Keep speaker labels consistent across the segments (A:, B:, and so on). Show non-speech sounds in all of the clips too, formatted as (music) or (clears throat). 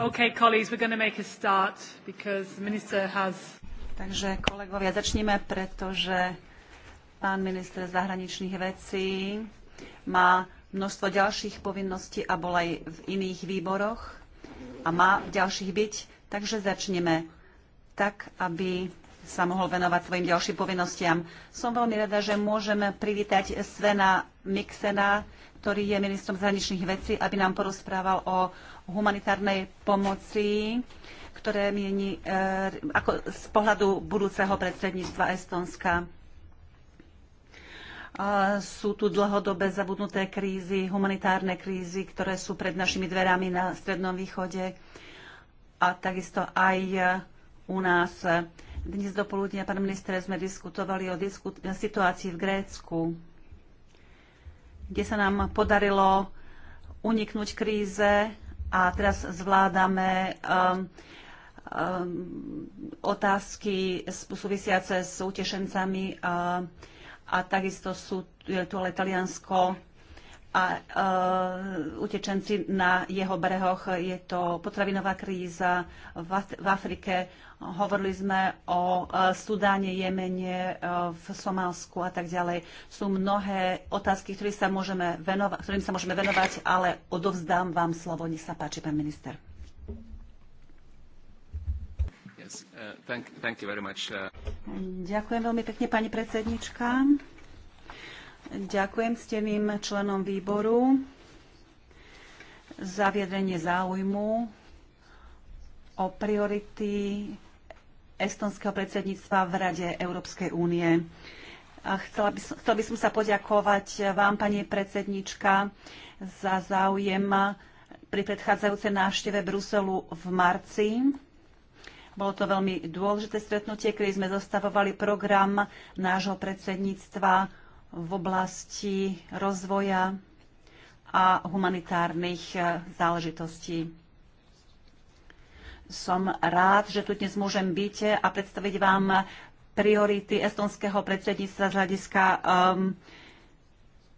A: Okay, colleagues, we're going to make a start because the minister has... Takže kolegovia, začneme, pretože pán minister zahraničných vecí má množstvo ďalších povinností a bol aj v iných výboroch a má v ďalších byť. Takže začneme tak, aby sa mohol venovať svojim ďalším povinnostiam. Som veľmi rada, že môžem privítať Svena Miksena, ktorý je ministrom zahraničných vecí, aby nám porozprával o humanitárnej pomoci, ktoré mieni e, ako z pohľadu budúceho predsedníctva Estonska. E, sú tu dlhodobé zabudnuté krízy, humanitárne krízy, ktoré sú pred našimi dverami na Strednom východe a takisto aj u nás. Dnes do poludnia, pán minister, sme diskutovali o disku- situácii v Grécku, kde sa nám podarilo uniknúť kríze a teraz zvládame um, um, otázky súvisiace s utešencami a, uh, a takisto sú tu ale Taliansko a uh, utečenci na jeho brehoch. Je to potravinová kríza v, v Afrike. Hovorili sme o uh, Sudáne, Jemene, uh, v Somálsku a tak ďalej. Sú mnohé otázky, ktorým sa môžeme, venova- ktorým sa môžeme venovať, ale odovzdám vám slovo. Nech sa páči, pán minister.
B: Yes, uh, thank, thank you very much. Uh.
A: Ďakujem veľmi pekne, pani predsednička. Ďakujem steným členom výboru za viedrenie záujmu o priority estonského predsedníctva v Rade Európskej únie. A chcela by, som, chcel by som sa poďakovať vám, pani predsednička, za záujem pri predchádzajúcej návšteve Bruselu v marci. Bolo to veľmi dôležité stretnutie, kedy sme zostavovali program nášho predsedníctva v oblasti rozvoja a humanitárnych eh, záležitostí. Som rád, že tu dnes môžem byť a predstaviť vám priority estonského predsedníctva z hľadiska um,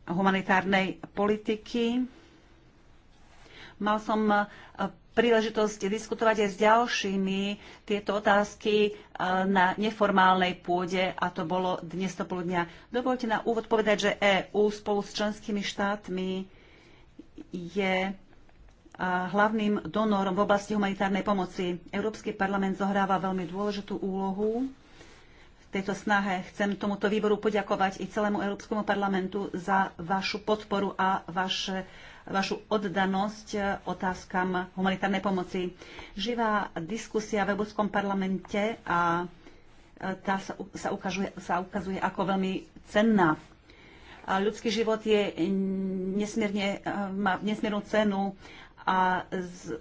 A: humanitárnej politiky. Mal som eh, príležitosť diskutovať aj s ďalšími tieto otázky e, na neformálnej pôde a to bolo dnes to poludnia. Dovolte na úvod povedať, že EÚ spolu s členskými štátmi je e, hlavným donorom v oblasti humanitárnej pomoci. Európsky parlament zohráva veľmi dôležitú úlohu v tejto snahe. Chcem tomuto výboru poďakovať i celému Európskemu parlamentu za vašu podporu a vaše vašu oddanosť otázkam humanitárnej pomoci. Živá diskusia v Európskom parlamente a e, tá sa, sa, ukazuje, sa ukazuje ako veľmi cenná. A ľudský život je nesmierne, e, má nesmiernu cenu a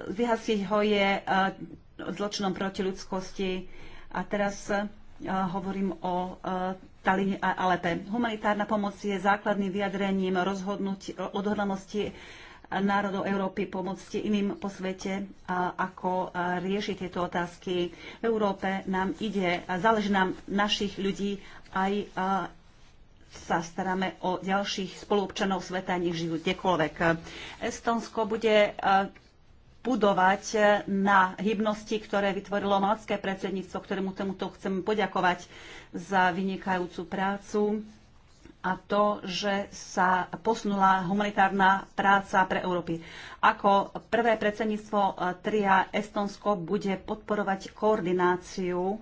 A: vyhasiť ho je e, zločinom proti ľudskosti. A teraz hovorím o Taline a Alepe. Humanitárna pomoc je základným vyjadrením odhodlanosti národov Európy pomôcť iným po svete, ako riešiť tieto otázky. V Európe nám ide, a záleží nám našich ľudí, aj sa staráme o ďalších spoluobčanov sveta, nech žijú kdekoľvek. Estonsko bude budovať eh, na hybnosti, ktoré vytvorilo malské predsedníctvo, ktorému tomuto chcem poďakovať za vynikajúcu prácu a to, že sa posunula humanitárna práca pre Európy. Ako prvé predsedníctvo eh, TRIA Estonsko bude podporovať koordináciu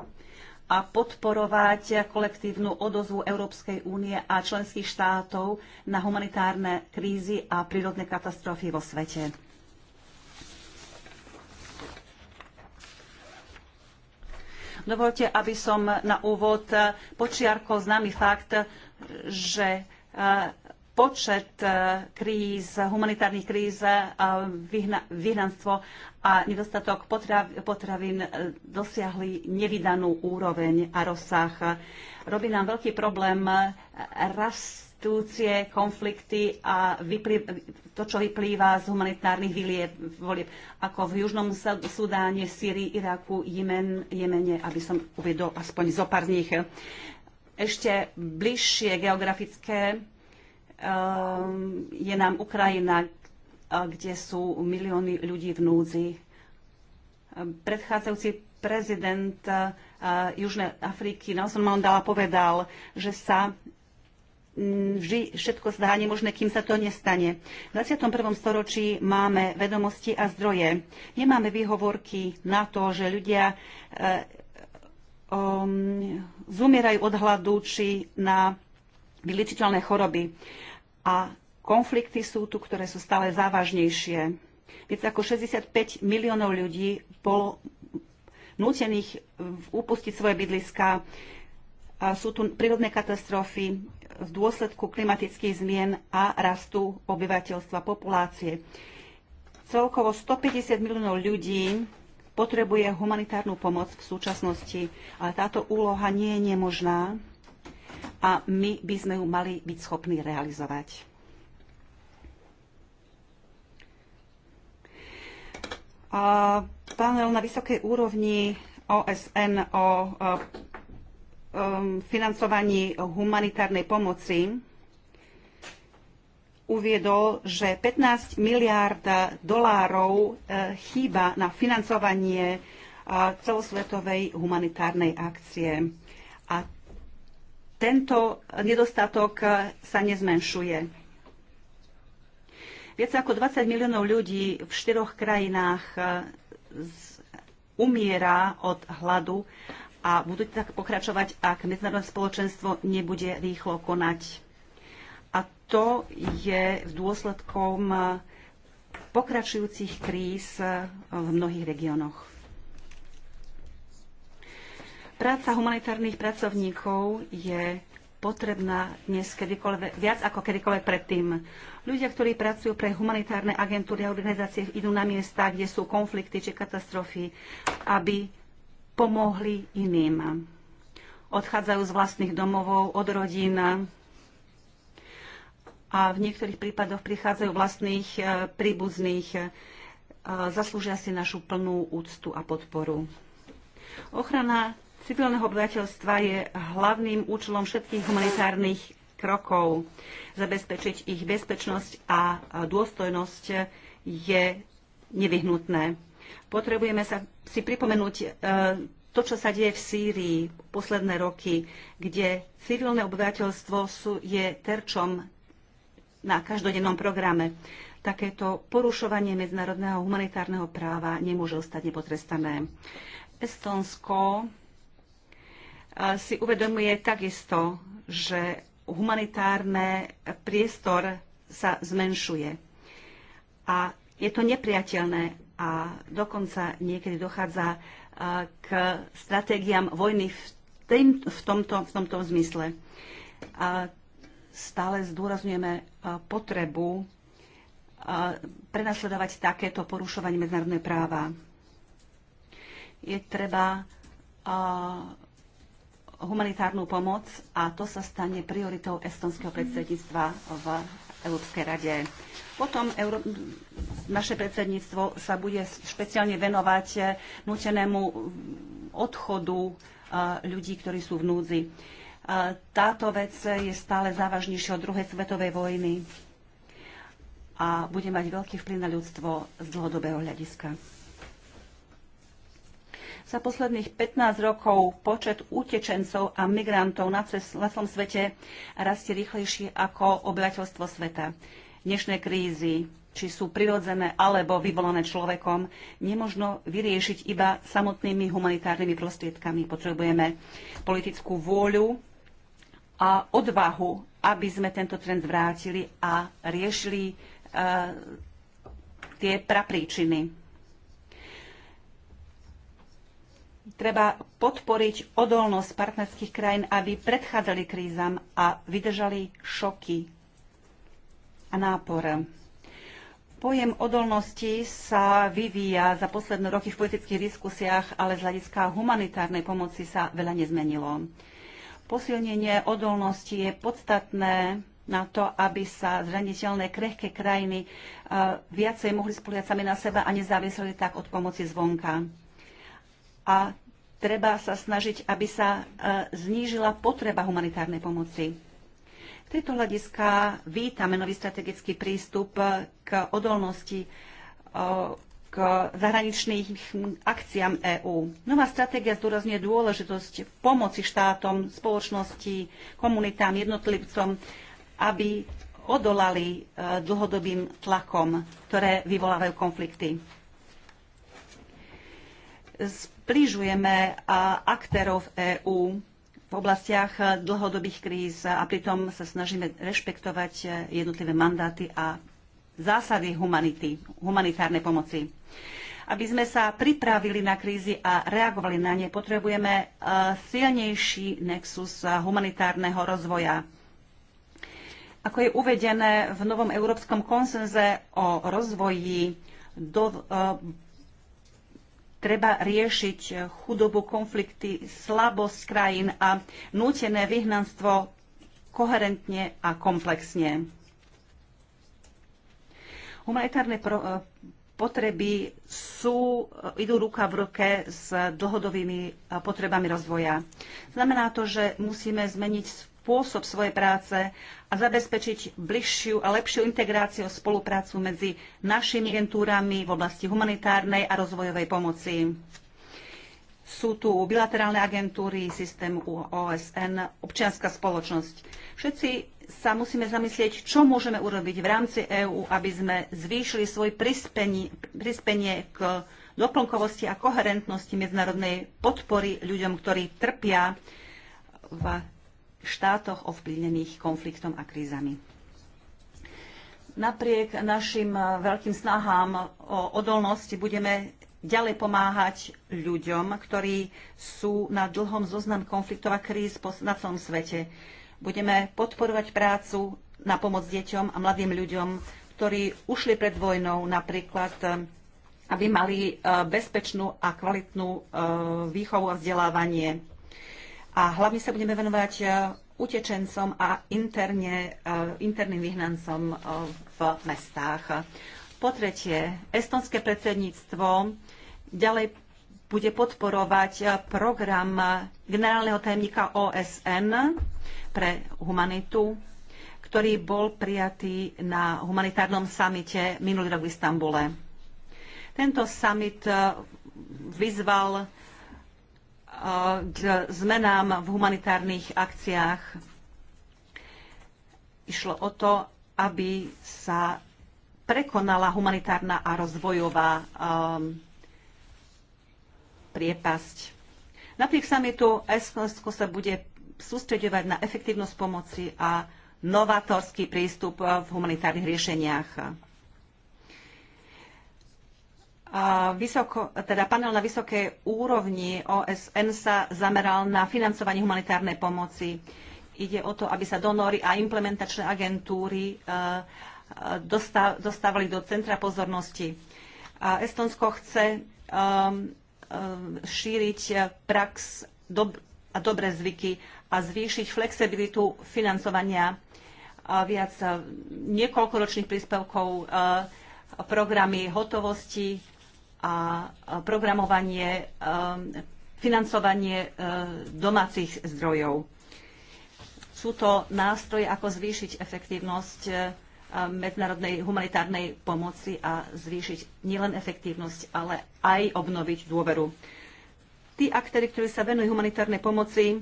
A: a podporovať kolektívnu odozvu Európskej únie a členských štátov na humanitárne krízy a prírodné katastrofy vo svete. Dovolte, aby som na úvod e, počiarkol známy fakt, e, že e, počet kríz, humanitárnych kríz, vyhnanstvo a nedostatok potravín dosiahli nevydanú úroveň a rozsah. Robí nám veľký problém rast inštitúcie, konflikty a to, čo vyplýva z humanitárnych volieb, ako v Južnom Sudáne, Sýrii, Iraku, Jemen, Jemene, aby som uvedol aspoň zo pár z nich. Ešte bližšie geografické ehm, je nám Ukrajina, eh, kde sú milióny ľudí v núdzi. Predchádzajúci prezident eh, Južnej Afriky Nelson Mandela povedal, že sa vždy všetko zdá nemožné, kým sa to nestane. V 21. storočí máme vedomosti a zdroje. Nemáme výhovorky na to, že ľudia e, um, zumierajú od hladu či na vyličiteľné choroby. A konflikty sú tu, ktoré sú stále závažnejšie. Viac ako 65 miliónov ľudí bolo nútených upustiť svoje bydliska. A sú tu prírodné katastrofy, v dôsledku klimatických zmien a rastu obyvateľstva populácie. Celkovo 150 miliónov ľudí potrebuje humanitárnu pomoc v súčasnosti, ale táto úloha nie je nemožná a my by sme ju mali byť schopní realizovať. A panel na vysokej úrovni OSN o Um, financovaní humanitárnej pomoci uviedol, že 15 miliárd dolárov eh, chýba na financovanie eh, celosvetovej humanitárnej akcie. A tento nedostatok eh, sa nezmenšuje. Viac ako 20 miliónov ľudí v štyroch krajinách umiera od hladu a budú tak pokračovať, ak medzinárodné spoločenstvo nebude rýchlo konať. A to je v dôsledkom pokračujúcich kríz v mnohých regiónoch. Práca humanitárnych pracovníkov je potrebná dnes kedykoľvek, viac ako kedykoľvek predtým. Ľudia, ktorí pracujú pre humanitárne agentúry a organizácie, idú na miesta, kde sú konflikty či katastrofy, aby pomohli iným. Odchádzajú z vlastných domovov, od rodín a v niektorých prípadoch prichádzajú vlastných e, príbuzných. E, zaslúžia si našu plnú úctu a podporu. Ochrana civilného obyvateľstva je hlavným účelom všetkých humanitárnych krokov. Zabezpečiť ich bezpečnosť a dôstojnosť je nevyhnutné. Potrebujeme sa si pripomenúť e, to, čo sa deje v Sýrii posledné roky, kde civilné obyvateľstvo sú, je terčom na každodennom programe. Takéto porušovanie medzinárodného humanitárneho práva nemôže ostať nepotrestané. Estonsko e, si uvedomuje takisto, že humanitárne priestor sa zmenšuje. A je to nepriateľné a dokonca niekedy dochádza e, k stratégiám vojny v, tým, v, tomto, v tomto zmysle. A e, stále zdôrazňujeme e, potrebu prenasledovať takéto porušovanie medzinárodného práva. Je treba humanitárnu pomoc a to sa stane prioritou estonského predsedníctva v Európskej rade. Potom Euró- naše predsedníctvo sa bude špeciálne venovať eh, nutenému odchodu eh, ľudí, ktorí sú v núdzi. Eh, táto vec je stále závažnejšia od druhej svetovej vojny a bude mať veľký vplyv na ľudstvo z dlhodobého hľadiska. Za posledných 15 rokov počet utečencov a migrantov na, na celom svete rastie rýchlejšie ako obyvateľstvo sveta. Dnešné krízy, či sú prirodzené alebo vyvolané človekom, nemožno vyriešiť iba samotnými humanitárnymi prostriedkami. Potrebujeme politickú vôľu a odvahu, aby sme tento trend vrátili a riešili uh, tie prapríčiny. Treba podporiť odolnosť partnerských krajín, aby predchádzali krízam a vydržali šoky a nápor. Pojem odolnosti sa vyvíja za posledné roky v politických diskusiách, ale z hľadiska humanitárnej pomoci sa veľa nezmenilo. Posilnenie odolnosti je podstatné na to, aby sa zraniteľné krehké krajiny viacej mohli spoliať sami na seba a nezávisli tak od pomoci zvonka. A treba sa snažiť, aby sa e, znížila potreba humanitárnej pomoci. V tejto hľadiska vítame nový strategický prístup e, k odolnosti e, k zahraničných akciám EÚ. Nová stratégia zdôrazňuje dôležitosť pomoci štátom, spoločnosti, komunitám, jednotlivcom, aby odolali dlhodobým tlakom, ktoré vyvolávajú konflikty plyžujeme aktérov v e EÚ v oblastiach e, dlhodobých kríz a pritom sa snažíme rešpektovať e, jednotlivé mandáty a zásady humanity, humanitárnej pomoci. Aby sme sa pripravili na krízy a reagovali na ne, potrebujeme silnejší nexus humanitárneho rozvoja. Ako je uvedené v novom európskom konsenze o rozvoji, do, treba riešiť eh, chudobu, konflikty, slabosť krajín a nútené vyhnanstvo koherentne a komplexne. Humanitárne pro, eh, potreby sú, eh, idú ruka v ruke s dlhodobými potrebami rozvoja. Znamená to, že musíme zmeniť spôsob svojej práce a zabezpečiť bližšiu a lepšiu integráciu a spoluprácu medzi našimi agentúrami v oblasti humanitárnej a rozvojovej pomoci. Sú tu bilaterálne agentúry, systém OSN, občianská spoločnosť. Všetci sa musíme zamyslieť, čo môžeme urobiť v rámci EÚ, aby sme zvýšili svoj prispenie, prispenie k doplnkovosti a koherentnosti medzinárodnej podpory ľuďom, ktorí trpia v štátoch ovplyvnených konfliktom a krízami. Napriek našim veľkým snahám o odolnosti budeme ďalej pomáhať ľuďom, ktorí sú na dlhom zoznam konfliktov a kríz na celom svete. Budeme podporovať prácu na pomoc deťom a mladým ľuďom, ktorí ušli pred vojnou napríklad, aby mali e, bezpečnú a kvalitnú e, výchovu a vzdelávanie. A hlavne sa budeme venovať e, utečencom a interne, e, interným vyhnancom e, v mestách. Po tretie, estonské predsedníctvo ďalej bude podporovať program generálneho tajemníka OSN pre humanitu, ktorý bol prijatý na humanitárnom samite minulý rok v Istambule. Tento summit vyzval k zmenám v humanitárnych akciách. Išlo o to, aby sa prekonala humanitárna a rozvojová um, priepasť. Napriek samitu Estonsko sa bude sústreďovať na efektívnosť pomoci a novátorský prístup v humanitárnych riešeniach. Vysoko, teda panel na vysokej úrovni OSN sa zameral na financovanie humanitárnej pomoci. Ide o to, aby sa donory a implementačné agentúry e, e, dostávali do centra pozornosti. A Estonsko chce e, šíriť prax a dobré zvyky a zvýšiť flexibilitu financovania viac niekoľkoročných príspevkov programy hotovosti a programovanie, um, financovanie uh, domácich zdrojov. Sú to nástroje, ako zvýšiť efektívnosť uh, medzinárodnej humanitárnej pomoci a zvýšiť nielen efektívnosť, ale aj obnoviť dôveru. Tí aktéry, ktorí sa venujú humanitárnej pomoci,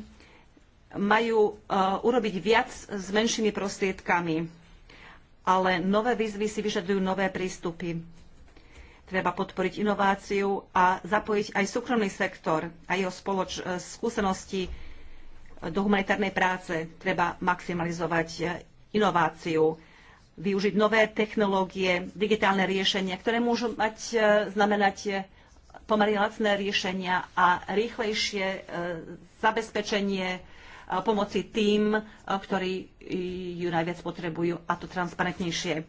A: majú uh, urobiť viac s menšími prostriedkami, ale nové výzvy si vyžadujú nové prístupy Treba podporiť inováciu a zapojiť aj súkromný sektor a jeho spoloč- e, skúsenosti do humanitárnej práce. Treba maximalizovať e, inováciu, využiť nové technológie, digitálne riešenia, ktoré môžu mať, e, znamenať pomerne lacné riešenia a rýchlejšie zabezpečenie pomoci tým, ktorí ju najviac potrebujú a to transparentnejšie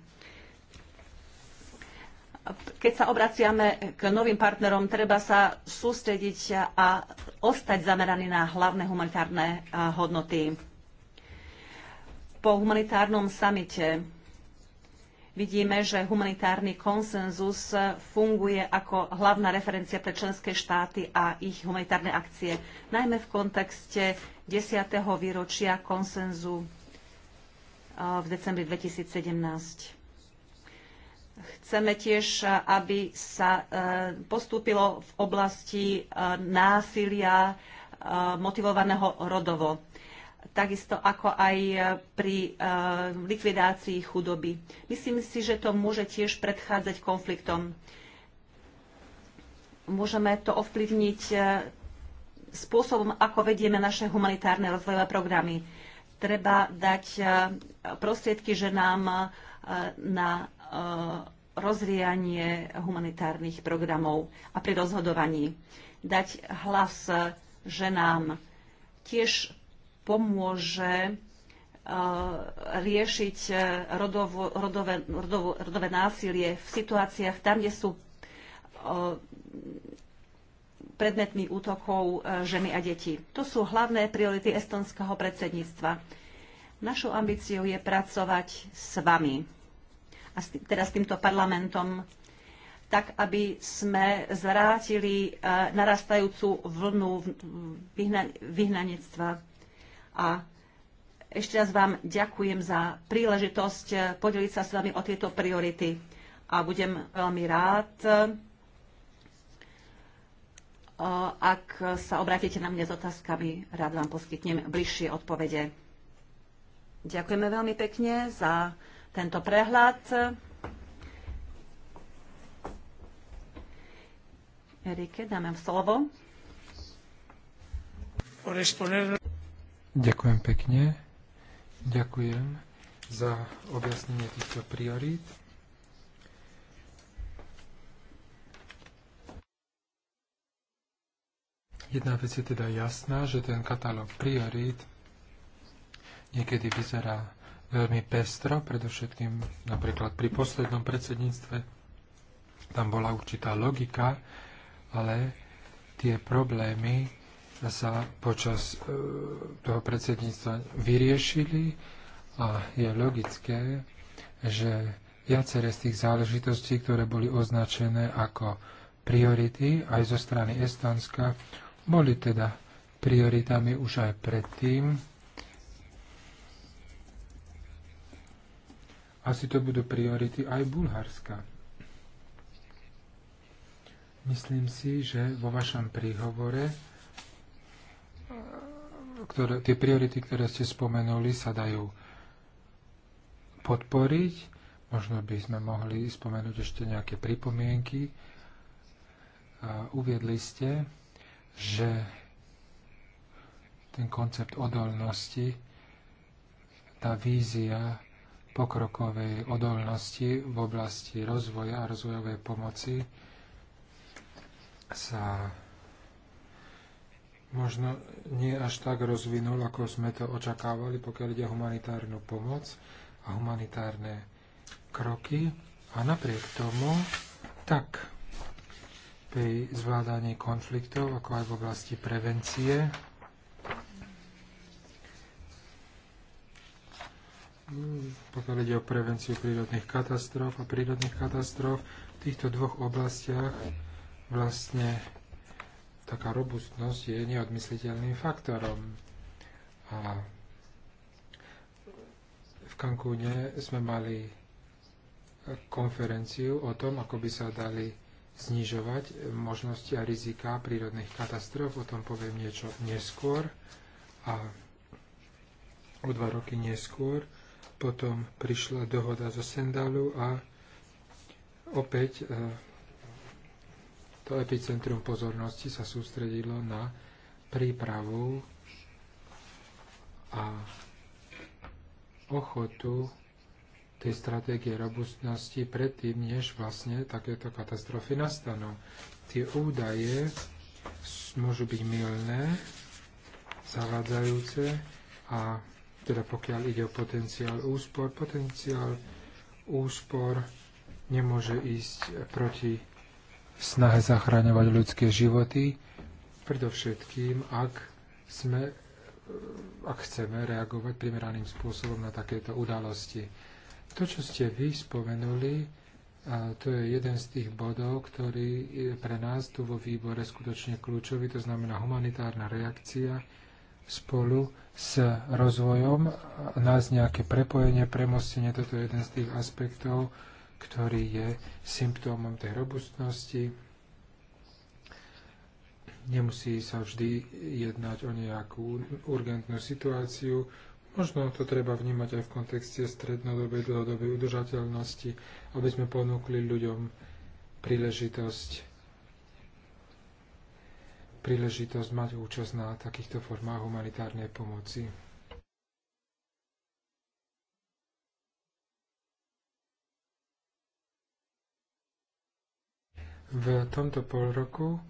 A: keď sa obraciame k novým partnerom, treba sa sústrediť a ostať zameraný na hlavné humanitárne hodnoty. Po humanitárnom samite vidíme, že humanitárny konsenzus funguje ako hlavná referencia pre členské štáty a ich humanitárne akcie, najmä v kontexte 10. výročia konsenzu v decembri 2017. Chceme tiež, aby sa e, postúpilo v oblasti e, násilia e, motivovaného rodovo. Takisto ako aj pri likvidácii chudoby. Myslím si, že to môže tiež predchádzať konfliktom. Môžeme to ovplyvniť spôsobom, ako vedieme naše humanitárne rozvojové programy. Treba dať prostriedky ženám na Eh, rozvíjanie humanitárnych programov a pri rozhodovaní. Dať hlas ženám tiež pomôže eh, riešiť eh, rodovo, rodové, rodovo, rodové násilie v situáciách tam, kde sú predmetmi útokov ženy a deti. To sú hlavné priority estonského predsedníctva. Našou ambíciou je pracovať s vami a s tý, teda s týmto parlamentom, tak aby sme zvrátili e, narastajúcu vlnu vyhna, vyhnanectva. A ešte raz vám ďakujem za príležitosť e, podeliť sa s vami o tieto priority. A budem veľmi rád, e, ak sa obrátite na mňa s otázkami, rád vám poskytnem bližšie odpovede. Ďakujeme veľmi pekne za tento prehľad. Erike, dáme slovo.
B: Ďakujem pekne. Ďakujem za objasnenie týchto priorít. Jedna vec je teda jasná, že ten katalóg priorít niekedy vyzerá veľmi pestro, predovšetkým napríklad pri poslednom predsedníctve tam bola určitá logika, ale tie problémy sa počas e, toho predsedníctva vyriešili a je logické, že viaceré z tých záležitostí, ktoré boli označené ako priority aj zo strany Estonska, boli teda prioritami už aj predtým Asi to budú priority aj Bulharska. Myslím si, že vo vašom príhovore ktoré, tie priority, ktoré ste spomenuli, sa dajú podporiť. Možno by sme mohli spomenúť ešte nejaké pripomienky. Uviedli ste, že ten koncept odolnosti, tá vízia pokrokovej odolnosti v oblasti rozvoja a rozvojovej pomoci sa možno nie až tak rozvinul, ako sme to očakávali, pokiaľ ide humanitárnu pomoc a humanitárne kroky. A napriek tomu, tak pri zvládaní konfliktov, ako aj v oblasti prevencie, pokiaľ ide o prevenciu prírodných katastrof a prírodných katastrof, v týchto dvoch oblastiach vlastne taká robustnosť je neodmysliteľným faktorom. A v Cancúne sme mali konferenciu o tom, ako by sa dali znižovať možnosti a rizika prírodných katastrof. O tom poviem niečo neskôr. A o dva roky neskôr potom prišla dohoda zo Sendalu a opäť e, to epicentrum pozornosti sa sústredilo na prípravu a ochotu tej stratégie robustnosti predtým, než vlastne takéto katastrofy nastanú. Tie údaje môžu byť milné, zavádzajúce a teda pokiaľ ide o potenciál úspor, potenciál úspor nemôže ísť proti snahe zachraňovať ľudské životy, predovšetkým, ak sme ak chceme reagovať primeraným spôsobom na takéto udalosti. To, čo ste vy spomenuli, to je jeden z tých bodov, ktorý je pre nás tu vo výbore skutočne kľúčový, to znamená humanitárna reakcia spolu s rozvojom nás nejaké prepojenie, premostenie. Toto je jeden z tých aspektov, ktorý je symptómom tej robustnosti. Nemusí sa vždy jednať o nejakú urgentnú situáciu. Možno to treba vnímať aj v kontexte strednodobej, dlhodobej udržateľnosti, aby sme ponúkli ľuďom príležitosť príležitosť mať účasť na takýchto formách humanitárnej pomoci. V tomto pol roku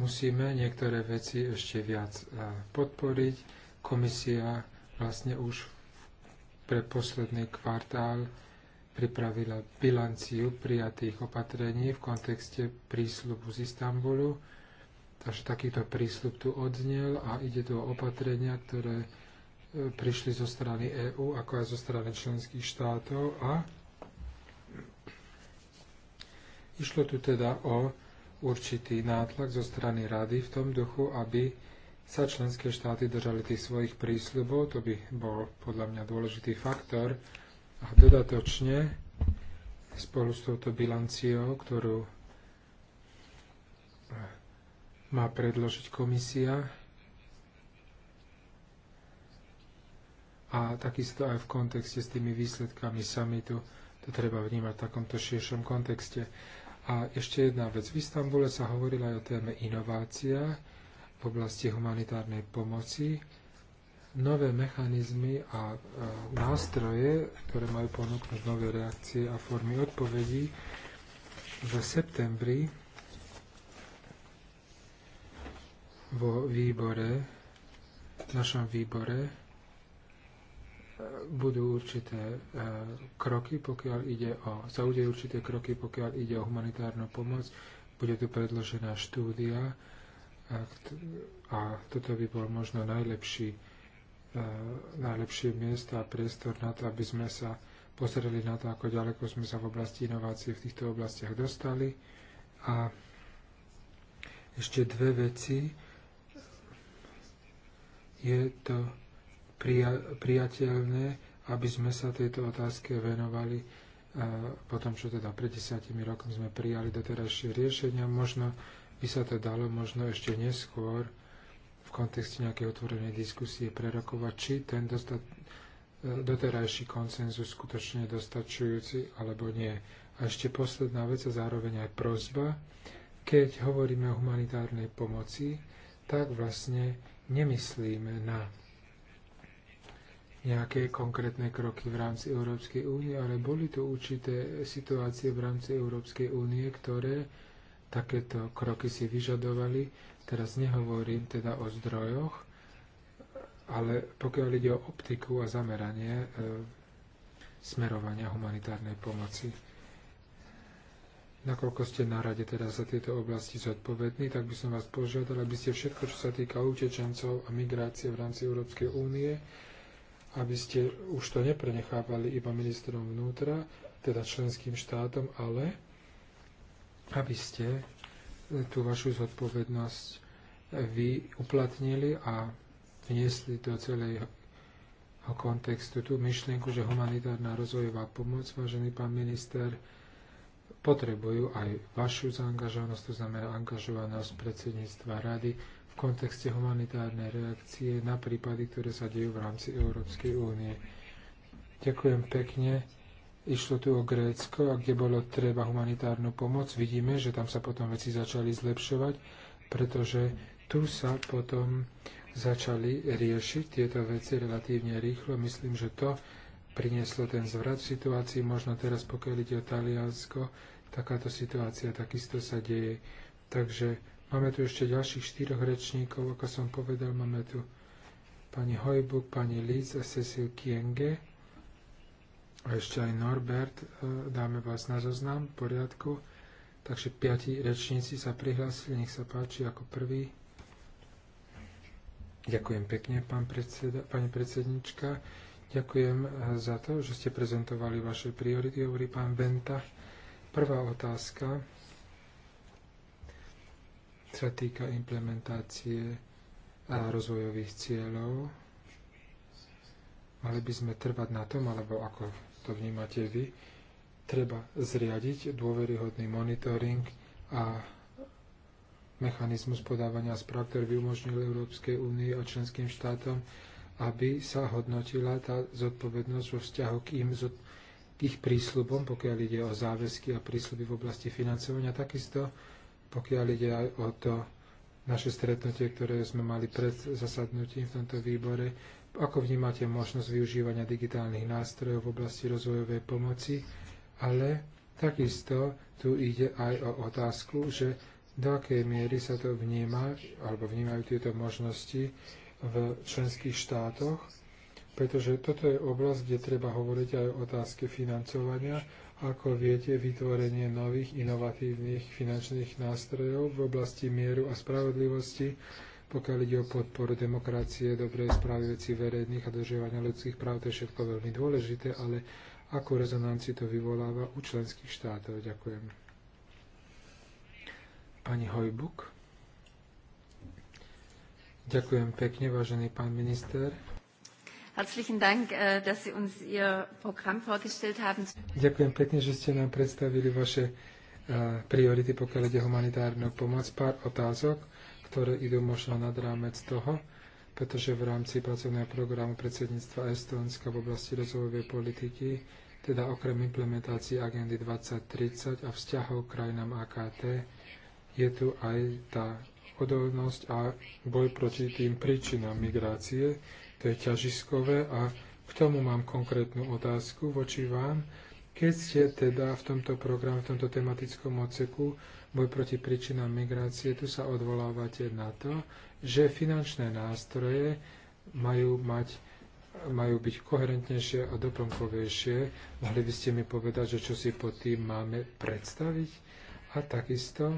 B: musíme niektoré veci ešte viac e, podporiť. Komisia vlastne už pre posledný kvartál pripravila bilanciu prijatých opatrení v kontexte prísľubu z Istanbulu Takže takýto prístup tu odznel a ide tu o opatrenia, ktoré e, prišli zo strany EÚ, ako aj zo strany členských štátov a išlo tu teda o určitý nátlak zo strany rady v tom duchu, aby sa členské štáty držali tých svojich prísľubov, to by bol podľa mňa dôležitý faktor. A dodatočne, spolu s touto bilanciou, ktorú má predložiť komisia a takisto aj v kontexte s tými výsledkami samitu. To treba vnímať v takomto širšom kontexte. A ešte jedna vec. V Istambule sa hovorila aj o téme inovácia v oblasti humanitárnej pomoci. Nové mechanizmy a nástroje, ktoré majú ponúknuť nové reakcie a formy odpovedí, v septembri vo výbore, v našom výbore, e, budú určité e, kroky, pokiaľ ide o, sa udejú určité kroky, pokiaľ ide o humanitárnu pomoc. Bude tu predložená štúdia e, a toto by bol možno najlepší, najlepšie miesto a priestor na to, aby sme sa pozreli na to, ako ďaleko sme sa v oblasti inovácie v týchto oblastiach dostali. A ešte dve veci je to prija- priateľné, aby sme sa tejto otázke venovali po tom, čo teda pred desiatimi rokmi sme prijali doterajšie riešenia. Možno by sa to dalo, možno ešte neskôr v kontexte nejakej otvorenej diskusie prerokovať, či ten dostat, e, doterajší konsenzus skutočne dostačujúci alebo nie. A ešte posledná vec a zároveň aj prozba. Keď hovoríme o humanitárnej pomoci, tak vlastne nemyslíme na nejaké konkrétne kroky v rámci Európskej únie, ale boli tu určité situácie v rámci Európskej únie, ktoré takéto kroky si vyžadovali. Teraz nehovorím teda o zdrojoch, ale pokiaľ ide o optiku a zameranie e, smerovania humanitárnej pomoci nakoľko ste na rade teda za tieto oblasti zodpovední, tak by som vás požiadal, aby ste všetko, čo sa týka utečencov a migrácie v rámci Európskej únie, aby ste už to neprenechávali iba ministrom vnútra, teda členským štátom, ale aby ste e, tú vašu zodpovednosť e, vy uplatnili a vniesli do celého kontextu tú myšlienku, že humanitárna rozvojová pomoc, vážený pán minister, potrebujú aj vašu zaangažovanosť, to znamená angažovanosť predsedníctva rady v kontexte humanitárnej reakcie na prípady, ktoré sa dejú v rámci Európskej únie. Ďakujem pekne. Išlo tu o Grécko, a kde bolo treba humanitárnu pomoc, vidíme, že tam sa potom veci začali zlepšovať, pretože tu sa potom začali riešiť tieto veci relatívne rýchlo. Myslím, že to prinieslo ten zvrat v situácii. Možno teraz, pokiaľ ide o Taliansko, takáto situácia takisto sa deje. Takže máme tu ešte ďalších štyroch rečníkov, ako som povedal, máme tu pani Hojbuk, pani Liz a Cecil Kienge. A ešte aj Norbert, e, dáme vás na zoznam, v poriadku. Takže piati rečníci sa prihlásili, nech sa páči ako prvý. Ďakujem pekne, pán predseda, pani predsednička. Ďakujem eh, za to, že ste prezentovali vaše priority, hovorí pán Benta. Prvá otázka sa týka implementácie a eh, rozvojových cieľov. Mali by sme trvať na tom, alebo ako to vnímate vy, treba zriadiť dôveryhodný monitoring a mechanizmus podávania správ, ktorý by umožnil Európskej únii a členským štátom aby sa hodnotila tá zodpovednosť vo vzťahu k, im, k ich prísľubom, pokiaľ ide o záväzky a prísľuby v oblasti financovania, takisto pokiaľ ide aj o to naše stretnutie, ktoré sme mali pred zasadnutím v tomto výbore, ako vnímate možnosť využívania digitálnych nástrojov v oblasti rozvojovej pomoci, ale takisto tu ide aj o otázku, že do akej miery sa to vníma, alebo vnímajú tieto možnosti v členských štátoch, pretože toto je oblasť, kde treba hovoriť aj o otázke financovania. Ako viete, vytvorenie nových inovatívnych finančných nástrojov v oblasti mieru a spravodlivosti, pokiaľ ide o podporu demokracie, dobrej správy veci verejných a dožívania ľudských práv, to je všetko veľmi dôležité, ale akú rezonanciu to vyvoláva u členských štátov. Ďakujem. Pani Hojbuk. Ďakujem pekne, vážený pán minister.
A: Herzlichen Dank, äh, dass Sie uns Ihr Programm vorgestellt haben.
B: Ďakujem pekne, že ste nám predstavili vaše äh, priority, pokiaľ ide humanitárnu pomoc. Pár otázok, ktoré idú možno nad rámec toho, pretože v rámci pracovného programu predsedníctva Estónska v oblasti rozvojovej politiky, teda okrem implementácie agendy 2030 a vzťahov krajinám AKT, je tu aj tá odolnosť a boj proti tým príčinám migrácie. To je ťažiskové a k tomu mám konkrétnu otázku voči vám. Keď ste teda v tomto programe, v tomto tematickom odseku boj proti príčinám migrácie, tu sa odvolávate na to, že finančné nástroje majú mať majú byť koherentnejšie a doplnkovejšie. Mohli by ste mi povedať, že čo si pod tým máme predstaviť? A takisto,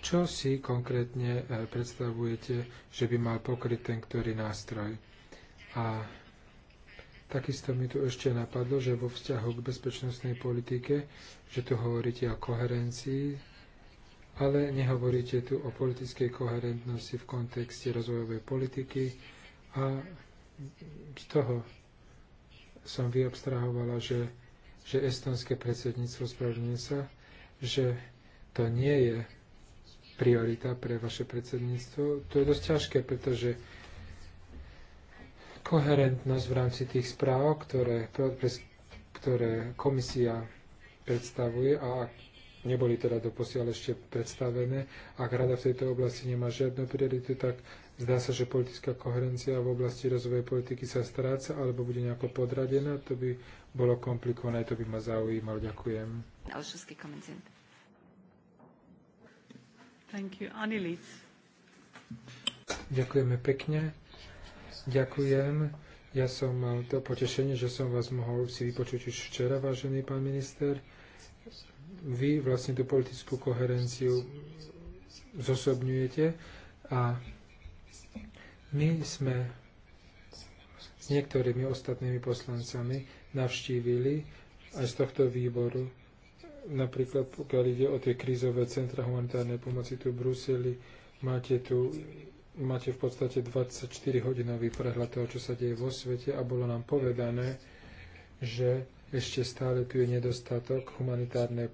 B: čo si konkrétne e, predstavujete, že by mal pokryť ten ktorý nástroj? A takisto mi tu ešte napadlo, že vo vzťahu k bezpečnostnej politike, že tu hovoríte o koherencii, ale nehovoríte tu o politickej koherentnosti v kontexte rozvojovej politiky a z toho som vyobstrahovala, že, že estonské predsedníctvo, spravedlňuje sa, že to nie je priorita pre vaše predsedníctvo. To je dosť ťažké, pretože koherentnosť v rámci tých správ, ktoré, ktoré komisia predstavuje a ak neboli teda doposiaľ ešte predstavené, ak rada v tejto oblasti nemá žiadnu prioritu, tak zdá sa, že politická koherencia v oblasti rozvoje politiky sa stráca alebo bude nejako podradená. To by bolo komplikované, to by ma zaujímalo. Ďakujem.
C: Thank you. Annelies.
B: Ďakujeme pekne. Ďakujem. Ja som mal to potešenie, že som vás mohol si vypočuť už včera, vážený pán minister. Vy vlastne tú politickú koherenciu zosobňujete a my sme s niektorými ostatnými poslancami navštívili aj z tohto výboru napríklad pokiaľ ide o tie krízové centra humanitárnej pomoci tu v Bruseli, máte tu máte v podstate 24-hodinový prehľad toho, čo sa deje vo svete a bolo nám povedané, že ešte stále tu je nedostatok humanitárnej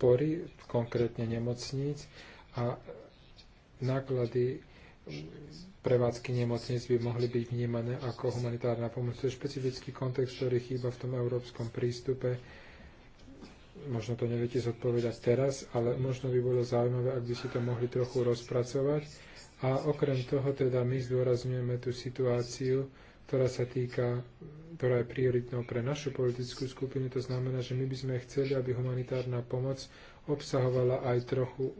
B: pory, konkrétne nemocníc a náklady prevádzky nemocníc by mohli byť vnímané ako humanitárna pomoc. To je špecifický kontext, ktorý chýba v tom európskom prístupe možno to neviete zodpovedať teraz, ale možno by bolo zaujímavé, ak by ste to mohli trochu rozpracovať. A okrem toho teda my zdôrazňujeme tú situáciu, ktorá sa týka, ktorá je prioritnou pre našu politickú skupinu. To znamená, že my by sme chceli, aby humanitárna pomoc obsahovala aj trochu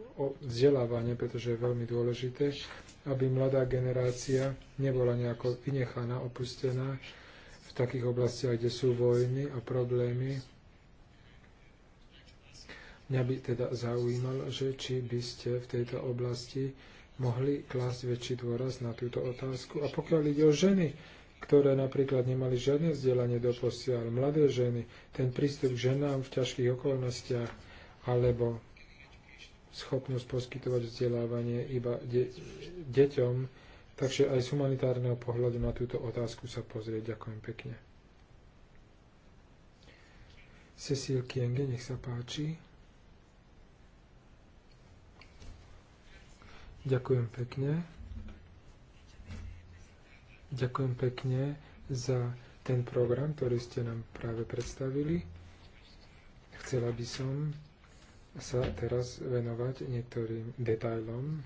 B: vzdelávanie, pretože je veľmi dôležité, aby mladá generácia nebola nejako vynechaná, opustená v takých oblastiach, kde sú vojny a problémy, Mňa by teda zaujímalo, že či by ste v tejto oblasti mohli klásť väčší dôraz na túto otázku. A pokiaľ ide o ženy, ktoré napríklad nemali žiadne vzdelanie do posiaľ, mladé ženy, ten prístup k ženám v ťažkých okolnostiach, alebo schopnosť poskytovať vzdelávanie iba de- deťom, takže aj z humanitárneho pohľadu na túto otázku sa pozrieť. Ďakujem pekne. Cecil Kienge, nech sa páči. Ďakujem pekne. Ďakujem pekne za ten program, ktorý ste nám práve predstavili. Chcela by som sa teraz venovať niektorým detailom.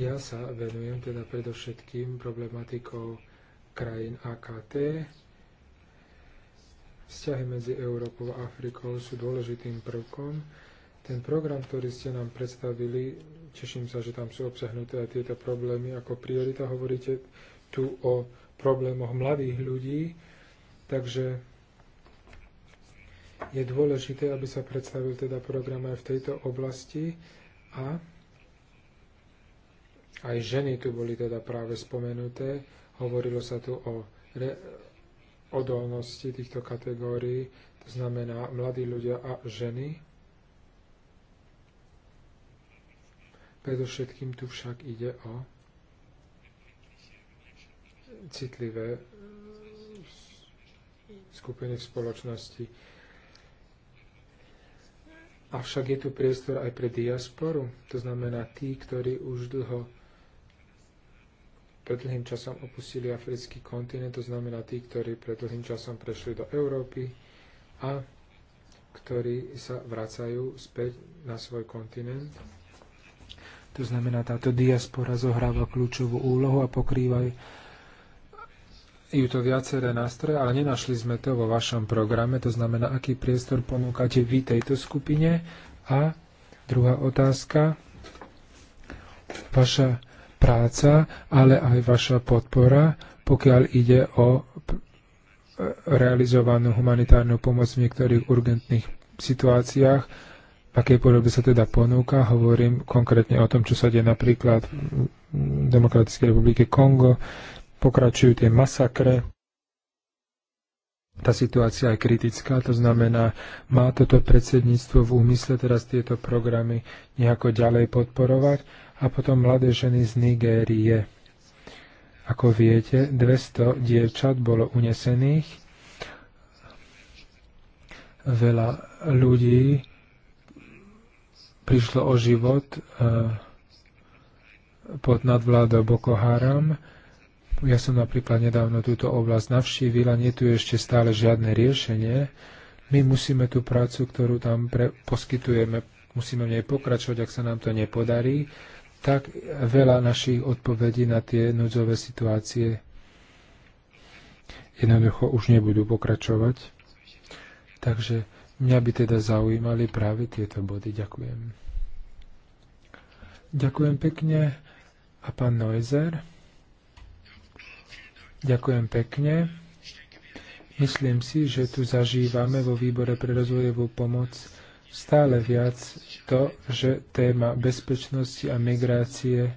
B: Ja sa venujem teda predovšetkým problematikou krajín AKT. Vzťahy medzi Európou a Afrikou sú dôležitým prvkom ten program, ktorý ste nám predstavili, teším sa, že tam sú obsahnuté aj tieto problémy. Ako priorita hovoríte tu o problémoch mladých ľudí, takže je dôležité, aby sa predstavil teda program aj v tejto oblasti a aj ženy tu boli teda práve spomenuté. Hovorilo sa tu o re- odolnosti týchto kategórií, to znamená mladí ľudia a ženy. Predovšetkým tu však ide o citlivé eh, skupiny v spoločnosti. Avšak je tu priestor aj pre diasporu, to znamená tí, ktorí už dlho pred dlhým časom opustili africký kontinent, to znamená tí, ktorí pred dlhým časom prešli do Európy a ktorí sa vracajú späť na svoj kontinent. To znamená, táto diaspora zohráva kľúčovú úlohu a pokrývajú ju to viaceré nástroje, ale nenašli sme to vo vašom programe. To znamená, aký priestor ponúkate vy tejto skupine. A druhá otázka, vaša práca, ale aj vaša podpora, pokiaľ ide o realizovanú humanitárnu pomoc v niektorých urgentných situáciách, v akej podobe sa teda ponúka. Hovorím konkrétne o tom, čo sa deje napríklad v Demokratickej republike Kongo. Pokračujú tie masakre. Tá situácia je kritická, to znamená, má toto predsedníctvo v úmysle teraz tieto programy nejako ďalej podporovať. A potom mladé ženy z Nigérie. Ako viete, 200 dievčat bolo unesených. Veľa ľudí prišlo o život e, pod nadvládou Boko Haram. Ja som napríklad nedávno túto oblasť navštívila, nie tu je ešte stále žiadne riešenie. My musíme tú prácu, ktorú tam pre, poskytujeme, musíme v nej pokračovať, ak sa nám to nepodarí, tak veľa našich odpovedí na tie núdzové situácie jednoducho už nebudú pokračovať. Takže Mňa by teda zaujímali práve tieto body. Ďakujem. Ďakujem pekne. A pán Neuser? Ďakujem pekne. Myslím si, že tu zažívame vo výbore pre rozvojovú pomoc stále viac to, že téma bezpečnosti a migrácie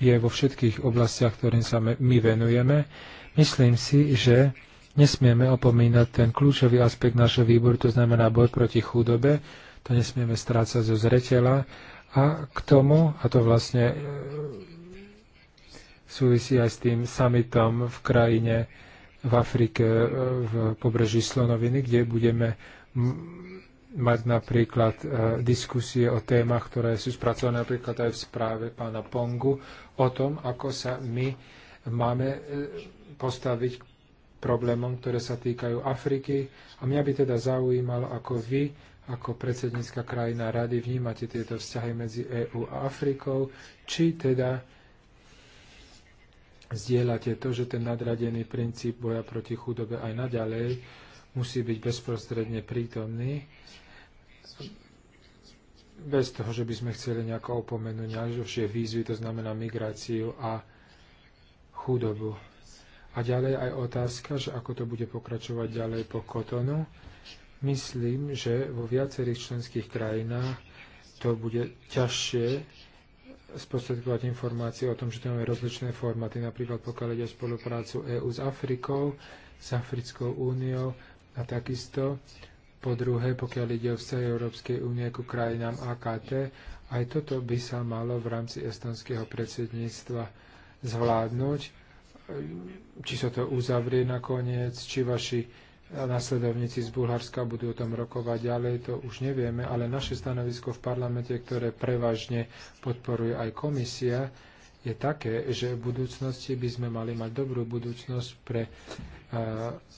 B: je vo všetkých oblastiach, ktorým sa my venujeme. Myslím si, že Nesmieme opomínať ten kľúčový aspekt našho výboru, to znamená boj proti chudobe, to nesmieme strácať zo zreteľa a k tomu, a to vlastne e, súvisí aj s tým summitom v krajine v Afrike, e, v pobreží Slonoviny, kde budeme mať napríklad e, diskusie o témach, ktoré sú spracované napríklad aj v správe pána Pongu, o tom, ako sa my máme postaviť problémom, ktoré sa týkajú Afriky. A mňa by teda zaujímalo, ako vy, ako predsednícka krajina rady, vnímate tieto vzťahy medzi EÚ a Afrikou, či teda zdieľate to, že ten nadradený princíp boja proti chudobe aj naďalej musí byť bezprostredne prítomný, bez toho, že by sme chceli nejako opomenúť najživšie výzvy, to znamená migráciu a chudobu. A ďalej aj otázka, že ako to bude pokračovať ďalej po kotonu. Myslím, že vo viacerých členských krajinách to bude ťažšie sprostredkovať informácie o tom, že to máme rozličné formáty, napríklad pokiaľ ide o spoluprácu EÚ s Afrikou, s Africkou úniou a takisto po druhé, pokiaľ ide o vzťahy Európskej únie ku krajinám AKT, aj toto by sa malo v rámci estonského predsedníctva zvládnuť Ehm, či sa to uzavrie nakoniec, či vaši eh, nasledovníci z Bulharska budú o tom rokovať ďalej, to už nevieme, ale naše stanovisko v parlamente, ktoré prevažne podporuje aj komisia, je také, že v budúcnosti by sme mali mať dobrú budúcnosť pre uh,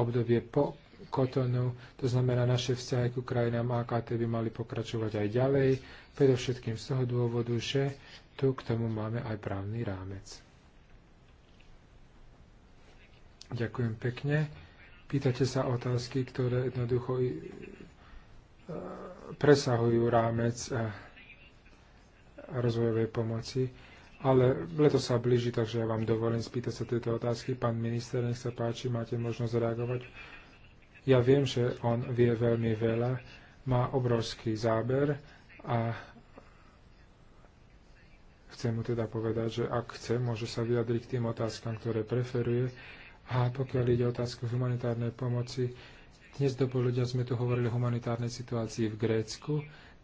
B: obdobie po Kotonu, to znamená naše vzťahy ku krajinám AKT by mali pokračovať aj ďalej, predovšetkým z toho dôvodu, že tu k tomu máme aj právny rámec. Ďakujem pekne. Pýtate sa otázky, ktoré jednoducho e, presahujú rámec e, rozvojovej pomoci. Ale leto sa blíži, takže ja vám dovolím spýtať sa tieto otázky. Pán minister, nech sa páči, máte možnosť reagovať. Ja viem, že on vie veľmi veľa, má obrovský záber a chcem mu teda povedať, že ak chce, môže sa vyjadriť k tým otázkam, ktoré preferuje a pokiaľ ide o otázku humanitárnej pomoci, dnes do poludia sme tu hovorili o humanitárnej situácii v Grécku,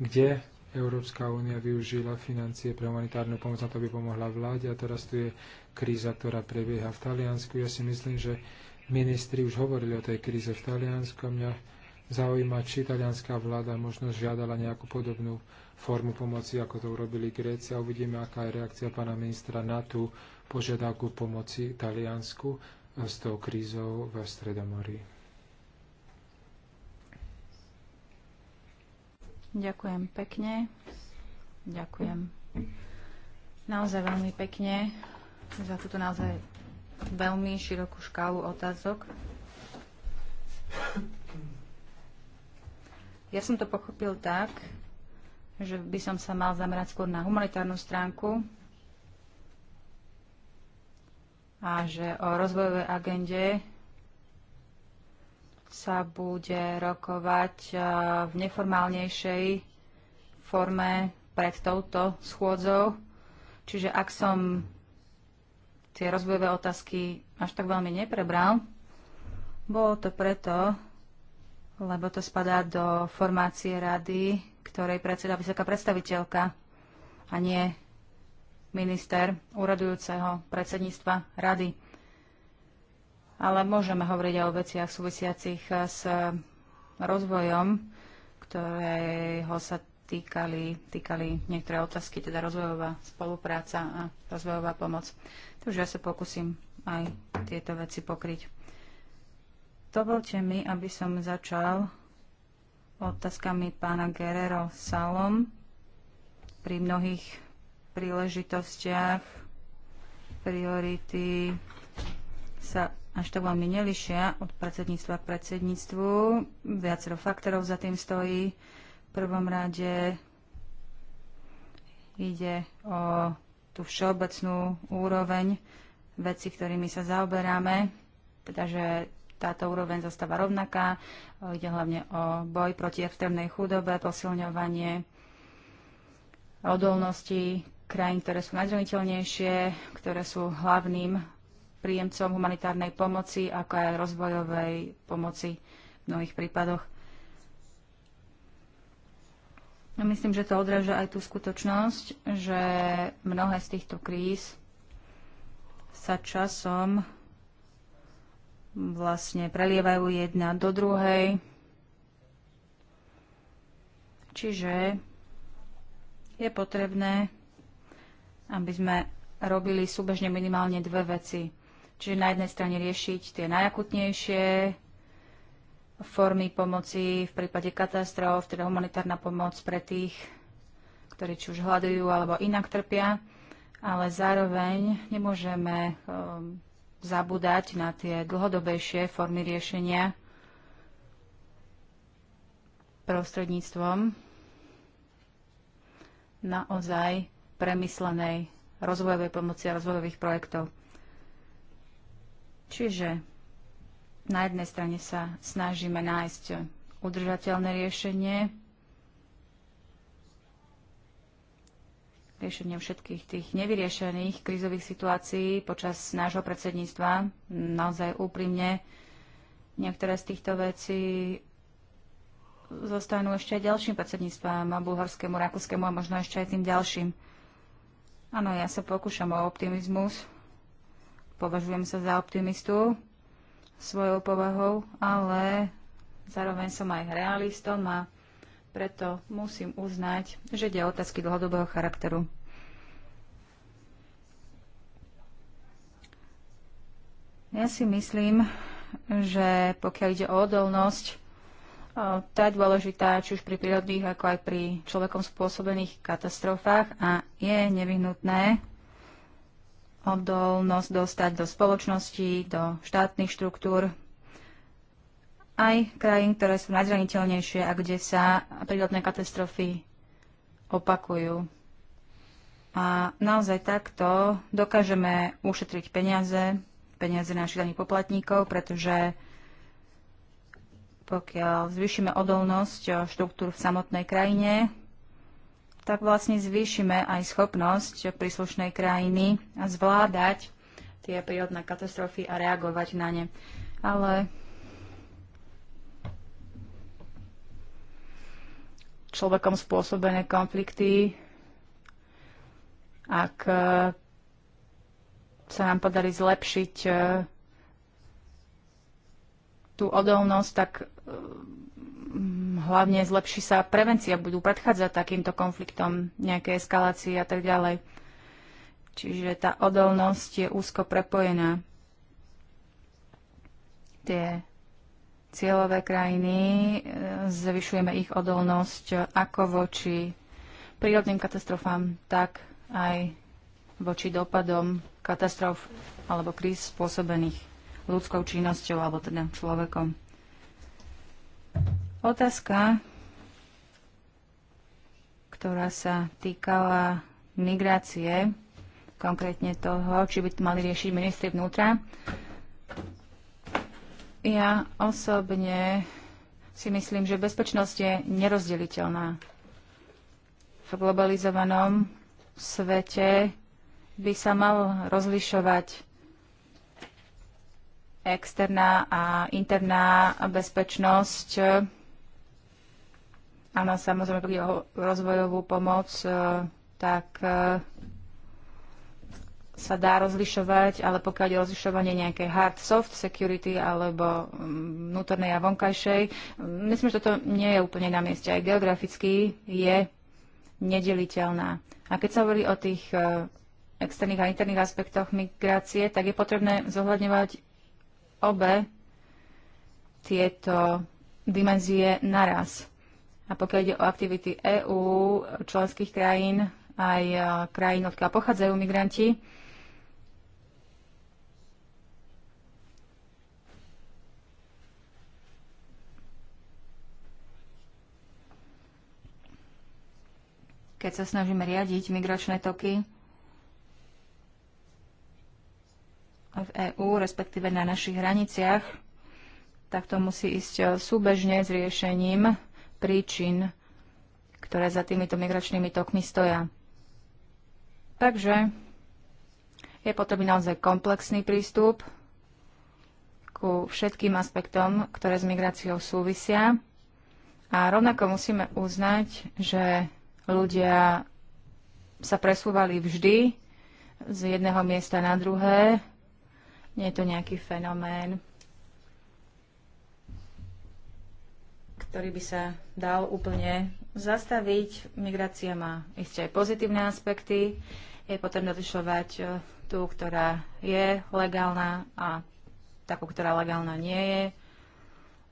B: kde Európska únia využila financie pre humanitárnu pomoc na to, aby pomohla vláde a teraz tu je kríza, ktorá prebieha v Taliansku. Ja si myslím, že ministri už hovorili o tej kríze v Taliansku a mňa zaujíma, či talianská vláda možno žiadala nejakú podobnú formu pomoci, ako to urobili Grécia. Uvidíme, aká je reakcia pána ministra na tú požiadavku pomoci Taliansku s tou krízou v Stredomorí.
D: Ďakujem pekne. Ďakujem naozaj veľmi pekne za túto naozaj veľmi širokú škálu otázok. Ja som to pochopil tak, že by som sa mal zamerať skôr na humanitárnu stránku a že o rozvojovej agende sa bude rokovať e, v neformálnejšej forme pred touto schôdzou. Čiže ak som tie rozvojové otázky až tak veľmi neprebral, bolo to preto, lebo to spadá do formácie rady, ktorej predseda vysoká predstaviteľka a nie minister úradujúceho predsedníctva rady. Ale môžeme hovoriť aj o veciach súvisiacich s rozvojom, ktorého sa týkali, týkali niektoré otázky, teda rozvojová spolupráca a rozvojová pomoc. Takže ja sa pokúsim aj tieto veci pokryť. Dovolte mi, aby som začal otázkami pána Guerrero Salom. Pri mnohých príležitostiach priority sa až to veľmi nelišia od predsedníctva k predsedníctvu. Viacero faktorov za tým stojí. V prvom rade ide o tú všeobecnú úroveň veci, ktorými sa zaoberáme, teda že táto úroveň zostáva rovnaká. Ide hlavne o boj proti extrémnej chudobe, posilňovanie odolnosti krajín, ktoré sú najzraniteľnejšie, ktoré sú hlavným príjemcom humanitárnej pomoci, ako aj rozvojovej pomoci v mnohých prípadoch. Myslím, že to odráža aj tú skutočnosť, že mnohé z týchto kríz sa časom vlastne prelievajú jedna do druhej. Čiže je potrebné aby sme robili súbežne minimálne dve veci. Čiže na jednej strane riešiť tie najakutnejšie formy pomoci v prípade katastrof, teda humanitárna pomoc pre tých, ktorí či už hľadujú alebo inak trpia, ale zároveň nemôžeme um, zabúdať na tie dlhodobejšie formy riešenia prostredníctvom naozaj premyslenej rozvojovej pomoci a rozvojových projektov. Čiže na jednej strane sa snažíme nájsť udržateľné riešenie, riešenie všetkých tých nevyriešených krízových situácií počas nášho predsedníctva. Naozaj úprimne niektoré z týchto vecí zostanú ešte aj ďalším predsedníctvom, bulharskému, rakúskému a možno ešte aj tým ďalším. Áno, ja sa pokúšam o optimizmus. Považujem sa za optimistu svojou povahou, ale zároveň som aj realistom a preto musím uznať, že ide o otázky dlhodobého charakteru. Ja si myslím, že pokiaľ ide o odolnosť, tá je dôležitá či už pri prírodných, ako aj pri človekom spôsobených katastrofách a je nevyhnutné odolnosť dostať do spoločnosti, do štátnych štruktúr, aj krajín, ktoré sú najzraniteľnejšie a kde sa prírodné katastrofy opakujú. A naozaj takto dokážeme ušetriť peniaze, peniaze našich daných poplatníkov, pretože pokiaľ zvýšime odolnosť eh, štruktúr v samotnej krajine, tak vlastne zvýšime aj schopnosť príslušnej krajiny zvládať tie prírodné katastrofy a reagovať na ne. Ale človekom spôsobené konflikty, ak eh, sa nám podarí zlepšiť eh, tú odolnosť, tak
C: Ehm,
D: hlavne zlepší sa prevencia, budú predchádzať takýmto konfliktom, nejaké eskalácii a tak ďalej. Čiže tá odolnosť je úzko prepojená. Tie cieľové krajiny, ehm, zvyšujeme ich odolnosť ako voči prírodným katastrofám, tak aj voči dopadom katastrof alebo kríz spôsobených ľudskou činnosťou alebo teda človekom. Otázka, ktorá sa týkala migrácie, konkrétne toho, či by to mali riešiť ministri vnútra. Ja osobne si myslím, že bezpečnosť je nerozdeliteľná. V globalizovanom svete by sa mal rozlišovať externá a interná bezpečnosť. Áno, samozrejme, pri rozvojovú pomoc, e, tak e, sa dá rozlišovať, ale pokiaľ je rozlišovanie nejakej hard soft security alebo mm, vnútornej a vonkajšej, mm, myslím, že toto nie je úplne na mieste. Aj geograficky je nedeliteľná. A keď sa hovorí o tých e, externých a interných aspektoch migrácie, tak je potrebné zohľadňovať obe tieto dimenzie naraz. A pokiaľ ide o aktivity EÚ, členských krajín, aj krajín, odkiaľ pochádzajú migranti, keď sa snažíme riadiť migračné toky, v EÚ, respektíve na našich hraniciach, tak to musí ísť eh, súbežne s riešením príčin, ktoré za týmito migračnými tokmi stoja. Takže je potrebný naozaj komplexný prístup ku všetkým aspektom, ktoré s migráciou súvisia. A rovnako musíme uznať, že ľudia sa presúvali vždy z jedného miesta na druhé nie je to nejaký fenomén, ktorý by sa dal úplne zastaviť. Migrácia má isté aj pozitívne aspekty. Je potrebné rozlišovať e, tú, ktorá je legálna a takú, ktorá legálna nie je.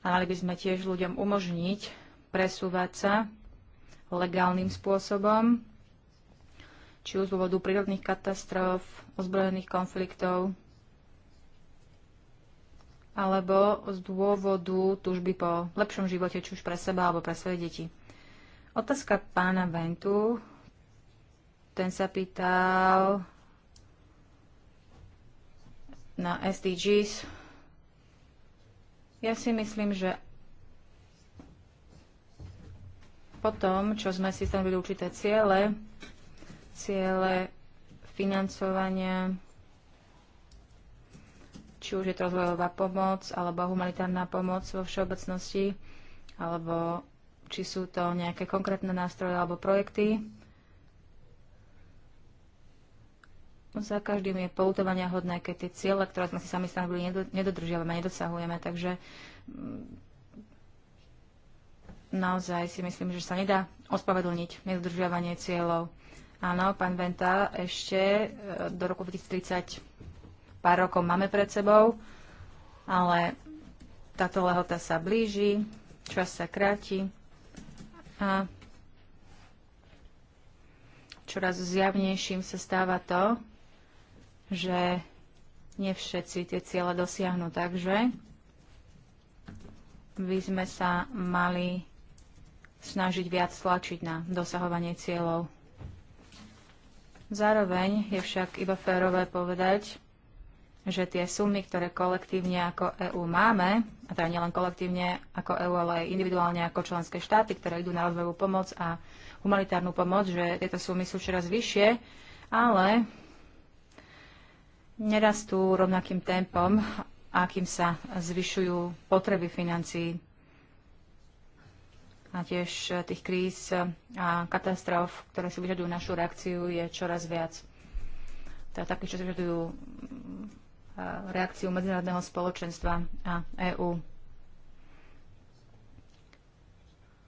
D: A mali by sme tiež ľuďom umožniť presúvať sa legálnym spôsobom, či už z dôvodu prírodných katastrof, ozbrojených konfliktov, alebo z dôvodu túžby po lepšom živote, či už pre seba alebo pre svoje deti. Otázka pána Ventu. Ten sa pýtal na SDGs. Ja si myslím, že po tom, čo sme si stanovili určité ciele, ciele financovania či už je to rozvojová pomoc alebo humanitárna pomoc vo všeobecnosti, alebo či sú to nejaké konkrétne nástroje alebo projekty. Za každým je poutovania hodné, keď tie ciele, ktoré sme si sami stanovili, nedodržiavame, nedosahujeme. Takže mm, naozaj si myslím, že sa nedá ospravedlniť nedodržiavanie cieľov. Áno, pán Venta, ešte e, do roku 2030 pár rokov máme pred sebou, ale táto lehota sa blíži, čas sa kráti a čoraz zjavnejším sa stáva to, že nie všetci tie ciele dosiahnu. Takže by sme sa mali snažiť viac tlačiť na dosahovanie cieľov. Zároveň je však iba férové povedať, že tie sumy, ktoré kolektívne ako EÚ máme, a teda nielen kolektívne ako EÚ, ale aj individuálne ako členské štáty, ktoré idú na rozvojovú pomoc a humanitárnu pomoc, že tieto sumy sú čoraz vyššie, ale nerastú rovnakým tempom, akým sa zvyšujú potreby financií a tiež e, tých kríz a katastrof, ktoré si vyžadujú našu reakciu, je čoraz viac. Teda také, čo si vyžadujú reakciu medzinárodného spoločenstva a EÚ.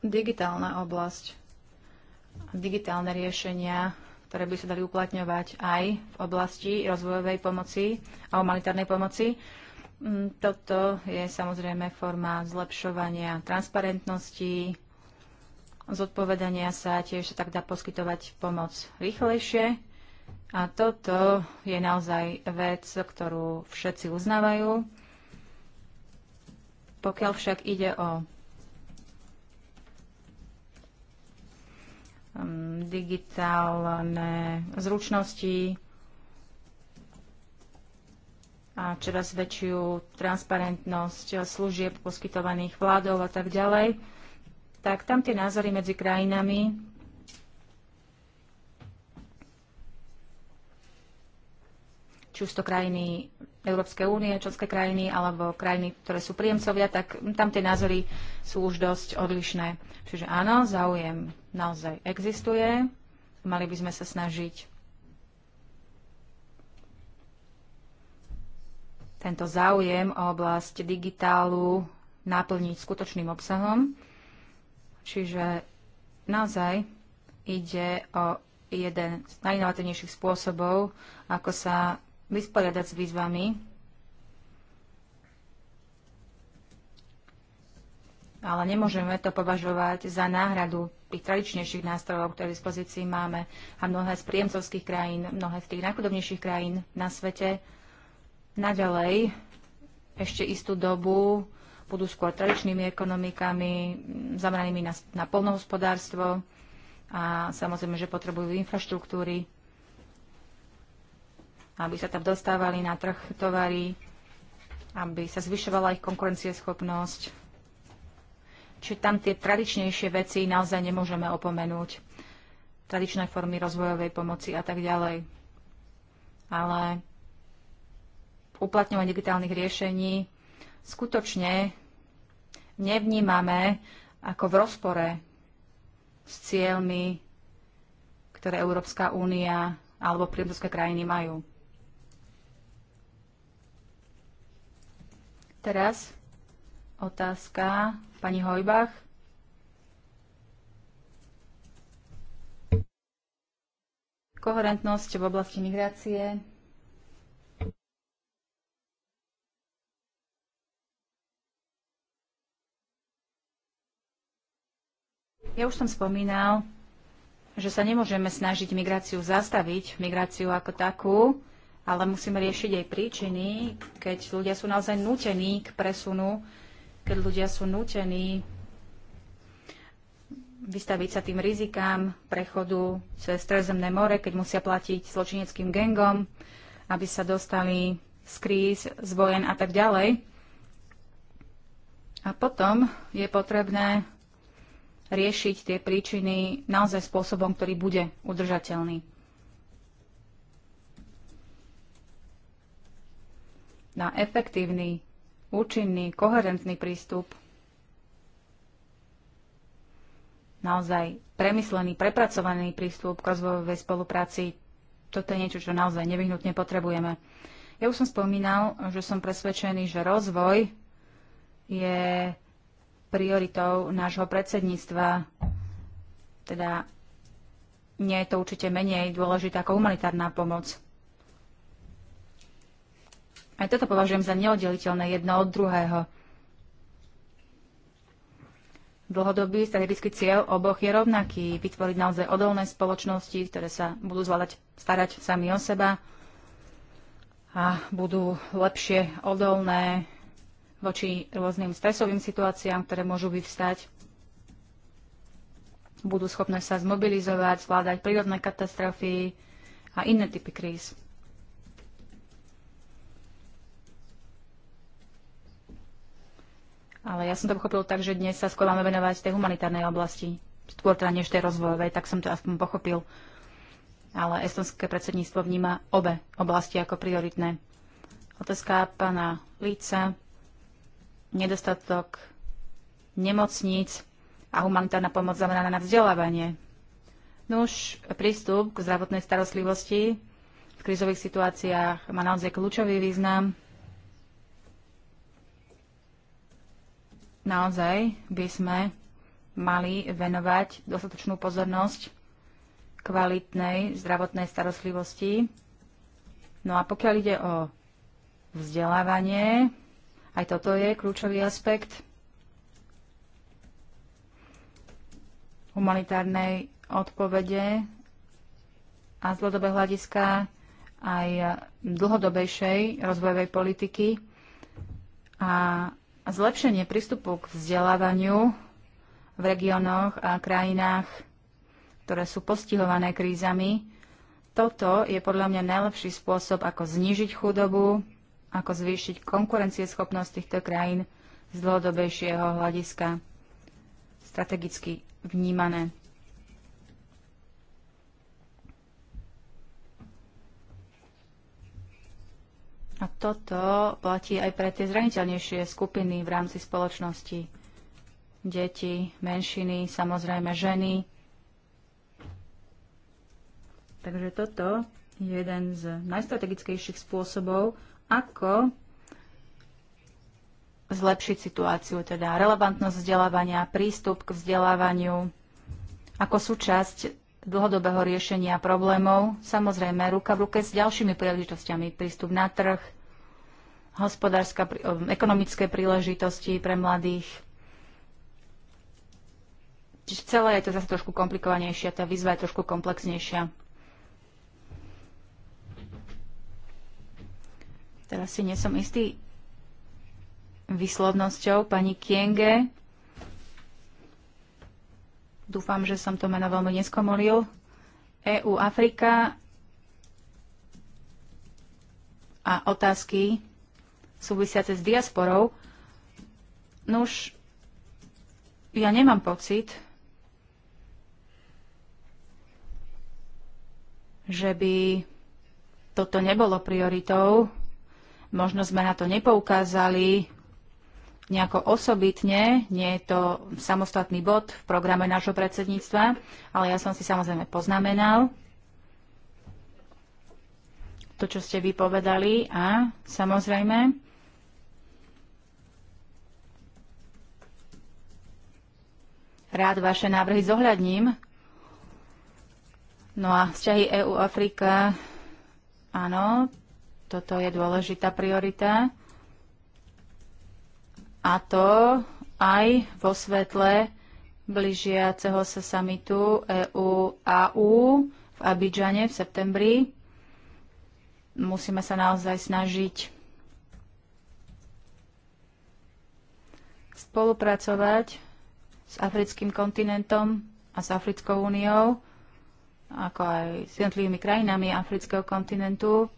D: Digitálna oblasť, digitálne riešenia, ktoré by sa dali uplatňovať aj v oblasti rozvojovej pomoci a humanitárnej pomoci. Mm, toto je samozrejme forma zlepšovania transparentnosti, zodpovedania sa, tiež sa tak dá poskytovať pomoc rýchlejšie a toto je naozaj vec, ktorú všetci uznávajú. Pokiaľ však ide o um, digitálne zručnosti a čoraz väčšiu transparentnosť služieb poskytovaných vládov a tak ďalej, tak tam tie názory medzi krajinami či už to krajiny Európskej únie, členské krajiny alebo krajiny, ktoré sú príjemcovia, tak tam tie názory sú už dosť odlišné. Čiže áno, záujem naozaj existuje. Mali by sme sa snažiť tento záujem o oblasť digitálu naplniť skutočným obsahom. Čiže naozaj ide o jeden z najinovatívnejších spôsobov, ako sa vysporiadať s výzvami. Ale nemôžeme to považovať za náhradu tých tradičnejších nástrojov, ktoré v dispozícii máme. A mnohé z príjemcovských krajín, mnohé z tých najchudobnejších krajín na svete naďalej ešte istú dobu budú skôr tradičnými ekonomikami, zameranými na, na polnohospodárstvo a samozrejme, že potrebujú infraštruktúry, aby sa tam dostávali na trh tovary, aby sa zvyšovala ich konkurencieschopnosť. Čiže tam tie tradičnejšie veci naozaj nemôžeme opomenúť. Tradičné formy rozvojovej pomoci a tak ďalej. Ale uplatňovanie digitálnych riešení skutočne nevnímame ako v rozpore s cieľmi, ktoré Európska únia alebo prírodské krajiny majú. Teraz otázka pani Hojbach. Koherentnosť v oblasti migrácie. Ja už som spomínal, že sa nemôžeme snažiť migráciu zastaviť, migráciu ako takú, ale musíme riešiť aj príčiny, keď ľudia sú naozaj nútení k presunu, keď ľudia sú nútení vystaviť sa tým rizikám prechodu cez Stredozemné more, keď musia platiť zločineckým gengom, aby sa dostali z kríz, z vojen a tak ďalej. A potom je potrebné riešiť tie príčiny naozaj spôsobom, ktorý bude udržateľný. na efektívny, účinný, koherentný prístup, naozaj premyslený, prepracovaný prístup k rozvojovej spolupráci, toto je niečo, čo naozaj nevyhnutne potrebujeme. Ja už som spomínal, že som presvedčený, že rozvoj je prioritou nášho predsedníctva. Teda nie je to určite menej dôležitá ako humanitárna pomoc. Aj toto považujem za neoddeliteľné jedno od druhého. Dlhodobý strategický cieľ oboch je rovnaký. Vytvoriť naozaj odolné spoločnosti, ktoré sa budú zvládať, starať sami o seba a budú lepšie odolné voči rôznym stresovým situáciám, ktoré môžu vyvstať. Budú schopné sa zmobilizovať, zvládať prírodné katastrofy a iné typy kríz. Ale ja som to pochopil tak, že dnes sa skôr máme venovať tej humanitárnej oblasti, skôr teda než tej rozvojovej, tak som to aspoň pochopil. Ale estonské predsedníctvo vníma obe oblasti ako prioritné. Otázka pána Líca, nedostatok nemocníc a humanitárna pomoc zameraná na vzdelávanie. Nuž, prístup k zdravotnej starostlivosti v krizových situáciách má naozaj kľúčový význam. naozaj by sme mali venovať dostatočnú pozornosť kvalitnej zdravotnej starostlivosti. No a pokiaľ ide o vzdelávanie, aj toto je kľúčový aspekt humanitárnej odpovede a z dlhodobého hľadiska aj dlhodobejšej rozvojovej politiky. A zlepšenie prístupu k vzdelávaniu v regiónoch a krajinách, ktoré sú postihované krízami. Toto je podľa mňa najlepší spôsob, ako znížiť chudobu, ako zvýšiť konkurencieschopnosť týchto krajín z dlhodobejšieho hľadiska strategicky vnímané. A toto platí aj pre tie zraniteľnejšie skupiny v rámci spoločnosti. Deti, menšiny, samozrejme ženy. Takže toto je jeden z najstrategickejších spôsobov, ako zlepšiť situáciu, teda relevantnosť vzdelávania, prístup k vzdelávaniu ako súčasť dlhodobého riešenia problémov, samozrejme ruka v ruke s ďalšími príležitosťami, prístup na trh, hospodárska, ekonomické príležitosti pre mladých. Čiže celé je to zase trošku komplikovanejšie, tá výzva je trošku komplexnejšia. Teraz si nie som istý výslovnosťou pani Kienge. Dúfam, že som to meno veľmi neskomolil. EU Afrika a otázky súvisiace s diasporou. Nuž, ja nemám pocit, že by toto nebolo prioritou. Možno sme na to nepoukázali nejako osobitne, nie je to samostatný bod v programe nášho predsedníctva, ale ja som si samozrejme poznamenal to, čo ste vypovedali a samozrejme rád vaše návrhy zohľadním. No a vzťahy EU-Afrika, áno, toto je dôležitá priorita. A to aj vo svetle blížiaceho sa samitu EU-AU v Abidžane v septembri. Musíme sa naozaj snažiť spolupracovať s africkým kontinentom a s Africkou úniou, ako aj s jednotlivými krajinami afrického kontinentu,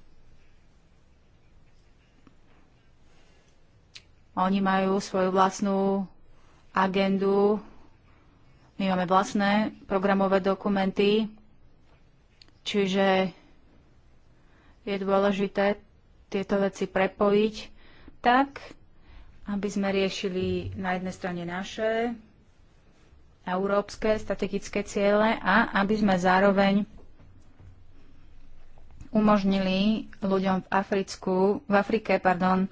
D: Oni majú svoju vlastnú agendu, my máme vlastné programové dokumenty, čiže je dôležité tieto veci prepojiť tak, aby sme riešili na jednej strane naše európske strategické ciele a aby sme zároveň umožnili ľuďom v, Africku, v Afrike pardon,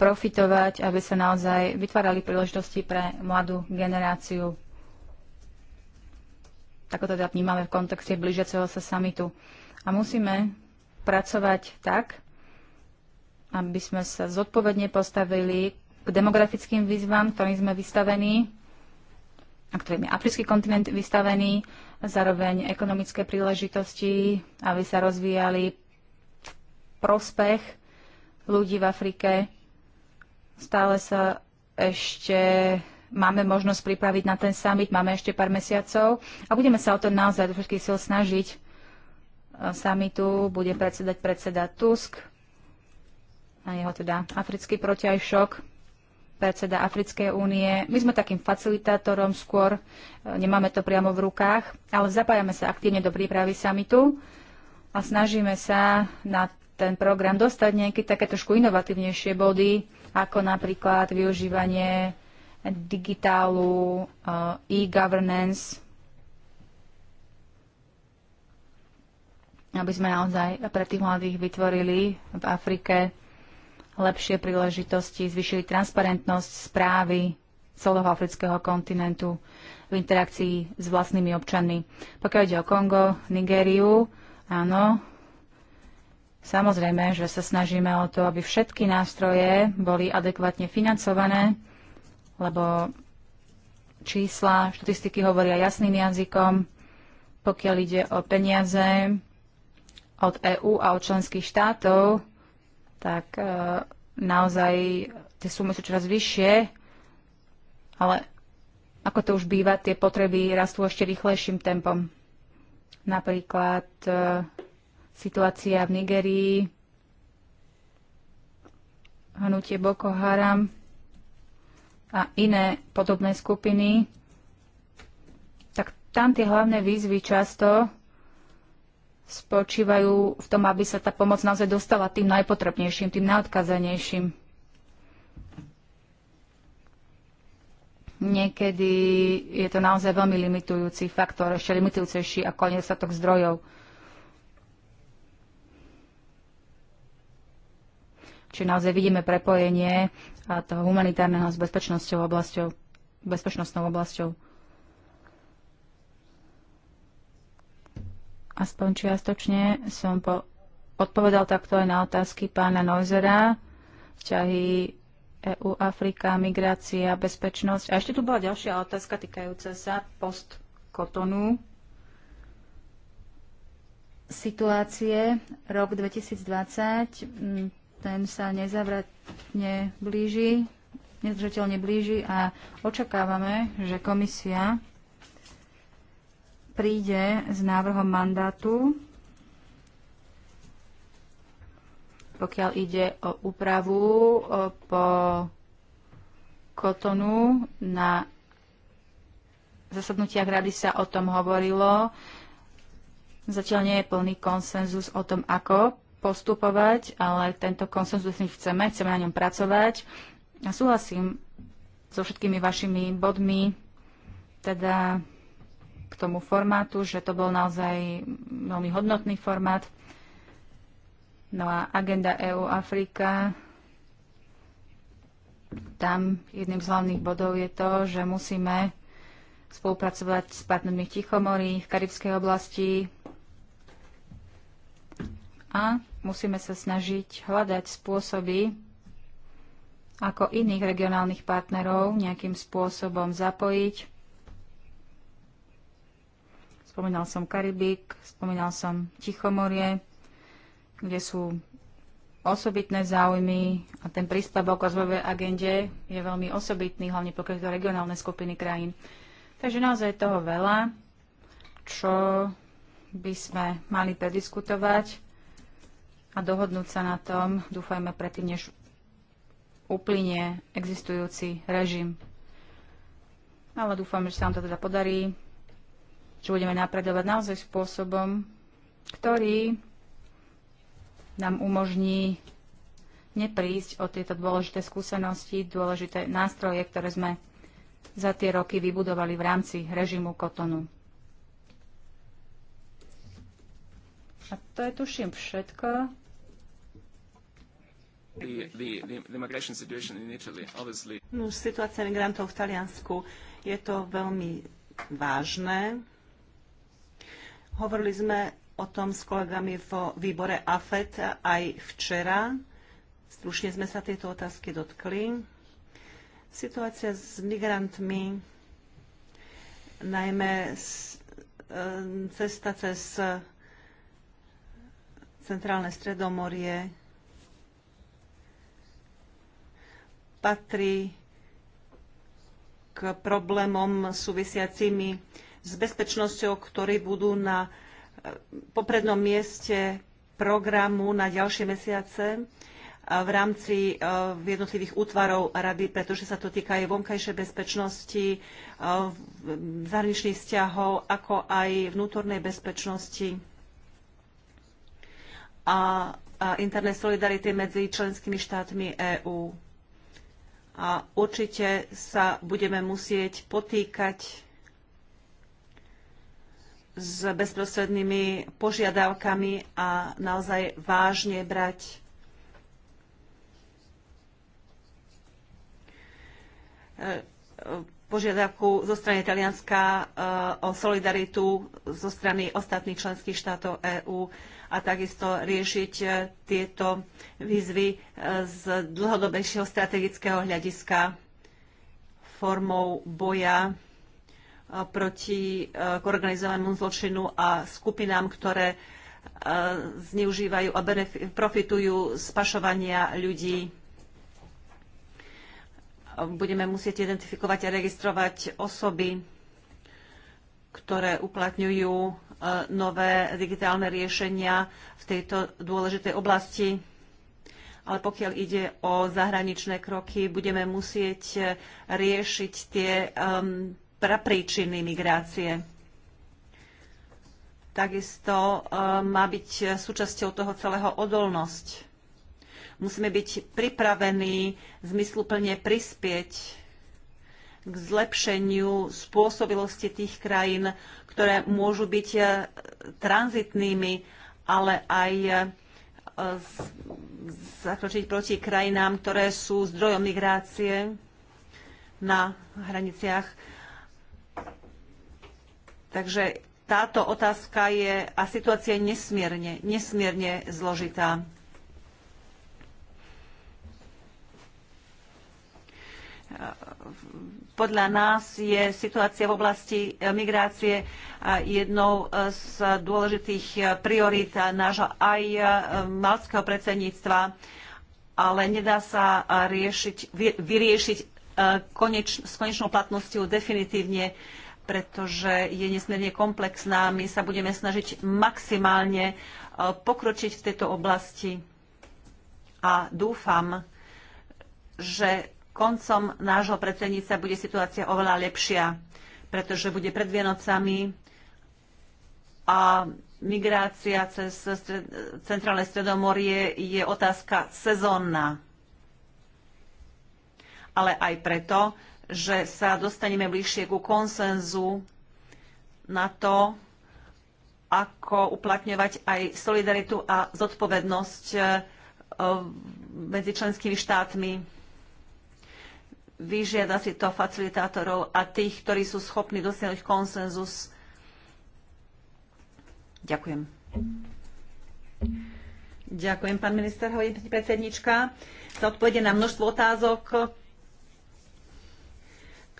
D: profitovať, aby sa naozaj vytvárali príležitosti pre mladú generáciu. Tako to teda vnímame v kontexte blížiaceho sa samitu. A musíme pracovať tak, aby sme sa zodpovedne postavili k demografickým výzvam, ktorým sme vystavení, a ktorým je africký kontinent vystavený, zároveň ekonomické príležitosti, aby sa rozvíjali prospech ľudí v Afrike, Stále sa ešte máme možnosť pripraviť na ten summit, máme ešte pár mesiacov a budeme sa o to naozaj do všetkých sil snažiť. E, summitu bude predsedať predseda Tusk a jeho teda africký protiajšok, predseda Africkej únie. My sme takým facilitátorom skôr, e, nemáme to priamo v rukách, ale zapájame sa aktívne do prípravy summitu a snažíme sa na ten program dostať nejaké také trošku inovatívnejšie body, ako napríklad využívanie digitálu, eh, e-governance, aby sme naozaj pre tých mladých vytvorili v Afrike lepšie príležitosti, zvýšili transparentnosť správy celého afrického kontinentu v interakcii s vlastnými občanmi. Pokiaľ ide o Kongo, Nigériu, áno, Samozrejme, že sa snažíme o to, aby všetky nástroje boli adekvátne financované, lebo čísla, štatistiky hovoria jasným jazykom, pokiaľ ide o peniaze od EÚ a od členských štátov, tak e, naozaj tie sumy sú čoraz vyššie, ale ako to už býva, tie potreby rastú ešte rýchlejším tempom. Napríklad e, Situácia v Nigerii, hnutie Boko Haram a iné podobné skupiny, tak tam tie hlavné výzvy často spočívajú v tom, aby sa tá pomoc naozaj dostala tým najpotrebnejším, tým najodkazanejším. Niekedy je to naozaj veľmi limitujúci faktor, ešte limitujúcejší ako nedostatok zdrojov. Čiže naozaj vidíme prepojenie toho humanitárneho s bezpečnosťou oblasťou, bezpečnostnou oblasťou. Aspoň čiastočne som po, odpovedal takto aj na otázky pána Noizera, vzťahy EU, Afrika, migrácia, bezpečnosť. A ešte tu bola ďalšia otázka týkajúca sa post-kotonu situácie rok 2020 ten sa nezavratne blíži, nezržateľne blíži a očakávame, že komisia príde s návrhom mandátu, pokiaľ ide o úpravu po kotonu na zasadnutiach rady sa o tom hovorilo. Zatiaľ nie je plný konsenzus o tom, ako postupovať, ale tento konsenzus chceme, chceme na ňom pracovať. A súhlasím so všetkými vašimi bodmi, teda k tomu formátu, že to bol naozaj veľmi hodnotný formát. No a agenda EU Afrika, tam jedným z hlavných bodov je to, že musíme spolupracovať s partnermi Tichomorí, v Karibskej oblasti a musíme sa snažiť hľadať spôsoby, ako iných regionálnych partnerov nejakým spôsobom zapojiť. Spomínal som Karibik, spomínal som Tichomorie, kde sú osobitné záujmy a ten príspevok rozvojovej agende je veľmi osobitný, hlavne pokiaľ to regionálne skupiny krajín. Takže naozaj toho veľa, čo by sme mali prediskutovať a dohodnúť sa na tom, dúfajme predtým, než uplynie existujúci režim. Ale dúfam, že sa nám to teda podarí, že budeme napredovať naozaj spôsobom, ktorý nám umožní neprísť o tieto dôležité skúsenosti, dôležité nástroje, ktoré sme za tie roky vybudovali v rámci režimu Kotonu. A to je tuším všetko
A: no, situácia migrantov v Taliansku je to veľmi vážne. Hovorili sme o tom s kolegami vo výbore AFET aj včera. Stručne sme sa tieto otázky dotkli. Situácia s migrantmi, najmä e, cesta cez centrálne stredomorie, patrí k problémom súvisiacimi s bezpečnosťou, ktorí budú na eh, poprednom mieste programu na ďalšie mesiace eh, v rámci eh, jednotlivých útvarov rady, pretože sa to týka aj vonkajšej bezpečnosti, zahraničných vzťahov, ako aj vnútornej bezpečnosti a, a internej solidarity medzi členskými štátmi EÚ a určite sa budeme musieť potýkať s bezprostrednými požiadavkami a naozaj vážne brať požiadavku zo strany Talianska e, o solidaritu zo strany ostatných členských štátov EÚ a takisto riešiť e, tieto výzvy e, z dlhodobejšieho strategického hľadiska formou boja e, proti organizovanému zločinu a skupinám, ktoré zneužívajú a profitujú z pašovania ľudí. Budeme musieť identifikovať a registrovať osoby, ktoré uplatňujú e, nové digitálne riešenia v tejto dôležitej oblasti. Ale pokiaľ ide o zahraničné kroky, budeme musieť e, riešiť tie príčiny prapríčiny migrácie. Takisto e, má byť súčasťou toho celého odolnosť. Musíme byť pripravení zmysluplne prispieť k zlepšeniu spôsobilosti tých krajín, ktoré môžu byť e, tranzitnými, ale aj e, zakročiť proti krajinám, ktoré sú zdrojom migrácie na hraniciach. Takže táto otázka je a situácia je nesmierne, nesmierne zložitá. Podľa nás je situácia v oblasti eh, migrácie eh, jednou eh, z dôležitých priorít nášho aj malského predsedníctva, ale nedá sa riešiť, vyriešiť koneč, s konečnou platnosťou definitívne pretože je nesmierne komplexná. My sa budeme snažiť maximálne pokročiť v tejto oblasti a dúfam, že koncom nášho predsedníca bude situácia oveľa lepšia, pretože bude pred Vienocami a migrácia cez stred, centrálne stredomorie je otázka sezónna. Ale aj preto, že sa dostaneme bližšie ku konsenzu na to, ako uplatňovať aj solidaritu a zodpovednosť eh, medzi členskými štátmi vyžiada si to facilitátorov a tých, ktorí sú schopní dosiahnuť konsenzus. Ďakujem. Ďakujem, pán minister, hovorí predsednička, za odpovede na množstvo otázok,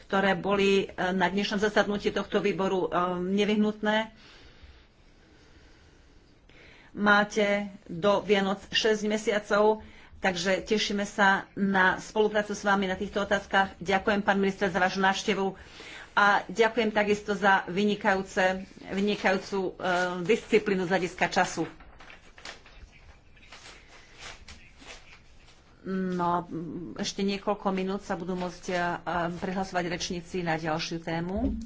A: ktoré boli eh, na dnešnom zasadnutí tohto výboru eh, nevyhnutné. Máte do Vianoc 6 mesiacov Takže tešíme sa na spoluprácu s vami na týchto otázkach. Ďakujem, pán minister, za vašu návštevu a ďakujem takisto za vynikajúce, vynikajúcu e, disciplínu z hľadiska času. No, ešte niekoľko minút sa budú môcť e, e, prihlasovať rečníci na ďalšiu tému.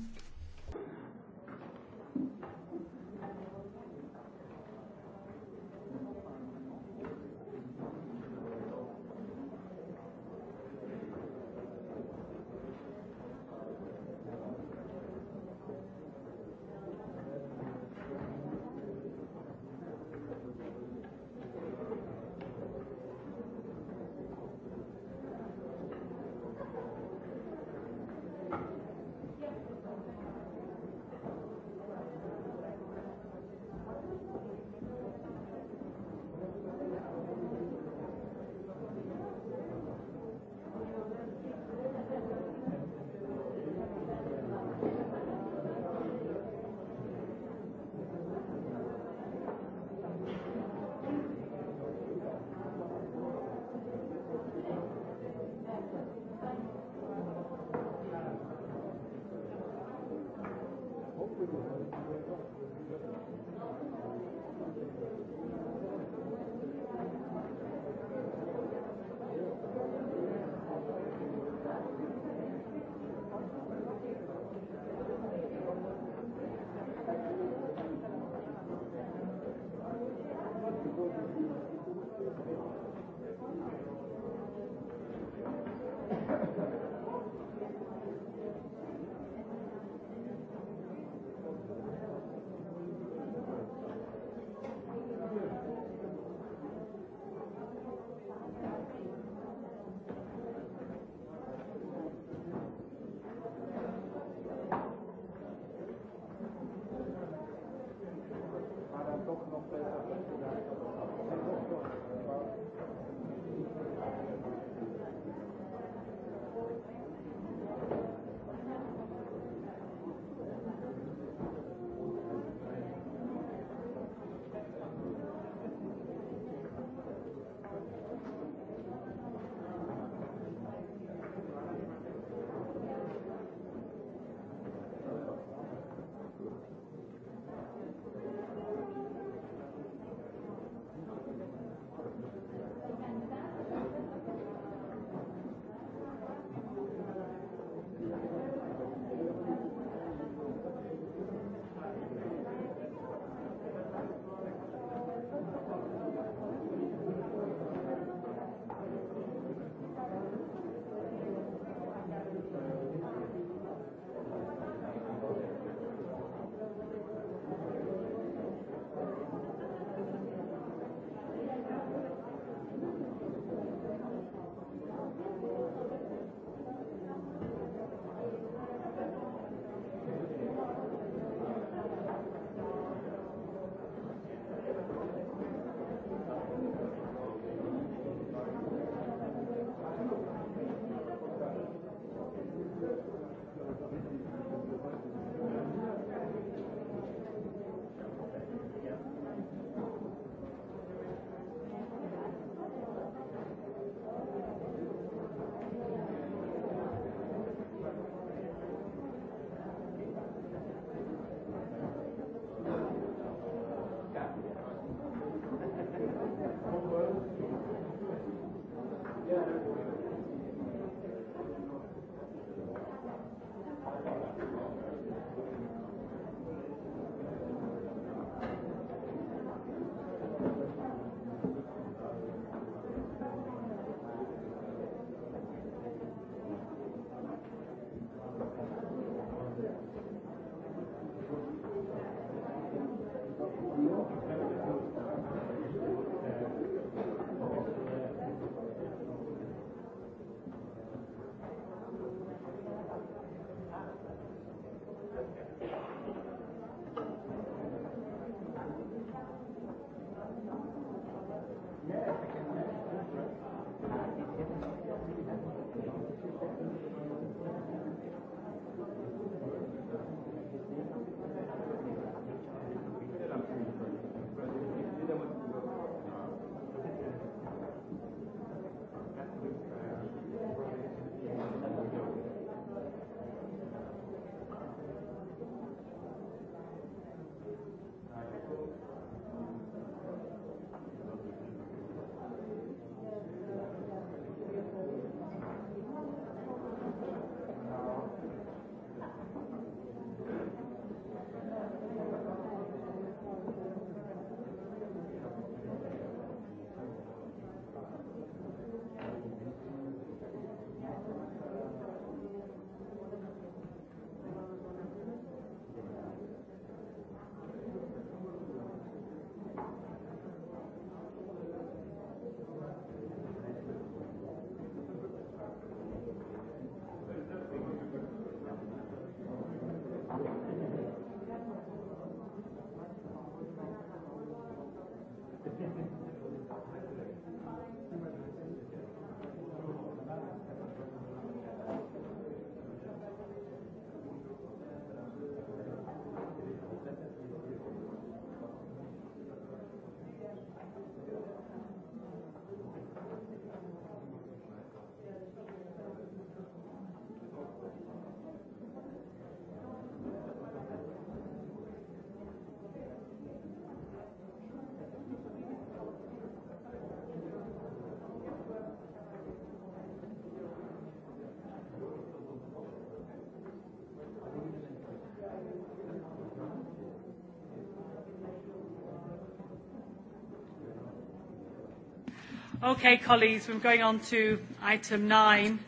C: Okay, colleagues, we're going on
A: to item nine.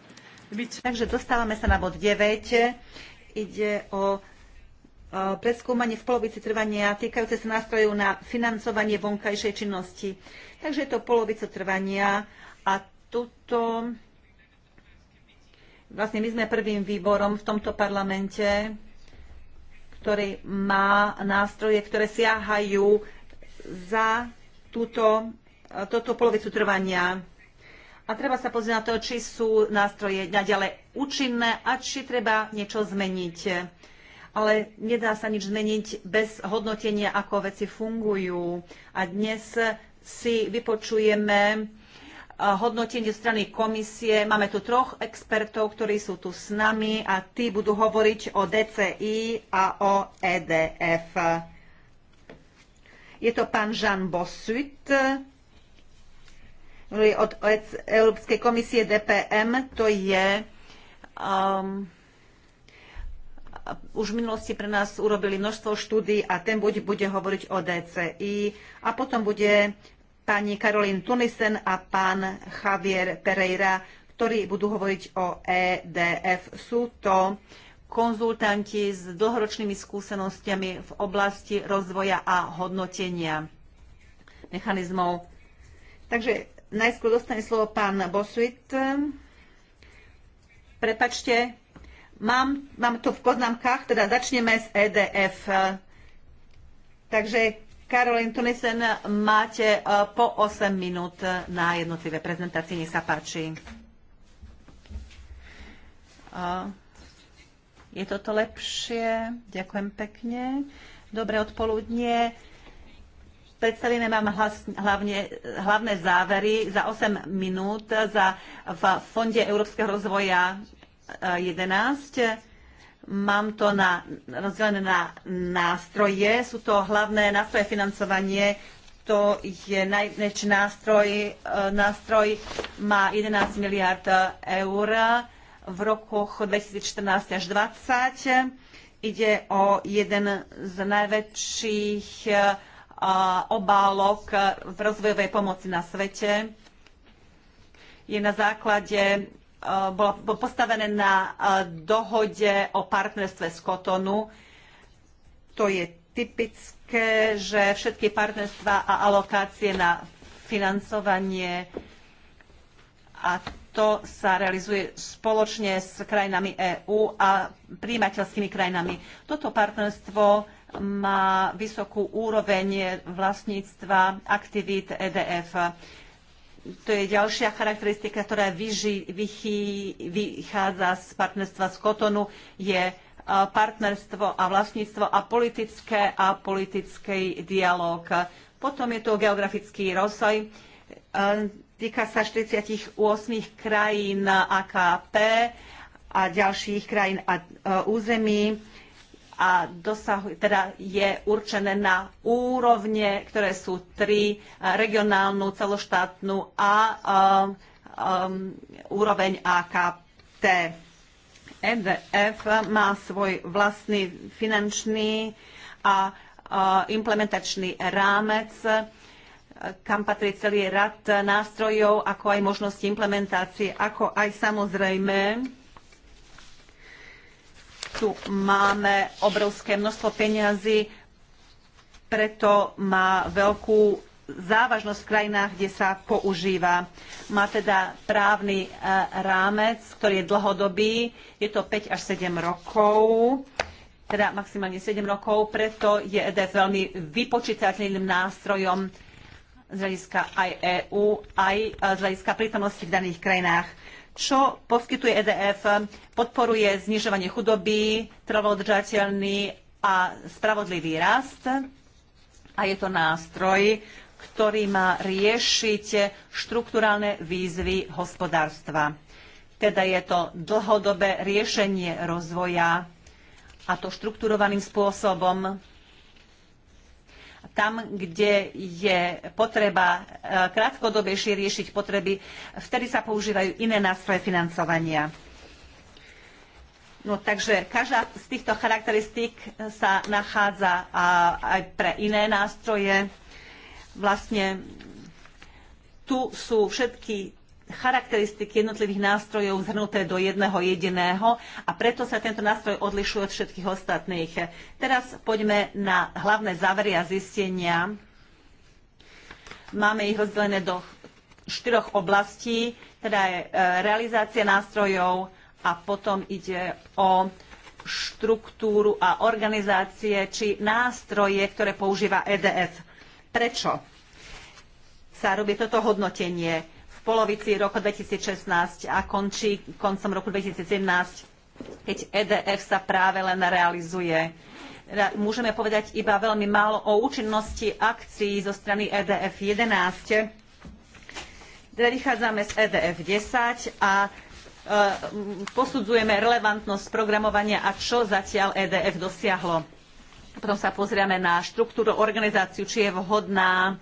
A: Takže dostávame sa na bod 9. Ide o preskúmanie v polovici trvania týkajúce sa nástrojov na financovanie vonkajšej činnosti. Takže je to polovica trvania a tuto vlastne my sme prvým výborom v tomto parlamente, ktorý má nástroje, ktoré siahajú za túto toto polovicu trvania. A treba sa pozrieť na to, či sú nástroje naďalej účinné a či treba niečo zmeniť. Ale nedá sa nič zmeniť bez hodnotenia, ako veci fungujú. A dnes si vypočujeme eh, hodnotenie strany komisie. Máme tu troch expertov, ktorí sú tu s nami a tí budú hovoriť o DCI a o EDF. Je to pán Jean Bossuit, od Európskej komisie DPM, to je um, už v minulosti pre nás urobili množstvo štúdí a ten bude, bude hovoriť o DCI a potom bude pani Karolín Tunisen a pán Javier Pereira, ktorí budú hovoriť o EDF. Sú to konzultanti s dlhoročnými skúsenostiami v oblasti rozvoja a hodnotenia mechanizmov. Takže najskôr dostane slovo pán Bosuit. Prepačte, mám, mám to v poznámkach, teda začneme s EDF. Takže Karolín Tunisen, máte e, po 8 minút na jednotlivé prezentácie, nech sa páči. E, je toto lepšie? Ďakujem pekne. Dobré odpoludnie. Predstavíme vám hlas, hlavne, hlavné závery za 8 minút za, v Fonde Európskeho rozvoja 11. Eh, Mám to na, rozdelené na nástroje. Sú to hlavné nástroje financovanie. To je najväčší nástroj. Eh, nástroj má 11 miliard eur v rokoch 2014 až 2020. Ide o jeden z najväčších eh, obálok v rozvojovej pomoci na svete. Je na základe, e, bolo postavené na e, dohode o partnerstve z Kotonu. To je typické, že všetky partnerstva a alokácie na financovanie a to sa realizuje spoločne s krajinami EÚ a príjimateľskými krajinami. Toto partnerstvo má vysokú úroveň vlastníctva aktivít EDF. To je ďalšia charakteristika, ktorá vyži, vychý, vychádza z partnerstva z Kotonu, je e, partnerstvo a vlastníctvo a politické a politický dialog. Potom je tu geografický rozvoj. E, týka sa 48 krajín AKP a ďalších krajín a e, území a dosahu, teda je určené na úrovne, ktoré sú tri, e, regionálnu, celoštátnu a um, um, úroveň AKT. EDF má svoj vlastný finančný a implementačný rámec, kam patrí celý rad nástrojov, ako aj možnosti implementácie, ako aj samozrejme tu máme obrovské množstvo peňazí, preto má veľkú závažnosť v krajinách, kde sa používa. Má teda právny e, rámec, ktorý je dlhodobý, je to 5 až 7 rokov, teda maximálne 7 rokov, preto je EDF veľmi vypočítateľným nástrojom z hľadiska aj EÚ, aj e, z hľadiska prítomnosti v daných krajinách čo poskytuje EDF, podporuje znižovanie chudoby, trvodržateľný a spravodlivý rast. A je to nástroj, ktorý má riešiť štruktúrálne výzvy hospodárstva. Teda je to dlhodobé riešenie rozvoja a to štrukturovaným spôsobom tam, kde je potreba e, krátkodobejšie riešiť potreby, vtedy sa používajú iné nástroje financovania. No takže každá z týchto charakteristík e, sa nachádza aj pre iné nástroje. Vlastne tu sú všetky charakteristiky jednotlivých nástrojov zhrnuté do jedného jediného a preto sa tento nástroj odlišuje od všetkých ostatných. Teraz poďme na hlavné závery a zistenia. Máme ich rozdelené do štyroch oblastí, teda je e, realizácia nástrojov a potom ide o štruktúru a organizácie či nástroje, ktoré používa EDF. Prečo sa robí toto hodnotenie? polovici roku 2016 a končí koncom roku 2017, keď EDF sa práve len realizuje. Môžeme povedať iba veľmi málo o účinnosti akcií zo strany EDF 11. Teda vychádzame z EDF 10 a e, posudzujeme relevantnosť programovania a čo zatiaľ EDF dosiahlo. Potom sa pozrieme na štruktúru organizáciu, či je vhodná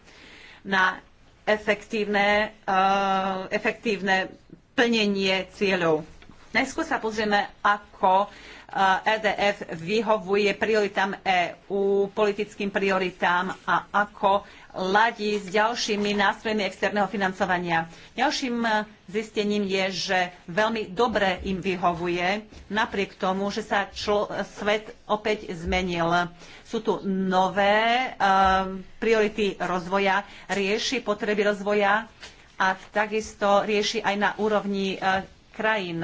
A: na efektívne, uh, efektívne plnenie cieľov. Najskôr sa pozrieme, ako EDF eh, e vyhovuje prioritám EÚ, politickým prioritám a ako ladí s ďalšími nástrojmi externého financovania. Ďalším e, zistením je, že veľmi dobre im vyhovuje, napriek tomu, že sa člo, e, svet opäť zmenil. Sú tu nové uh, priority rozvoja, rieši potreby rozvoja a takisto rieši aj na úrovni uh, krajín.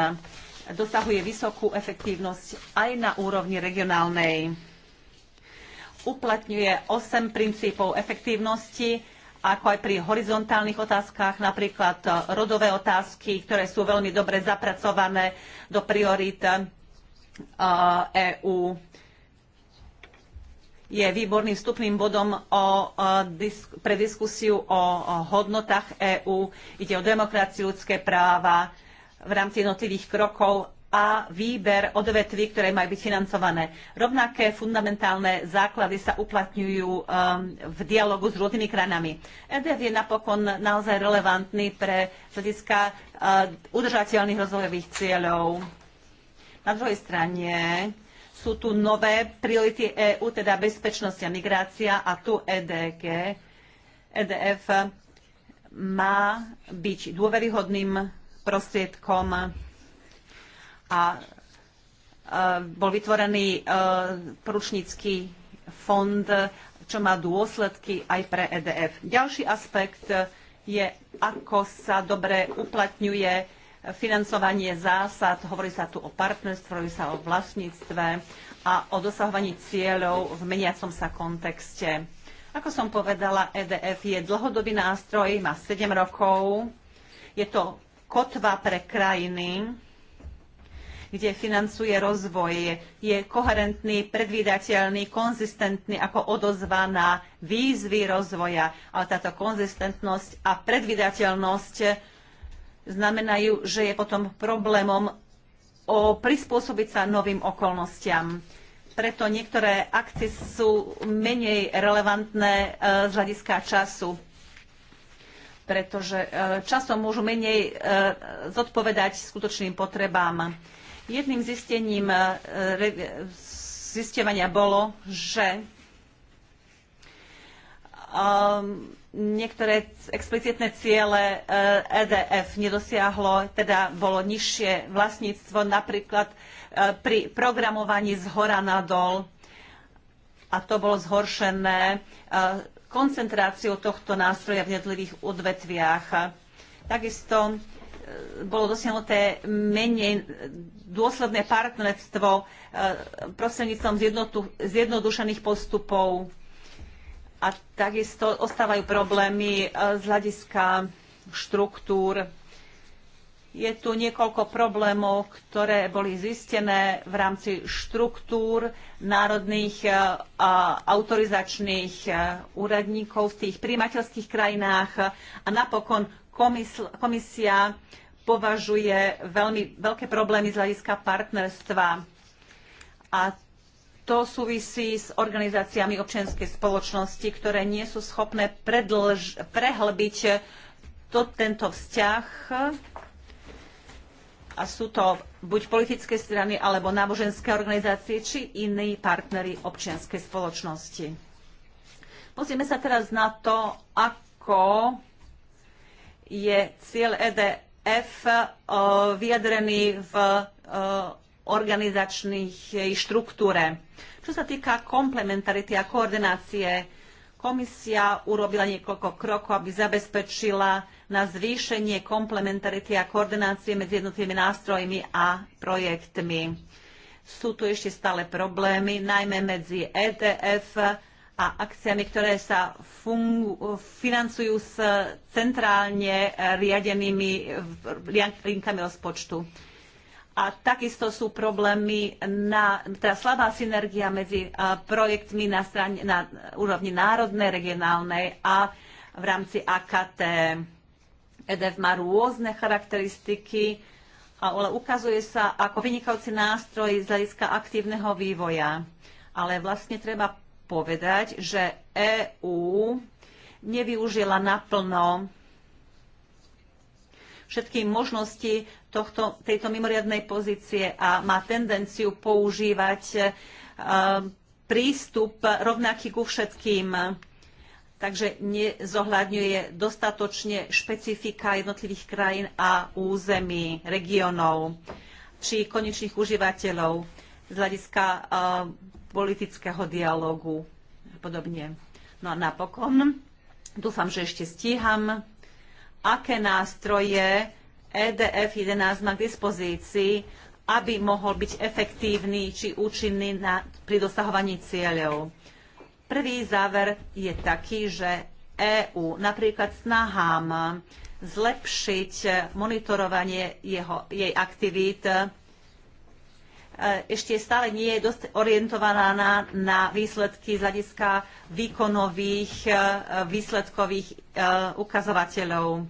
A: Dosahuje vysokú efektívnosť aj na úrovni regionálnej uplatňuje 8 princípov efektívnosti, ako aj pri horizontálnych otázkach, napríklad eh, rodové otázky, ktoré sú veľmi dobre zapracované do priorít EÚ. Eh, e Je výborným vstupným bodom o, eh, disk, pre diskusiu o, hodnotách EÚ. Ide o demokraciu, ľudské práva v rámci jednotlivých krokov a výber odvetví, ktoré majú byť financované. Rovnaké fundamentálne základy sa uplatňujú um, v dialogu s rôznymi krajinami. EDF je napokon naozaj relevantný pre hľadiska uh, udržateľných rozvojových cieľov. Na druhej strane sú tu nové priority EÚ, teda bezpečnosť a migrácia a tu EDG, EDF má byť dôveryhodným prostriedkom a e, bol vytvorený e, poručnícky fond, čo má dôsledky aj pre EDF. Ďalší aspekt je, ako sa dobre uplatňuje financovanie zásad. Hovorí sa tu o partnerstve, hovorí sa o vlastníctve a o dosahovaní cieľov v meniacom sa kontexte. Ako som povedala, EDF je dlhodobý nástroj, má 7 rokov. Je to kotva pre krajiny, kde financuje rozvoj, je koherentný, predvídateľný, konzistentný ako odozva na výzvy rozvoja. Ale táto konzistentnosť a predvídateľnosť znamenajú, že je potom problémom o prispôsobiť sa novým okolnostiam. Preto niektoré akcie sú menej relevantné e, z hľadiska času pretože e, časom môžu menej e, zodpovedať skutočným potrebám. Jedným zistením e, zistevania bolo, že um, niektoré explicitné ciele EDF e nedosiahlo, teda bolo nižšie vlastníctvo napríklad e, pri programovaní z hora na dol a to bolo zhoršené koncentráciou tohto nástroja v jednotlivých odvetviach. Takisto bolo dosiahnuté menej dôsledné partnerstvo e, prostredníctvom zjednodušených postupov a takisto ostávajú problémy e, z hľadiska štruktúr. Je tu niekoľko problémov, ktoré boli zistené v rámci štruktúr národných e, a autorizačných úradníkov v tých príjimateľských krajinách a napokon komisl, komisia považuje veľmi veľké problémy z hľadiska partnerstva. A to súvisí s organizáciami občianskej spoločnosti, ktoré nie sú schopné predlž, prehlbiť to, tento vzťah. A sú to buď politické strany, alebo náboženské organizácie, či iní partnery občianskej spoločnosti. Pozrieme sa teraz na to, ako je cieľ EDF eh, vyjadrený v eh, organizačných štruktúre. Čo sa týka komplementarity a koordinácie, komisia urobila niekoľko krokov, aby zabezpečila na zvýšenie komplementarity a koordinácie medzi jednotlivými nástrojmi a projektmi. Sú tu ešte stále problémy, najmä medzi EDF, a akciami, ktoré sa fungu, financujú s centrálne riadenými linkami rozpočtu. A takisto sú problémy, na, teda slabá synergia medzi projektmi na, strane, na úrovni národnej, regionálnej a v rámci AKT. EDF má rôzne charakteristiky, ale ukazuje sa ako vynikajúci nástroj z hľadiska aktívneho vývoja. Ale vlastne treba povedať, že EÚ nevyužila naplno všetky možnosti tohto, tejto mimoriadnej pozície a má tendenciu používať e, prístup rovnaký ku všetkým takže nezohľadňuje dostatočne špecifika jednotlivých krajín a území, regiónov či konečných užívateľov z hľadiska e, politického dialogu a podobne. No a napokon, dúfam, že ešte stíham, aké nástroje e EDF 11 má k dispozícii, aby mohol byť efektívny či účinný na, pri dosahovaní cieľov. Prvý záver je taký, že EÚ napríklad snahám zlepšiť monitorovanie jeho, jej aktivít E, ešte stále nie je dosť orientovaná na, na výsledky z hľadiska výkonových, e, výsledkových e, ukazovateľov.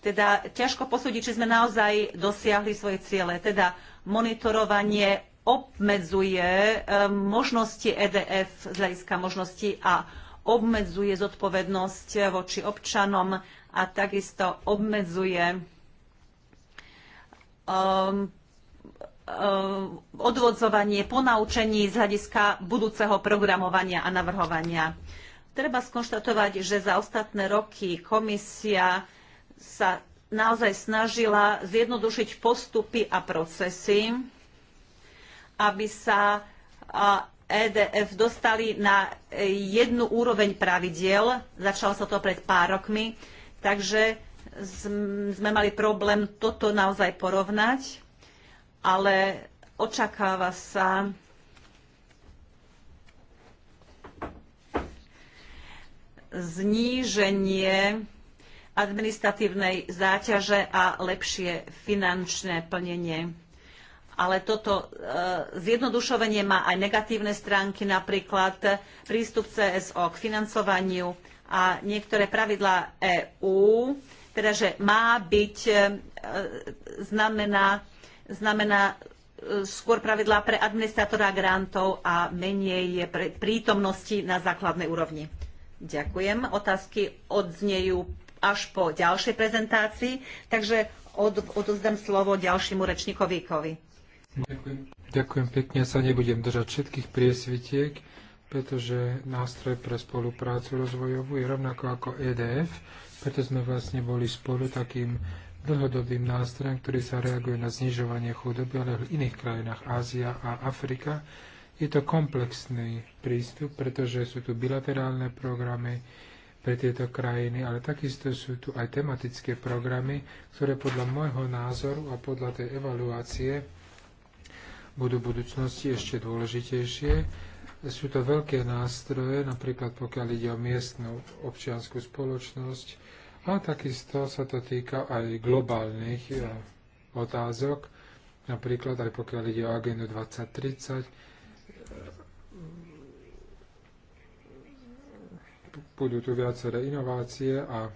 A: Teda ťažko posúdiť, či sme naozaj dosiahli svoje ciele. Teda monitorovanie obmedzuje možnosti EDF z hľadiska možností a obmedzuje zodpovednosť voči občanom a takisto obmedzuje um, Eh, odvodzovanie, ponaučení z hľadiska budúceho programovania a navrhovania. Treba skonštatovať, že za ostatné roky komisia sa naozaj snažila zjednodušiť postupy a procesy, aby sa EDF eh, e dostali na jednu úroveň pravidiel. Začalo sa to pred pár rokmi, takže sme mali problém toto naozaj porovnať ale očakáva sa, zníženie administratívnej záťaže a lepšie finančné plnenie. Ale toto e, zjednodušovanie má aj negatívne stránky, napríklad prístup CSO k financovaniu a niektoré pravidlá EÚ, teda že má byť, e, e, znamená znamená e, skôr pravidlá pre administratora grantov a menej je pre prítomnosti na základnej úrovni. Ďakujem. Otázky odznejú až po ďalšej prezentácii, takže od, odozdám slovo ďalšiemu rečníkovi.
B: Ďakujem. Ďakujem pekne. Ja sa nebudem držať všetkých priesvitiek, pretože nástroj pre spoluprácu rozvojovú je rovnako ako EDF, preto sme vlastne boli spolu takým dlhodobým nástrojom, ktorý sa reaguje na znižovanie chudoby, ale v iných krajinách Ázia a Afrika. Je to komplexný prístup, pretože sú tu bilaterálne programy pre tieto krajiny, ale takisto sú tu aj tematické programy, ktoré podľa môjho názoru a podľa tej evaluácie budú v budúcnosti ešte dôležitejšie. Sú to veľké nástroje, napríklad pokiaľ ide o miestnu občianskú spoločnosť, a takisto sa to týka aj globálnych e, otázok, napríklad aj pokiaľ ide o agendu 2030. E, budú tu viaceré inovácie a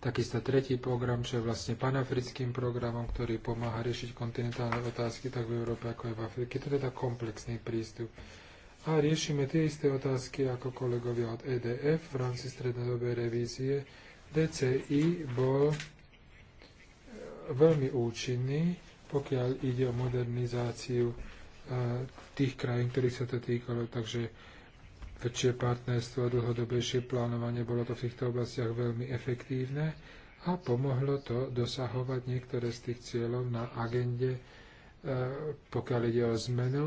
B: takisto tretí program, čo je vlastne panafrickým programom, ktorý pomáha riešiť kontinentálne otázky tak v Európe ako aj v Afrike. To je teda komplexný prístup a riešime tie isté otázky ako kolegovia od EDF v rámci strednodobej revízie DCI bol e, veľmi účinný, pokiaľ ide o modernizáciu e, tých krajín, ktorých sa to týkalo. Takže väčšie partnerstvo a dlhodobejšie plánovanie bolo to v týchto oblastiach veľmi efektívne a pomohlo to dosahovať niektoré z tých cieľov na agende, e, pokiaľ ide o zmenu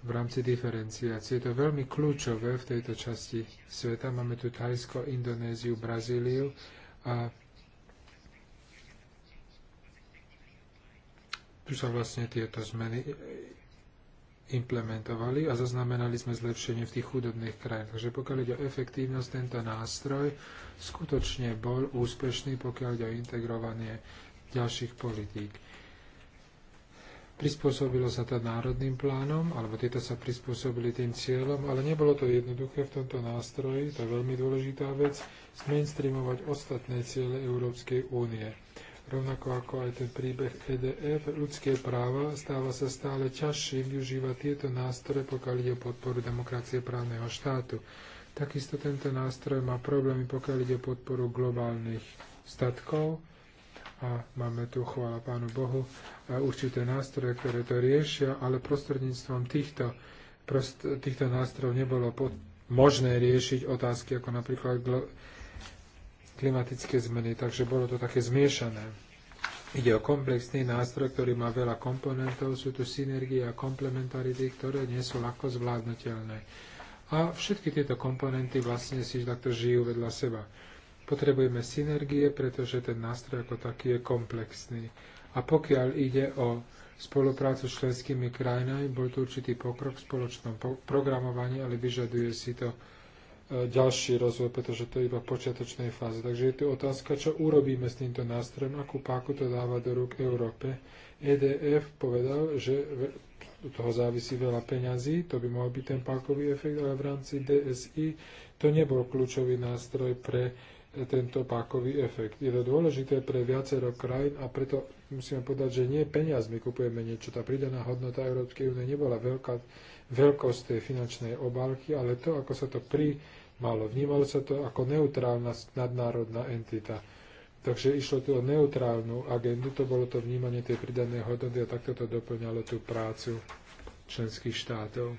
B: v rámci diferenciácie. Je to veľmi kľúčové v tejto časti sveta. Máme tu Thajsko, Indonéziu, Brazíliu a tu sa vlastne tieto zmeny implementovali a zaznamenali sme zlepšenie v tých chudobných krajinách. Takže pokiaľ ide o efektívnosť, tento nástroj skutočne bol úspešný, pokiaľ ide o integrovanie ďalších politík. Prispôsobilo sa to národným plánom, alebo tieto sa prispôsobili tým cieľom, ale nebolo to jednoduché v tomto nástroji, to je veľmi dôležitá vec, zmainstreamovať ostatné ciele Európskej únie. Rovnako ako aj ten príbeh EDF, ľudské práva, stáva sa stále ťažším využívať tieto nástroje, pokiaľ ide o podporu demokracie právneho štátu. Takisto tento nástroj má problémy, pokiaľ ide o podporu globálnych statkov, a máme tu, chvála Pánu Bohu, e, určité nástroje, ktoré to riešia, ale prostredníctvom týchto, prost, týchto nástrojov nebolo pod, možné riešiť otázky ako napríklad klimatické zmeny, takže bolo to také zmiešané. Ide o komplexný nástroj, ktorý má veľa komponentov, sú tu synergie a komplementarity, ktoré nie sú ľahko zvládnutelné. A všetky tieto komponenty vlastne si takto žijú vedľa seba. Potrebujeme synergie, pretože ten nástroj ako taký je komplexný. A pokiaľ ide o spoluprácu s členskými krajinami, bol tu určitý pokrok v spoločnom programovaní, ale vyžaduje si to e, ďalší rozvoj, pretože to je iba v počiatočnej fáze. Takže je tu otázka, čo urobíme s týmto nástrojom, akú páku to dáva do rúk Európe. EDF povedal, že od toho závisí veľa peňazí, to by mohol byť ten pákový efekt, ale v rámci DSI to nebol kľúčový nástroj pre tento pákový efekt. Je to dôležité pre viacero krajín a preto musíme povedať, že nie peniazmi kupujeme niečo. Tá pridaná hodnota Európskej únie nebola veľká, veľkosť tej finančnej obálky, ale to, ako sa to primalo, vnímalo sa to ako neutrálna nadnárodná entita. Takže išlo tu o neutrálnu agendu, to bolo to vnímanie tej pridanej hodnoty a takto to doplňalo tú prácu členských štátov.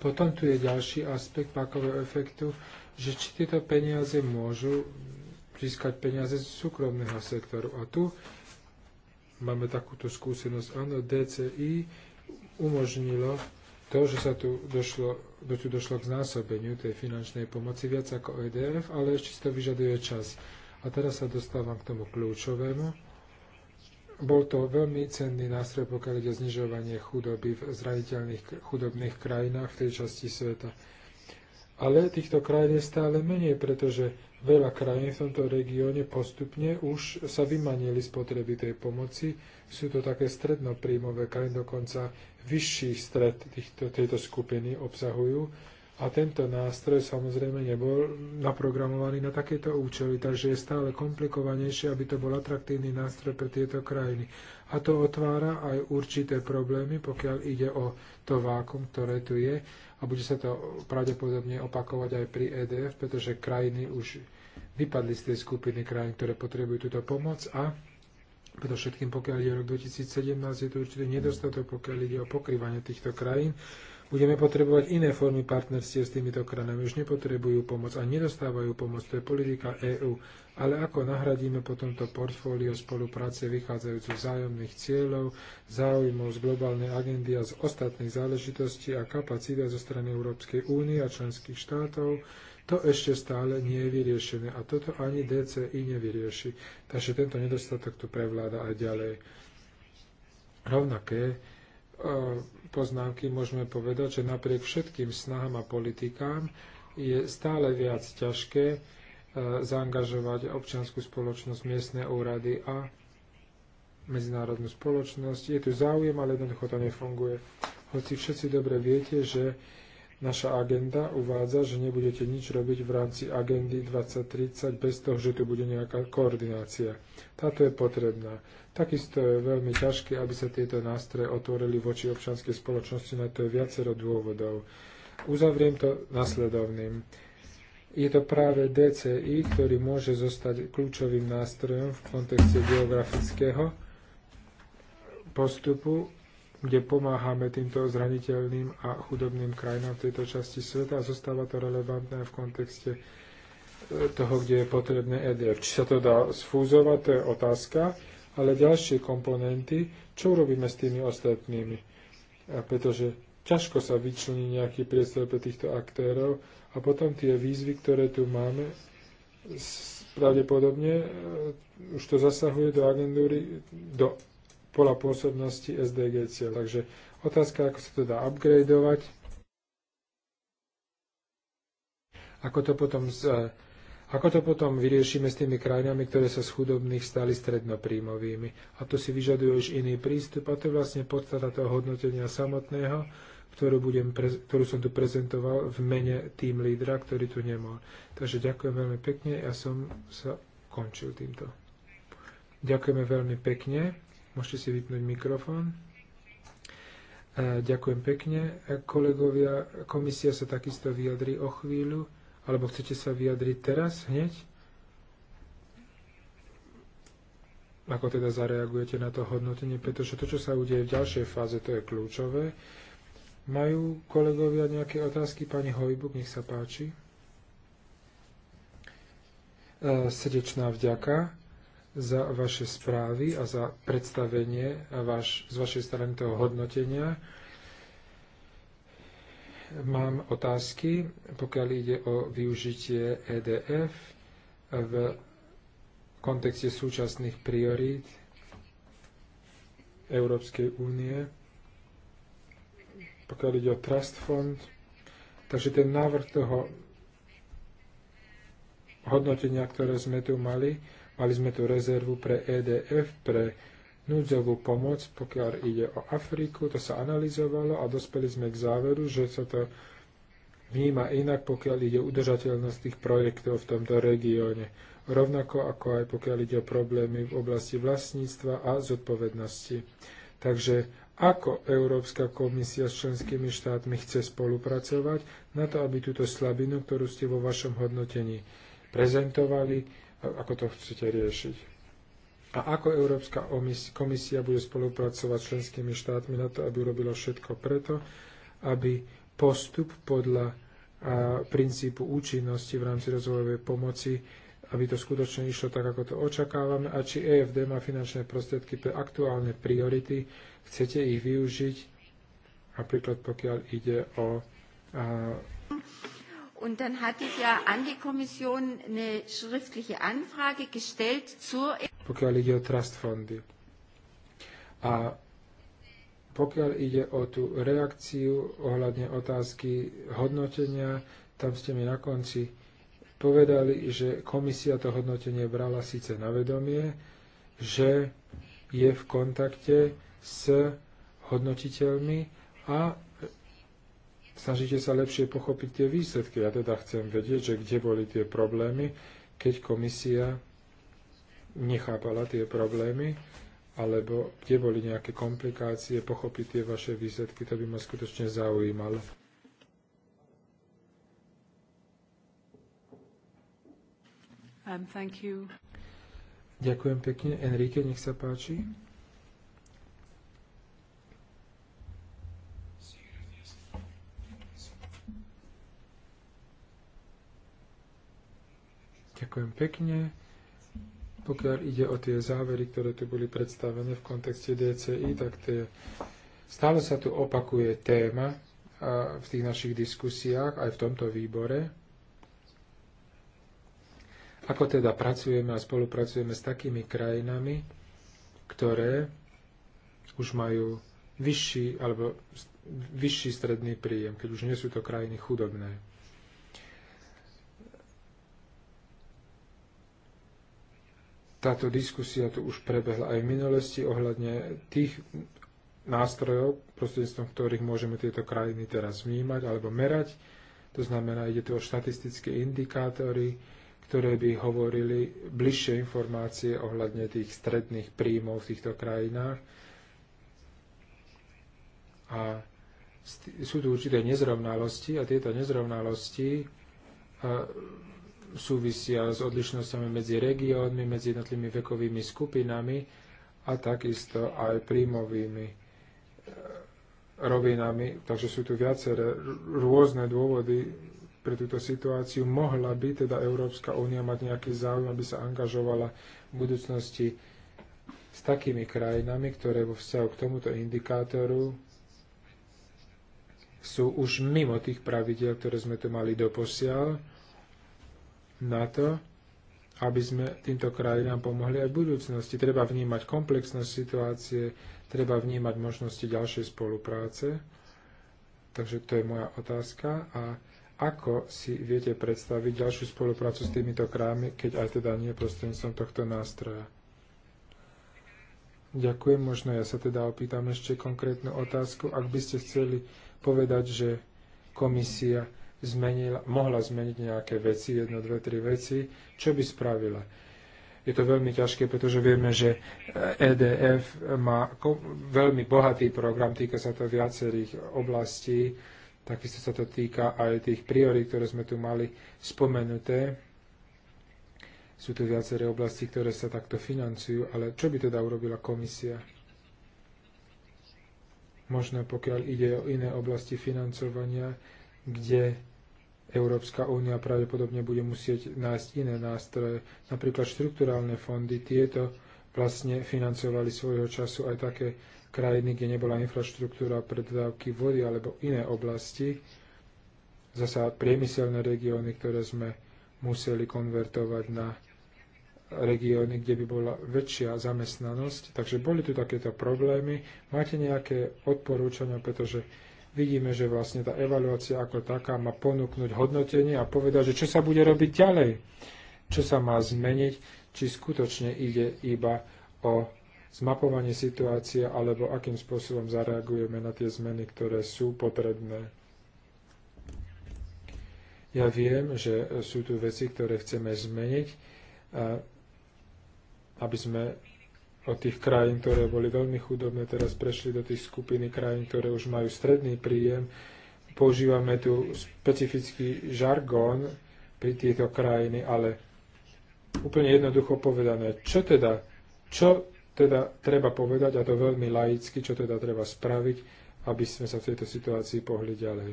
B: Potom tu je ďalší aspekt pakového efektu že či tieto peniaze môžu získať peniaze z súkromného sektoru. A tu máme takúto skúsenosť. Áno, DCI umožnilo to, že sa tu došlo, do tu došlo k znásobeniu tej finančnej pomoci viac ako EDF, ale ešte si to vyžaduje čas. A teraz sa dostávam k tomu kľúčovému. Bol to veľmi cenný nástroj, pokiaľ ide o znižovanie chudoby v zraniteľných chudobných krajinách v tej časti sveta. Ale týchto krajín je stále menej, pretože veľa krajín v tomto regióne postupne už sa vymanili z potreby tej pomoci. Sú to také strednopríjmové krajiny, dokonca vyšší stred týchto, tejto skupiny obsahujú. A tento nástroj samozrejme nebol naprogramovaný na takéto účely, takže je stále komplikovanejšie, aby to bol atraktívny nástroj pre tieto krajiny. A to otvára aj určité problémy, pokiaľ ide o to vákum, ktoré tu je. A bude sa to pravdepodobne opakovať aj pri EDF, pretože krajiny už vypadli z tej skupiny krajín, ktoré potrebujú túto pomoc a preto všetkým, pokiaľ ide o rok 2017, je to určite nedostatok, pokiaľ ide o pokrývanie týchto krajín budeme potrebovať iné formy partnerstiev s týmito krajinami. Už nepotrebujú pomoc a nedostávajú pomoc. To je politika EÚ. Ale ako nahradíme potom to portfólio spolupráce vychádzajúcu zájomných cieľov, záujmov z globálnej agendy a z ostatných záležitostí a kapacita zo strany Európskej únie a členských štátov, to ešte stále nie je vyriešené a toto ani DCI nevyrieši. Takže tento nedostatok tu prevláda aj ďalej. Rovnaké poznámky môžeme povedať, že napriek všetkým snahám a politikám je stále viac ťažké e, zaangažovať občianskú spoločnosť, miestne úrady a medzinárodnú spoločnosť. Je tu záujem, ale jednoducho to nefunguje. Hoci všetci dobre viete, že Naša agenda uvádza, že nebudete nič robiť v rámci agendy 2030 bez toho, že tu bude nejaká koordinácia. Táto je potrebná. Takisto je veľmi ťažké, aby sa tieto nástroje otvorili voči občanskej spoločnosti, na to je viacero dôvodov. Uzavriem to nasledovným. Je to práve DCI, ktorý môže zostať kľúčovým nástrojom v kontexte geografického postupu kde pomáhame týmto zraniteľným a chudobným krajinám v tejto časti sveta a zostáva to relevantné v kontexte e, toho, kde je potrebné EDF. Či sa to dá sfúzovať, to je otázka, ale ďalšie komponenty, čo urobíme s tými ostatnými? pretože ťažko sa vyčlení nejaký priestor pre týchto aktérov a potom tie výzvy, ktoré tu máme, pravdepodobne e, už to zasahuje do agendúry do pola pôsobnosti SDG cieľ. Takže otázka, ako sa to dá upgradeovať, ako to potom z, e, ako to potom vyriešime s tými krajinami, ktoré sa z chudobných stali strednopríjmovými? A to si vyžaduje už iný prístup a to je vlastne podstata toho hodnotenia samotného, ktorú, budem, ktorú som tu prezentoval v mene tým lídra, ktorý tu nemohol. Takže ďakujem veľmi pekne, ja som sa končil týmto. Ďakujeme veľmi pekne. Môžete si vypnúť mikrofón. Ďakujem pekne. Kolegovia, komisia sa takisto vyjadri o chvíľu. Alebo chcete sa vyjadriť teraz, hneď? Ako teda zareagujete na to hodnotenie? Pretože to, čo sa udeje v ďalšej fáze, to je kľúčové. Majú kolegovia nejaké otázky? Pani Hojbuk, nech sa páči. E, srdečná vďaka za vaše správy a za predstavenie vaš, z vašej strany toho hodnotenia. Mám otázky, pokiaľ ide o využitie EDF v kontexte súčasných priorít Európskej únie, pokiaľ ide o Trust Fund. Takže ten návrh toho hodnotenia, ktoré sme tu mali, Mali sme tu rezervu pre EDF, pre núdzovú pomoc, pokiaľ ide o Afriku. To sa analyzovalo a dospeli sme k záveru, že sa to vníma inak, pokiaľ ide o udržateľnosť tých projektov v tomto regióne. Rovnako ako aj pokiaľ ide o problémy v oblasti vlastníctva a zodpovednosti. Takže ako Európska komisia s členskými štátmi chce spolupracovať na to, aby túto slabinu, ktorú ste vo vašom hodnotení prezentovali, ako to chcete riešiť. A ako Európska komisia bude spolupracovať s členskými štátmi na to, aby urobila všetko preto, aby postup podľa princípu účinnosti v rámci rozvojovej pomoci aby to skutočne išlo tak, ako to očakávame a či EFD má finančné prostriedky pre aktuálne priority, chcete ich využiť, napríklad pokiaľ ide o a,
D: Und dann hatte ich ja an die Kommission eine schriftliche Anfrage gestellt zur... E-
B: pokiaľ ide o trust fondy. A pokiaľ ide o tú reakciu ohľadne otázky hodnotenia, tam ste mi na konci povedali, že komisia to hodnotenie brala síce na vedomie, že je v kontakte s hodnotiteľmi a snažíte sa lepšie pochopiť tie výsledky. Ja teda chcem vedieť, že kde boli tie problémy, keď komisia nechápala tie problémy, alebo kde boli nejaké komplikácie, pochopiť tie vaše výsledky, to by ma skutočne zaujímalo.
C: Um, thank you.
B: Ďakujem pekne. Enrique, nech sa páči. Ďakujem pekne. Pokiaľ ide o tie závery, ktoré tu boli predstavené v kontexte DCI, tak tie, stále sa tu opakuje téma v tých našich diskusiách, aj v tomto výbore. Ako teda pracujeme a spolupracujeme s takými krajinami, ktoré už majú vyšší alebo vyšší stredný príjem, keď už nie sú to krajiny chudobné. Táto diskusia tu už prebehla aj v minulosti ohľadne tých nástrojov, prostredníctvom ktorých môžeme tieto krajiny teraz vnímať alebo merať. To znamená, ide tu o štatistické indikátory, ktoré by hovorili bližšie informácie ohľadne tých stredných príjmov v týchto krajinách. A sú tu určité nezrovnalosti a tieto nezrovnalosti súvisia s odlišnosťami medzi regiónmi, medzi jednotlivými vekovými skupinami a takisto aj príjmovými e, rovinami. Takže sú tu viaceré rôzne dôvody pre túto situáciu. Mohla by teda Európska únia mať nejaký záujem, aby sa angažovala v budúcnosti s takými krajinami, ktoré vo vzťahu k tomuto indikátoru sú už mimo tých pravidel, ktoré sme tu mali doposiaľ na to, aby sme týmto krajinám pomohli aj v budúcnosti. Treba vnímať komplexnosť situácie, treba vnímať možnosti ďalšej spolupráce. Takže to je moja otázka. A ako si viete predstaviť ďalšiu spoluprácu s týmito krajami, keď aj teda nie prostredníctvom tohto nástroja? Ďakujem. Možno ja sa teda opýtam ešte konkrétnu otázku. Ak by ste chceli povedať, že komisia zmenila, mohla zmeniť nejaké veci, jedno, dve, tri veci, čo by spravila? Je to veľmi ťažké, pretože vieme, že EDF má veľmi bohatý program, týka sa to viacerých oblastí, takisto sa to týka aj tých priorít, ktoré sme tu mali spomenuté. Sú tu viaceré oblasti, ktoré sa takto financujú, ale čo by teda urobila komisia? Možno pokiaľ ide o iné oblasti financovania, kde Európska únia pravdepodobne bude musieť nájsť iné nástroje, napríklad štrukturálne fondy. Tieto vlastne financovali svojho času aj také krajiny, kde nebola infraštruktúra pre dodávky vody alebo iné oblasti, zasa priemyselné regióny, ktoré sme museli konvertovať na regióny, kde by bola väčšia zamestnanosť. Takže boli tu takéto problémy. Máte nejaké odporúčania, pretože vidíme, že vlastne tá evaluácia ako taká má ponúknuť hodnotenie a povedať, že čo sa bude robiť ďalej, čo sa má zmeniť, či skutočne ide iba o zmapovanie situácie alebo akým spôsobom zareagujeme na tie zmeny, ktoré sú potrebné. Ja viem, že sú tu veci, ktoré chceme zmeniť, aby sme od tých krajín, ktoré boli veľmi chudobné, teraz prešli do tých skupiny krajín, ktoré už majú stredný príjem. Používame tu špecifický žargón pri tieto krajiny, ale úplne jednoducho povedané, čo teda, čo teda treba povedať, a to veľmi laicky, čo teda treba spraviť, aby sme sa v tejto situácii pohli ďalej.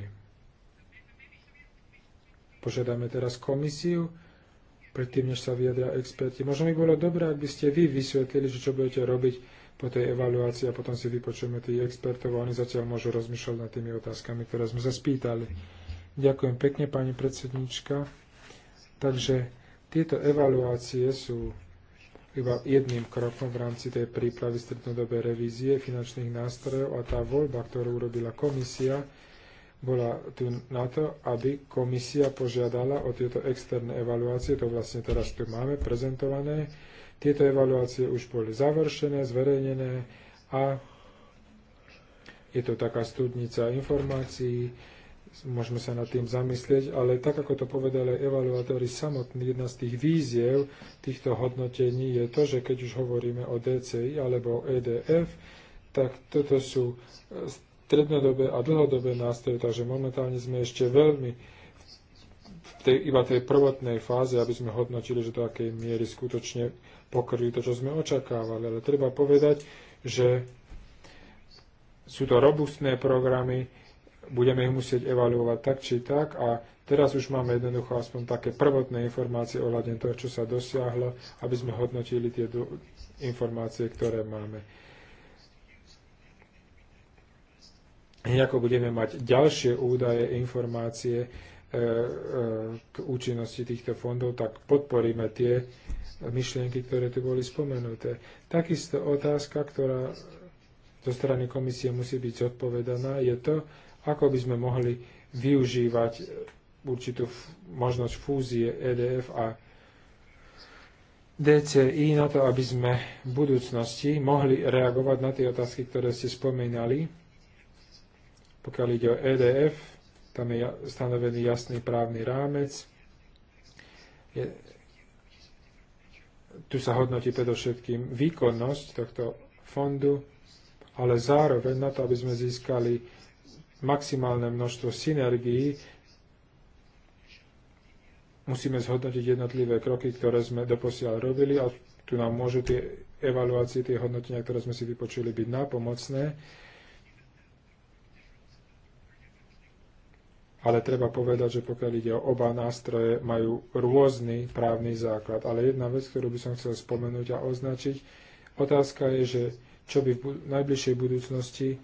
B: Požiadame teraz komisiu, predtým, než sa vyjadria experti. Možno by bolo dobré, ak by ste vy vysvetlili, že čo budete robiť po tej evaluácii a potom si vypočujeme tých expertov a oni zatiaľ môžu rozmýšľať nad tými otázkami, ktoré sme sa spýtali. Ďakujem pekne, pani predsednička. Takže tieto evaluácie sú iba jedným krokom v rámci tej prípravy strednodobej revízie finančných nástrojov a tá voľba, ktorú urobila komisia, bola tu na to, aby komisia požiadala o tieto externé evaluácie, to vlastne teraz tu máme prezentované. Tieto evaluácie už boli završené, zverejnené a je to taká studnica informácií, môžeme sa nad tým zamyslieť, ale tak ako to povedali evaluátori samotní, jedna z tých víziev týchto hodnotení je to, že keď už hovoríme o DCI alebo o e EDF, tak toto sú strednodobé a dlhodobé nástroje, takže momentálne sme ešte veľmi v tej, iba tej prvotnej fáze, aby sme hodnotili, že do akej miery skutočne pokryli to, čo sme očakávali. Ale treba povedať, že sú to robustné programy, budeme ich musieť evaluovať tak či tak a teraz už máme jednoducho aspoň také prvotné informácie ohľadne toho, čo sa dosiahlo, aby sme hodnotili tie informácie, ktoré máme. ako budeme mať ďalšie údaje, informácie e, e, k účinnosti týchto fondov, tak podporíme tie myšlienky, ktoré tu boli spomenuté. Takisto otázka, ktorá zo strany komisie musí byť zodpovedaná, je to, ako by sme mohli využívať určitú možnosť fúzie EDF a DCI na to, aby sme v budúcnosti mohli reagovať na tie otázky, ktoré ste spomínali pokiaľ ide o EDF, tam je stanovený jasný právny rámec. Je, tu sa hodnotí predovšetkým výkonnosť tohto fondu, ale zároveň na to, aby sme získali maximálne množstvo synergií, musíme zhodnotiť jednotlivé kroky, ktoré sme doposiaľ robili a tu nám môžu tie evaluácie, tie hodnotenia, ktoré sme si vypočuli, byť nápomocné. ale treba povedať, že pokiaľ ide o oba nástroje, majú rôzny právny základ. Ale jedna vec, ktorú by som chcel spomenúť a označiť, otázka je, že čo by v najbližšej budúcnosti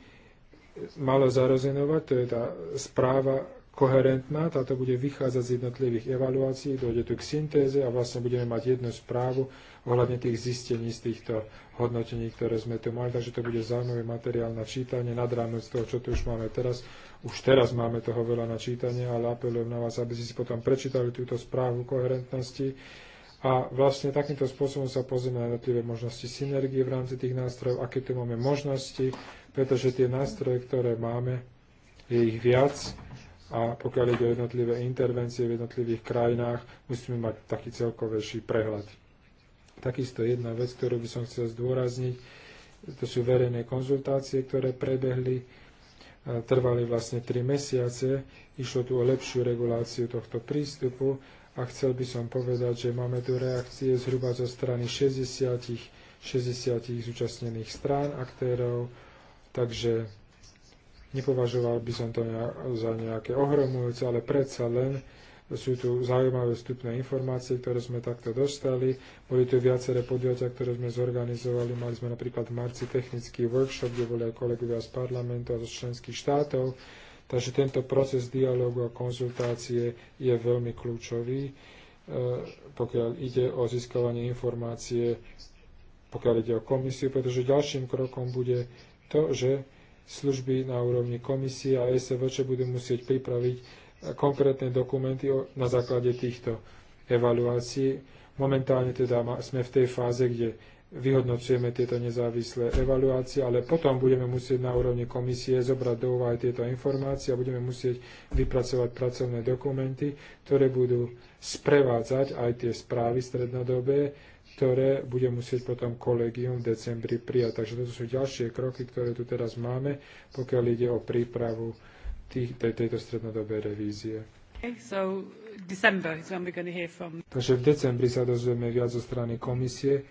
B: malo zarozenovať, to je tá správa koherentná, táto bude vychádzať z jednotlivých evaluácií, dojde tu k syntéze a vlastne budeme mať jednu správu, ohľadne tých zistení z týchto hodnotení, ktoré sme tu mali. Takže to bude zaujímavý materiál na čítanie, nad rámec toho, čo tu už máme teraz. Už teraz máme toho veľa na čítanie, ale apelujem na vás, aby ste si potom prečítali túto správu koherentnosti. A vlastne takýmto spôsobom sa pozrieme na jednotlivé možnosti synergie v rámci tých nástrojov, aké tu máme možnosti, pretože tie nástroje, ktoré máme, je ich viac a pokiaľ ide o jednotlivé intervencie v jednotlivých krajinách, musíme mať taký celkovejší prehľad. Takisto jedna vec, ktorú by som chcel zdôrazniť, to sú verejné konzultácie, ktoré prebehli, trvali vlastne 3 mesiace. Išlo tu o lepšiu reguláciu tohto prístupu a chcel by som povedať, že máme tu reakcie zhruba zo strany 60, 60 zúčastnených strán aktérov, takže nepovažoval by som to za nejaké ohromujúce, ale predsa len sú tu zaujímavé vstupné informácie, ktoré sme takto dostali. Boli tu viaceré podujatia, ktoré sme zorganizovali. Mali sme napríklad v marci technický workshop, kde boli aj kolegovia z parlamentu a z členských štátov. Takže tento proces dialogu a konzultácie je veľmi kľúčový, e, pokiaľ ide o získavanie informácie, pokiaľ ide o komisiu, pretože ďalším krokom bude to, že služby na úrovni komisie a ESVČ budú musieť pripraviť konkrétne dokumenty na základe týchto evaluácií. Momentálne teda sme v tej fáze, kde vyhodnocujeme tieto nezávislé evaluácie, ale potom budeme musieť na úrovni komisie zobrať do úvahy tieto informácie a budeme musieť vypracovať pracovné dokumenty, ktoré budú sprevádzať aj tie správy strednodobé, ktoré bude musieť potom kolegium v decembri prijať. Takže toto sú ďalšie kroky, ktoré tu teraz máme, pokiaľ ide o prípravu tých, tej, tejto strednodobej revízie.
C: Okay, so from...
B: Takže v decembri sa dozvieme viac zo strany komisie.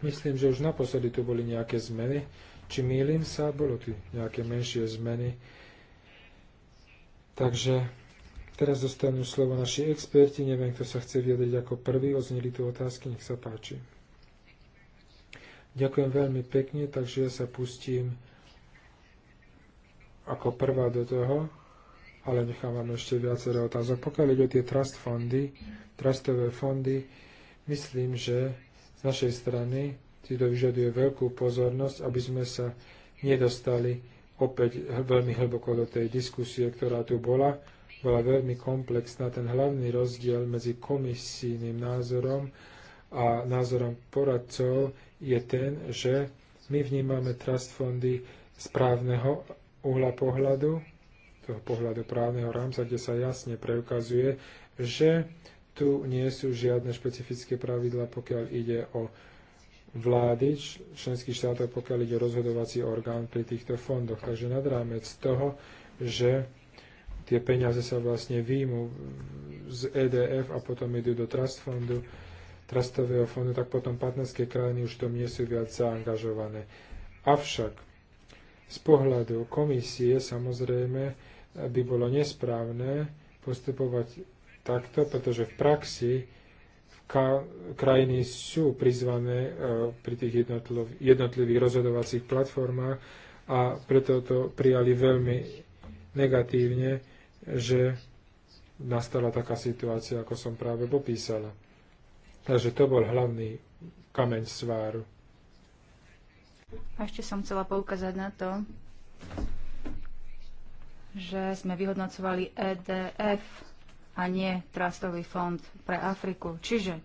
B: Myslím, že už naposledy tu boli nejaké zmeny. Či mýlim sa, bolo tu nejaké menšie zmeny. Takže teraz dostanú slovo naši experti. Neviem, kto sa chce vyjadriť ako prvý. Oznili tu otázky, nech sa páči. Ďakujem veľmi pekne, takže ja sa pustím ako prvá do toho, ale nechávam ešte viacero otázok. Pokiaľ ide o tie trust fondy, trustové fondy, myslím, že z našej strany si to vyžaduje veľkú pozornosť, aby sme sa nedostali opäť veľmi hlboko do tej diskusie, ktorá tu bola. Bola veľmi komplexná. Ten hlavný rozdiel medzi komisijným názorom a názorom poradcov je ten, že my vnímame trust fondy správneho uhla pohľadu, toho pohľadu právneho rámca, kde sa jasne preukazuje, že tu nie sú žiadne špecifické pravidla, pokiaľ ide o vlády členských štátov, pokiaľ ide o rozhodovací orgán pri týchto fondoch. Takže nad rámec toho, že tie peniaze sa vlastne výjmu z EDF a potom idú do trust fondu, trustového fondu, tak potom partnerské krajiny už v tom nie sú viac zaangažované. Avšak z pohľadu komisie samozrejme by bolo nesprávne postupovať takto, pretože v praxi krajiny sú prizvané e, pri tých jednotlivých rozhodovacích platformách a preto to prijali veľmi negatívne, že nastala taká situácia, ako som práve popísala. Takže to bol hlavný kameň sváru.
D: A ešte som chcela poukázať na to, že sme vyhodnocovali EDF a nie Trastový fond pre Afriku. Čiže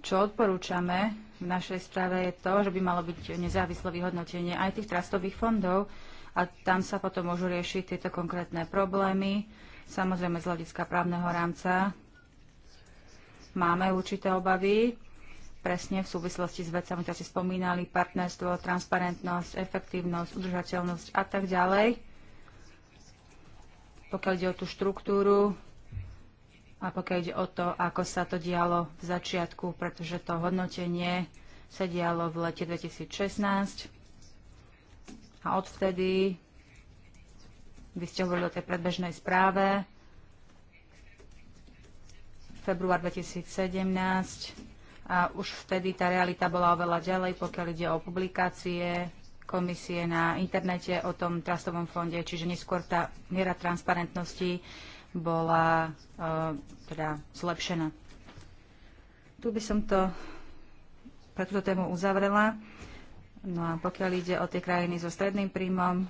D: čo odporúčame v našej správe je to, že by malo byť nezávislé vyhodnotenie aj tých trastových fondov a tam sa potom môžu riešiť tieto konkrétne problémy. Samozrejme z hľadiska právneho rámca máme určité obavy, presne v súvislosti s vecami, ktoré ste spomínali, partnerstvo, transparentnosť, efektívnosť, udržateľnosť a tak ďalej. Pokiaľ ide o tú štruktúru a pokiaľ ide o to, ako sa to dialo v začiatku, pretože to hodnotenie sa dialo v lete 2016 a odvtedy vy ste hovorili o tej predbežnej správe február 2017 a už vtedy tá realita bola oveľa ďalej, pokiaľ ide o publikácie komisie na internete o tom trastovom fonde, čiže neskôr tá miera transparentnosti bola uh, teda zlepšená. Tu by som to pre túto tému uzavrela. No a pokiaľ ide o tie krajiny so stredným príjmom,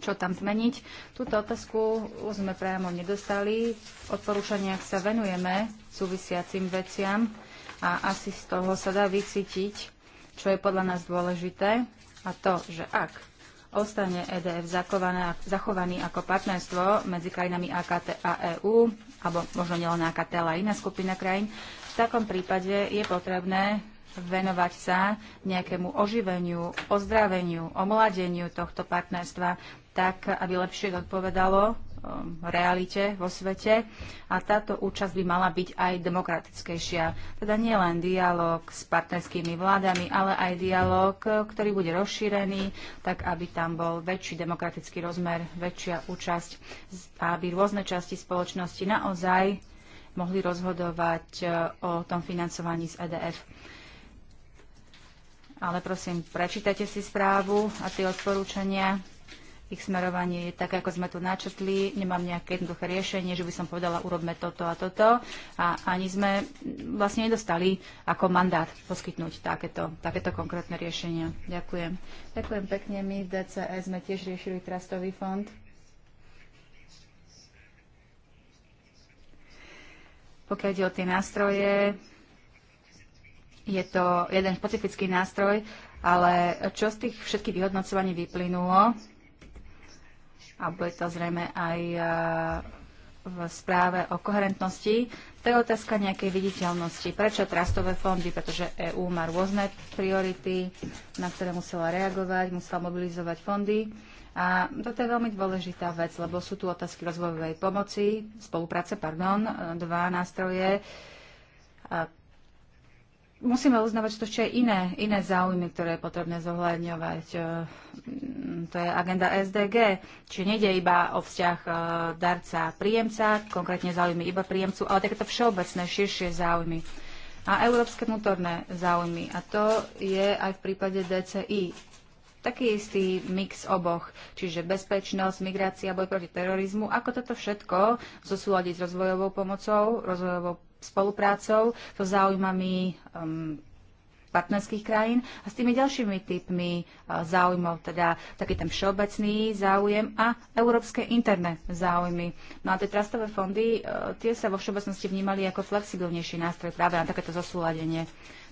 D: čo tam zmeniť. Túto otázku sme priamo nedostali. V odporúčaniach sa venujeme súvisiacim veciam a asi z toho sa dá vycítiť, čo je podľa nás dôležité a to, že ak ostane EDF zachovaný ako partnerstvo medzi krajinami AKT a EÚ, alebo možno nielen AKT, ale iná skupina krajín, v takom prípade je potrebné venovať sa nejakému oživeniu, ozdraveniu, omladeniu tohto partnerstva tak, aby lepšie odpovedalo um, realite vo svete a táto účasť by mala byť aj demokratickejšia. Teda nie len dialog s partnerskými vládami, ale aj dialog, ktorý bude rozšírený, tak aby tam bol väčší demokratický rozmer, väčšia účasť, aby rôzne časti spoločnosti naozaj mohli rozhodovať uh, o tom financovaní z EDF. Ale prosím, prečítajte si správu a tie odporúčania ich smerovanie je také, ako sme tu načrtli. Nemám nejaké jednoduché riešenie, že by som povedala, urobme toto a toto. A ani sme vlastne nedostali ako mandát poskytnúť takéto, takéto konkrétne riešenia. Ďakujem. Ďakujem pekne. My v DCE sme tiež riešili trastový fond. Pokiaľ ide o tie nástroje, je to jeden špecifický nástroj, ale čo z tých všetkých vyhodnocovaní vyplynulo, a bude to zrejme aj e, v správe o koherentnosti, to je otázka nejakej viditeľnosti. Prečo trastové fondy? Pretože EÚ má rôzne priority, na ktoré musela reagovať, musela mobilizovať fondy. A toto je veľmi dôležitá vec, lebo sú tu otázky rozvojovej pomoci, spolupráce, pardon, e, dva nástroje, musíme uznávať, že to ešte je iné, iné záujmy, ktoré je potrebné zohľadňovať. E, to je agenda SDG, čiže nejde iba o vzťah e, darca a príjemca, konkrétne záujmy iba príjemcu, ale takéto všeobecné, širšie záujmy a európske vnútorné záujmy. A to je aj v prípade DCI. Taký istý mix oboch, čiže bezpečnosť, migrácia, boj proti terorizmu, ako toto všetko zosúľadiť s rozvojovou pomocou, rozvojovou spoluprácou so záujmami um, partnerských krajín a s tými ďalšími typmi uh, záujmov, teda taký ten všeobecný záujem a európske interné záujmy. No a tie trastové fondy, uh, tie sa vo všeobecnosti vnímali ako flexibilnejší nástroj práve na takéto zosúladenie.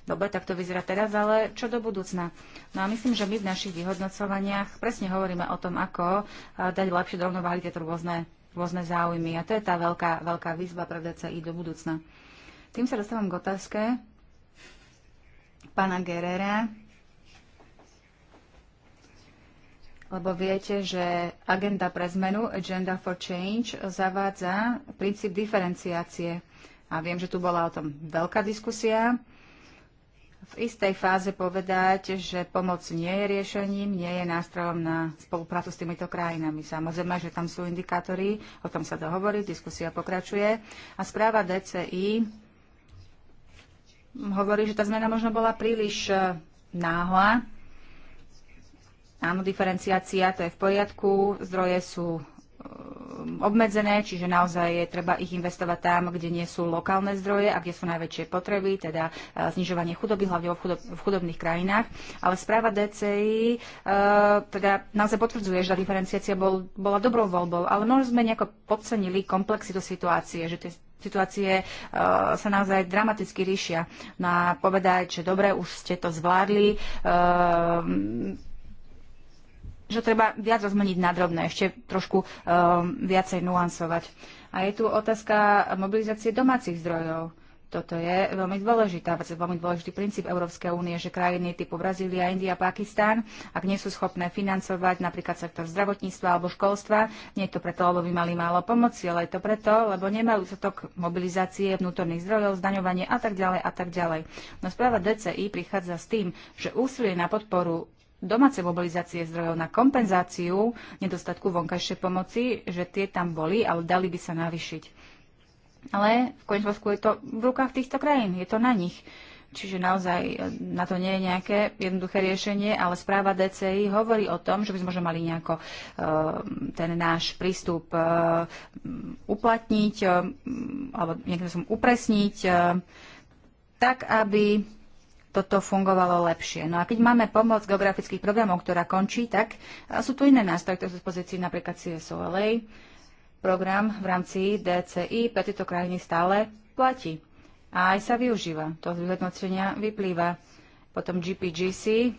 D: Dobre, tak to vyzerá teraz, ale čo do budúcna? No a myslím, že my v našich vyhodnocovaniach presne hovoríme o tom, ako uh, dať lepšie do rovnováhy tieto rôzne rôzne záujmy. A to je tá veľká, veľká výzva pre DCI do budúcna. Tým sa dostávam k otázke pána Gerera, lebo viete, že agenda pre zmenu, Agenda for Change, zavádza princíp diferenciácie. A viem, že tu bola o tom veľká diskusia v istej fáze povedať, že pomoc nie je riešením, nie je nástrojom na spoluprácu s týmito krajinami. Samozrejme, že tam sú indikátory, o tom sa dohovorí, diskusia pokračuje. A správa DCI hovorí, že tá zmena možno bola príliš e, náhla. Áno, diferenciácia, to je v poriadku, zdroje sú Um, obmedzené, čiže naozaj je treba ich investovať tam, kde nie sú lokálne zdroje a kde sú najväčšie potreby, teda uh, znižovanie chudoby, hlavne v chudobných krajinách. Ale správa DCI uh, teda naozaj potvrdzuje, že tá diferenciácia bol, bola dobrou voľbou, ale možno sme nejako podcenili komplexitu situácie, že tie situácie uh, sa naozaj dramaticky ríšia. Na no povedať, že dobre, už ste to zvládli, že treba viac rozmeniť na drobné, ešte trošku um, viacej nuancovať. A je tu otázka mobilizácie domácich zdrojov. Toto je veľmi dôležitá, veľmi dôležitý princíp Európskej únie, že krajiny typu Brazília, India, Pakistán, ak nie sú schopné financovať napríklad sektor zdravotníctva alebo školstva, nie je to preto, lebo by mali málo pomoci, ale je to preto, lebo nemajú dostatok mobilizácie vnútorných zdrojov, zdaňovanie a tak ďalej a tak ďalej. No správa DCI prichádza s tým, že úsilie na podporu domácej mobilizácie zdrojov na kompenzáciu nedostatku vonkajšej pomoci, že tie tam boli, ale dali by sa navyšiť. Ale v konečnom je to v rukách týchto krajín, je to na nich. Čiže naozaj e, na to nie je nejaké jednoduché riešenie, ale správa DCI hovorí o tom, že by sme možno mali nejako uh, ten náš prístup uh, uplatniť uh, alebo nejakým som upresniť, tak aby toto fungovalo lepšie. No a keď máme pomoc geografických programov, ktorá končí, tak sú tu iné nástroje, ktoré sú v pozícii napríklad CSOLA, program v rámci DCI pre tieto krajiny stále platí a aj sa využíva. To z vyhodnocenia vyplýva. Potom GPGC,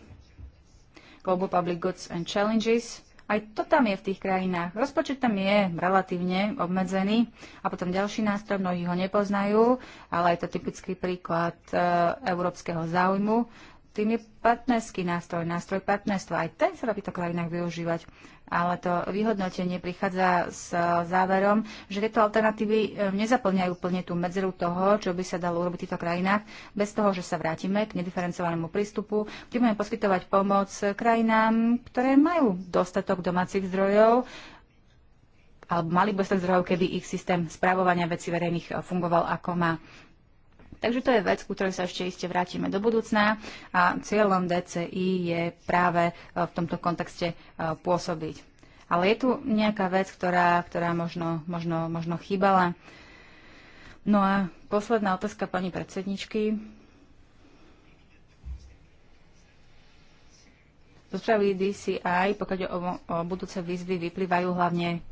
D: Global Public Goods and Challenges, aj to tam je v tých krajinách. Rozpočet tam je relatívne obmedzený a potom ďalší nástroj, mnohí ho nepoznajú, ale je to typický príklad e, európskeho záujmu tým je partnerský nástroj, nástroj partnerstva. Aj ten sa robí v krajinak krajinách využívať. Ale to vyhodnotenie prichádza s záverom, že tieto alternatívy ehm, nezaplňajú plne tú medzeru toho, čo by sa dalo urobiť v týchto krajinách, bez toho, že sa vrátime k nediferencovanému prístupu, kde budeme poskytovať pomoc krajinám, ktoré majú dostatok domácich zdrojov, alebo mali by dostatok zdrojov, keby ich systém správovania veci verejných eh, fungoval ako má. Takže to je vec, ku ktorej sa ešte iste vrátime do budúcna a cieľom DCI je práve e, v tomto kontexte e, pôsobiť. Ale je tu nejaká vec, ktorá, ktorá možno, možno, možno chýbala. No a posledná otázka pani predsedničky. Zo správy DCI, pokiaľ o, o budúce výzvy, vyplývajú hlavne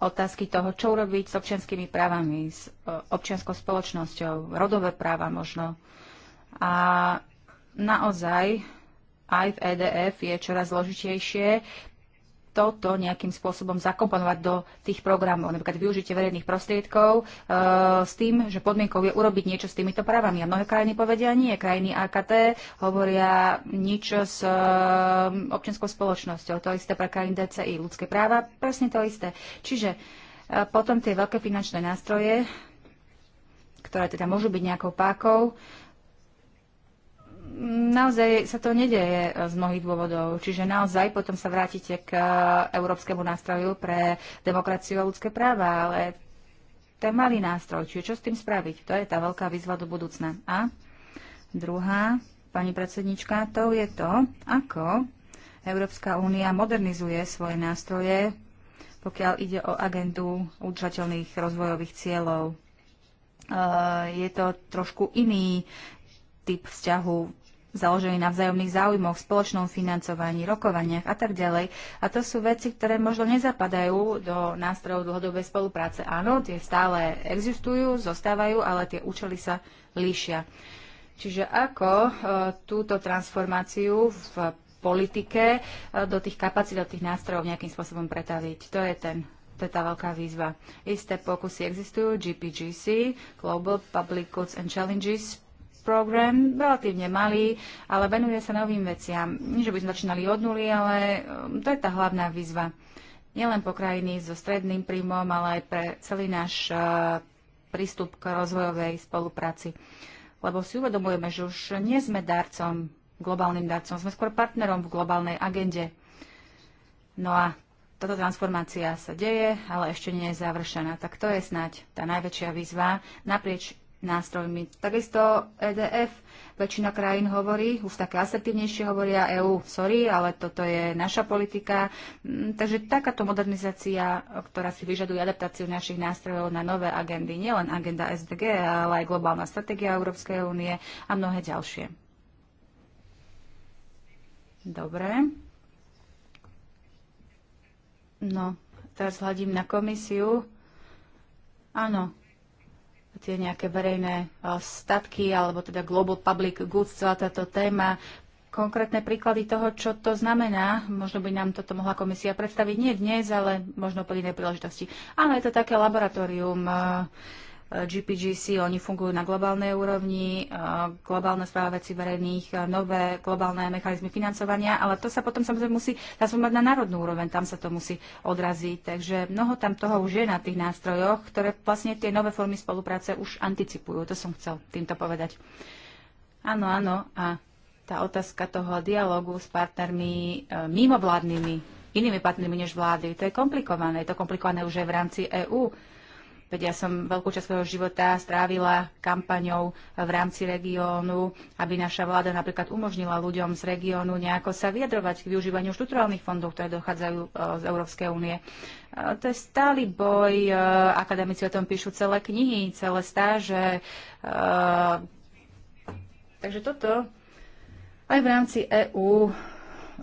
D: otázky toho, čo urobiť s občianskými právami, s e, občianskou spoločnosťou, rodové práva možno. A naozaj aj v EDF je čoraz zložitejšie toto nejakým spôsobom zakomponovať do tých programov, napríklad využitie verejných prostriedkov e, s tým, že podmienkou je urobiť niečo s týmito právami. A mnohé krajiny povedia nie, krajiny AKT hovoria nič s e, občianskou spoločnosťou. To isté pre krajiny DCI, ľudské práva, presne to isté. Čiže e, potom tie veľké finančné nástroje, ktoré teda môžu byť nejakou pákou, e, naozaj sa to nedeje e, z mnohých dôvodov. Čiže naozaj potom sa vrátite k e, európskemu nástroju pre demokraciu a ľudské práva, ale ten malý nástroj, čiže čo s tým spraviť? To je tá veľká výzva do budúcna. A druhá, pani predsednička, to je to, ako Európska únia modernizuje svoje nástroje, pokiaľ ide o agendu udržateľných rozvojových cieľov. E, je to trošku iný typ vzťahu založený na vzájomných záujmoch, spoločnom financovaní, rokovaniach a tak ďalej. A to sú veci, ktoré možno nezapadajú do nástrojov dlhodobej spolupráce. Áno, tie stále existujú, zostávajú, ale tie účely sa líšia. Čiže ako e, túto transformáciu v politike e, do tých kapacít, do tých nástrojov nejakým spôsobom pretaviť. To je ten to je tá veľká výzva. Isté pokusy existujú, GPGC, Global Public Goods and Challenges, Program, relatívne malý, ale venuje sa novým veciam. Nie, že by sme začínali od nuly, ale um, to je tá hlavná výzva. Nielen po krajiny so stredným príjmom, ale aj pre celý náš uh, prístup k rozvojovej spolupráci. Lebo si uvedomujeme, že už nie sme darcom, globálnym darcom, sme skôr partnerom v globálnej agende. No a táto transformácia sa deje, ale ešte nie je završená. Tak to je snáď tá najväčšia výzva naprieč nástrojmi. Takisto EDF, väčšina krajín hovorí, už také asertívnejšie hovoria EÚ, sorry, ale toto je naša politika. Mm, takže takáto modernizácia, ktorá si vyžaduje adaptáciu našich nástrojov na nové agendy, nielen agenda SDG, ale aj globálna stratégia Európskej únie a mnohé ďalšie. Dobre. No, teraz hľadím na komisiu. Áno, tie nejaké verejné statky alebo teda global public goods, celá táto téma, konkrétne príklady toho, čo to znamená. Možno by nám toto mohla komisia predstaviť nie dnes, ale možno pri inej príležitosti. Áno, je to také laboratórium. Uh, GPGC, oni fungujú na globálnej úrovni, globálne správa veci verejných, nové globálne mechanizmy financovania, ale to sa potom samozrejme musí transformovať na národnú úroveň, tam sa to musí odraziť. Takže mnoho tam toho už je na tých nástrojoch, ktoré vlastne tie nové formy spolupráce už anticipujú. To som chcel týmto povedať. Áno, áno. A tá otázka toho dialogu s partnermi e, mimovládnymi, inými partnermi než vlády, to je komplikované. Je to komplikované už aj v rámci EÚ Veď ja som veľkú časť svojho života strávila kampaňou v rámci regiónu, aby naša vláda napríklad umožnila ľuďom z regiónu nejako sa vyjadrovať k využívaniu štruktúrálnych fondov, ktoré dochádzajú e, z Európskej únie. E, to je stály boj, e, akademici o tom píšu celé knihy, celé stáže. Takže toto aj v rámci EÚ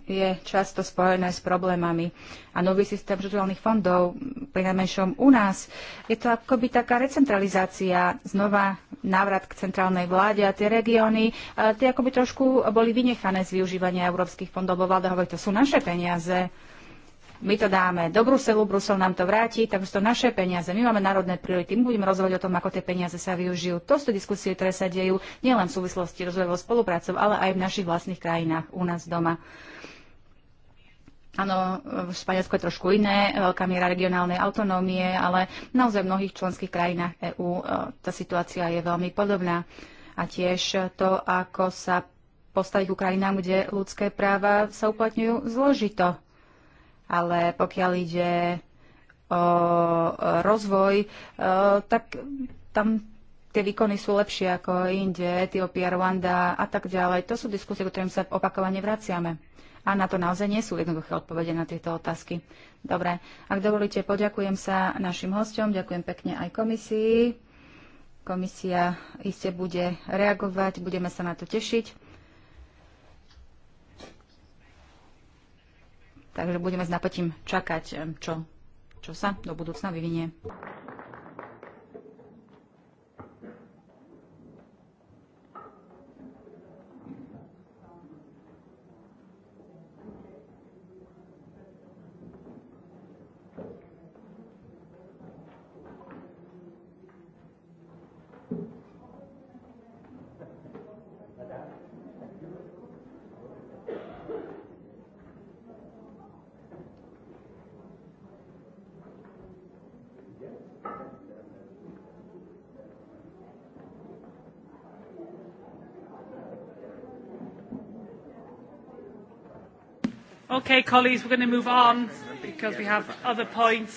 D: je často spojené s problémami. A nový systém štruktúrálnych fondov pri najmenšom u nás. Je to akoby taká recentralizácia, znova návrat k centrálnej vláde a tie regióny, tie akoby trošku boli vynechané z využívania európskych fondov, vo vláda hovorí, to sú naše peniaze, my to dáme do Bruselu, Brusel nám to vráti, takže to naše peniaze, my máme národné priority, my budeme rozhodovať o tom, ako tie peniaze sa využijú. To sú diskusie, ktoré sa dejú nielen v súvislosti rozvojovou spoluprácou, ale aj v našich vlastných krajinách, u nás doma. Áno, v Španielsku je trošku iné, veľká miera regionálnej autonómie, ale naozaj v mnohých členských krajinách EÚ e, tá situácia je veľmi podobná. A tiež to, ako sa postaviť k Ukrajinám, kde ľudské práva sa uplatňujú zložito. Ale pokiaľ ide o rozvoj, e, tak tam tie výkony sú lepšie ako inde, Etiópia, Rwanda a tak ďalej. To sú diskusie, ktorým sa opakovane vraciame. A na to naozaj nie sú jednoduché odpovede na tieto otázky. Dobre, ak dovolíte, poďakujem sa našim hostom, ďakujem pekne aj komisii. Komisia iste bude reagovať, budeme sa na to tešiť. Takže budeme s napätím čakať, čo, čo sa do budúcna vyvinie.
C: Okay, colleagues, we're going to move on because we have other points,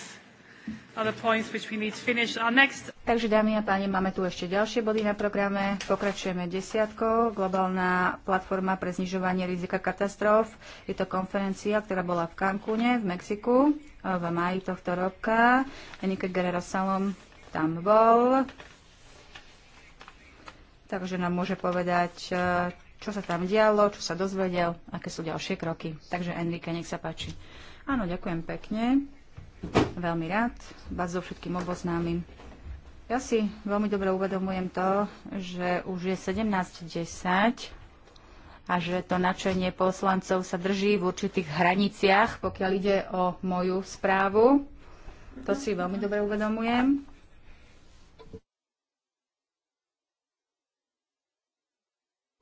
C: other points which we need to
D: finish. Our next... Takže dámy a páni, máme tu ešte ďalšie body na programe. Pokračujeme desiatkou. Globálna platforma pre znižovanie rizika katastrof. Je to konferencia, ktorá bola v Cancúne v Mexiku v maji tohto roka. Enike Guerrero Salom tam bol. Takže nám môže povedať, čo sa tam dialo, čo sa dozvedel, aké sú ďalšie kroky. Takže Enrique, nech sa páči. Áno, ďakujem pekne. Veľmi rád vás so všetkým oboznámim. Ja si veľmi dobre uvedomujem to, že už je 17.10 a že to načenie poslancov sa drží v určitých hraniciach, pokiaľ ide o moju správu. To si veľmi dobre uvedomujem.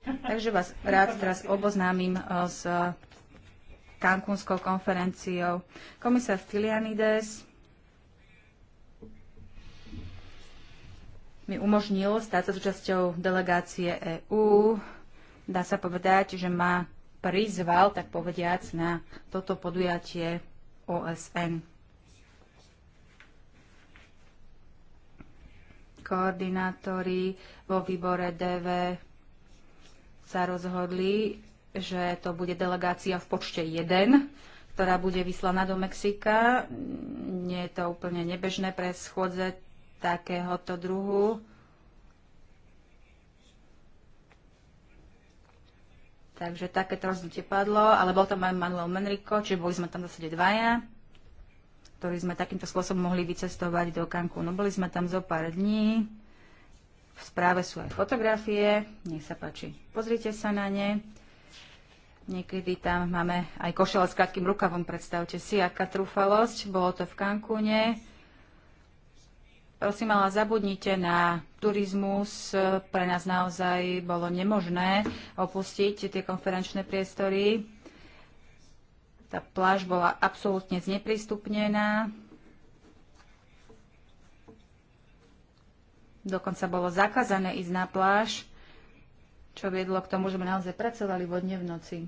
D: Takže vás rád teraz oboznámim eh, s Cancúnskou konferenciou. Komisár Filianides. mi umožnil stať sa súčasťou delegácie EÚ. Dá sa povedať, že ma prizval, tak povediac, na toto podujatie OSN. Koordinátori vo výbore DV sa rozhodli, že to bude delegácia v počte 1, ktorá bude vyslaná do Mexika. Nie je to úplne nebežné pre schôdze takéhoto druhu. Takže takéto rozhodnutie padlo, ale bol tam aj Manuel Menrico, čiže boli sme tam zase dvaja, ktorí sme takýmto spôsobom mohli vycestovať do Cancúnu. Boli sme tam zo pár dní. V správe sú aj fotografie, nech sa páči, pozrite sa na ne. Niekedy tam máme aj košele s krátkým rukavom, predstavte si, aká trúfalosť. Bolo to v Cancúne. Prosím, ale zabudnite na turizmus. Pre nás naozaj bolo nemožné opustiť tie konferenčné priestory. Tá pláž bola absolútne zneprístupnená. Dokonca bolo zakázané ísť na pláž, čo viedlo k tomu, že sme naozaj pracovali vodne v noci.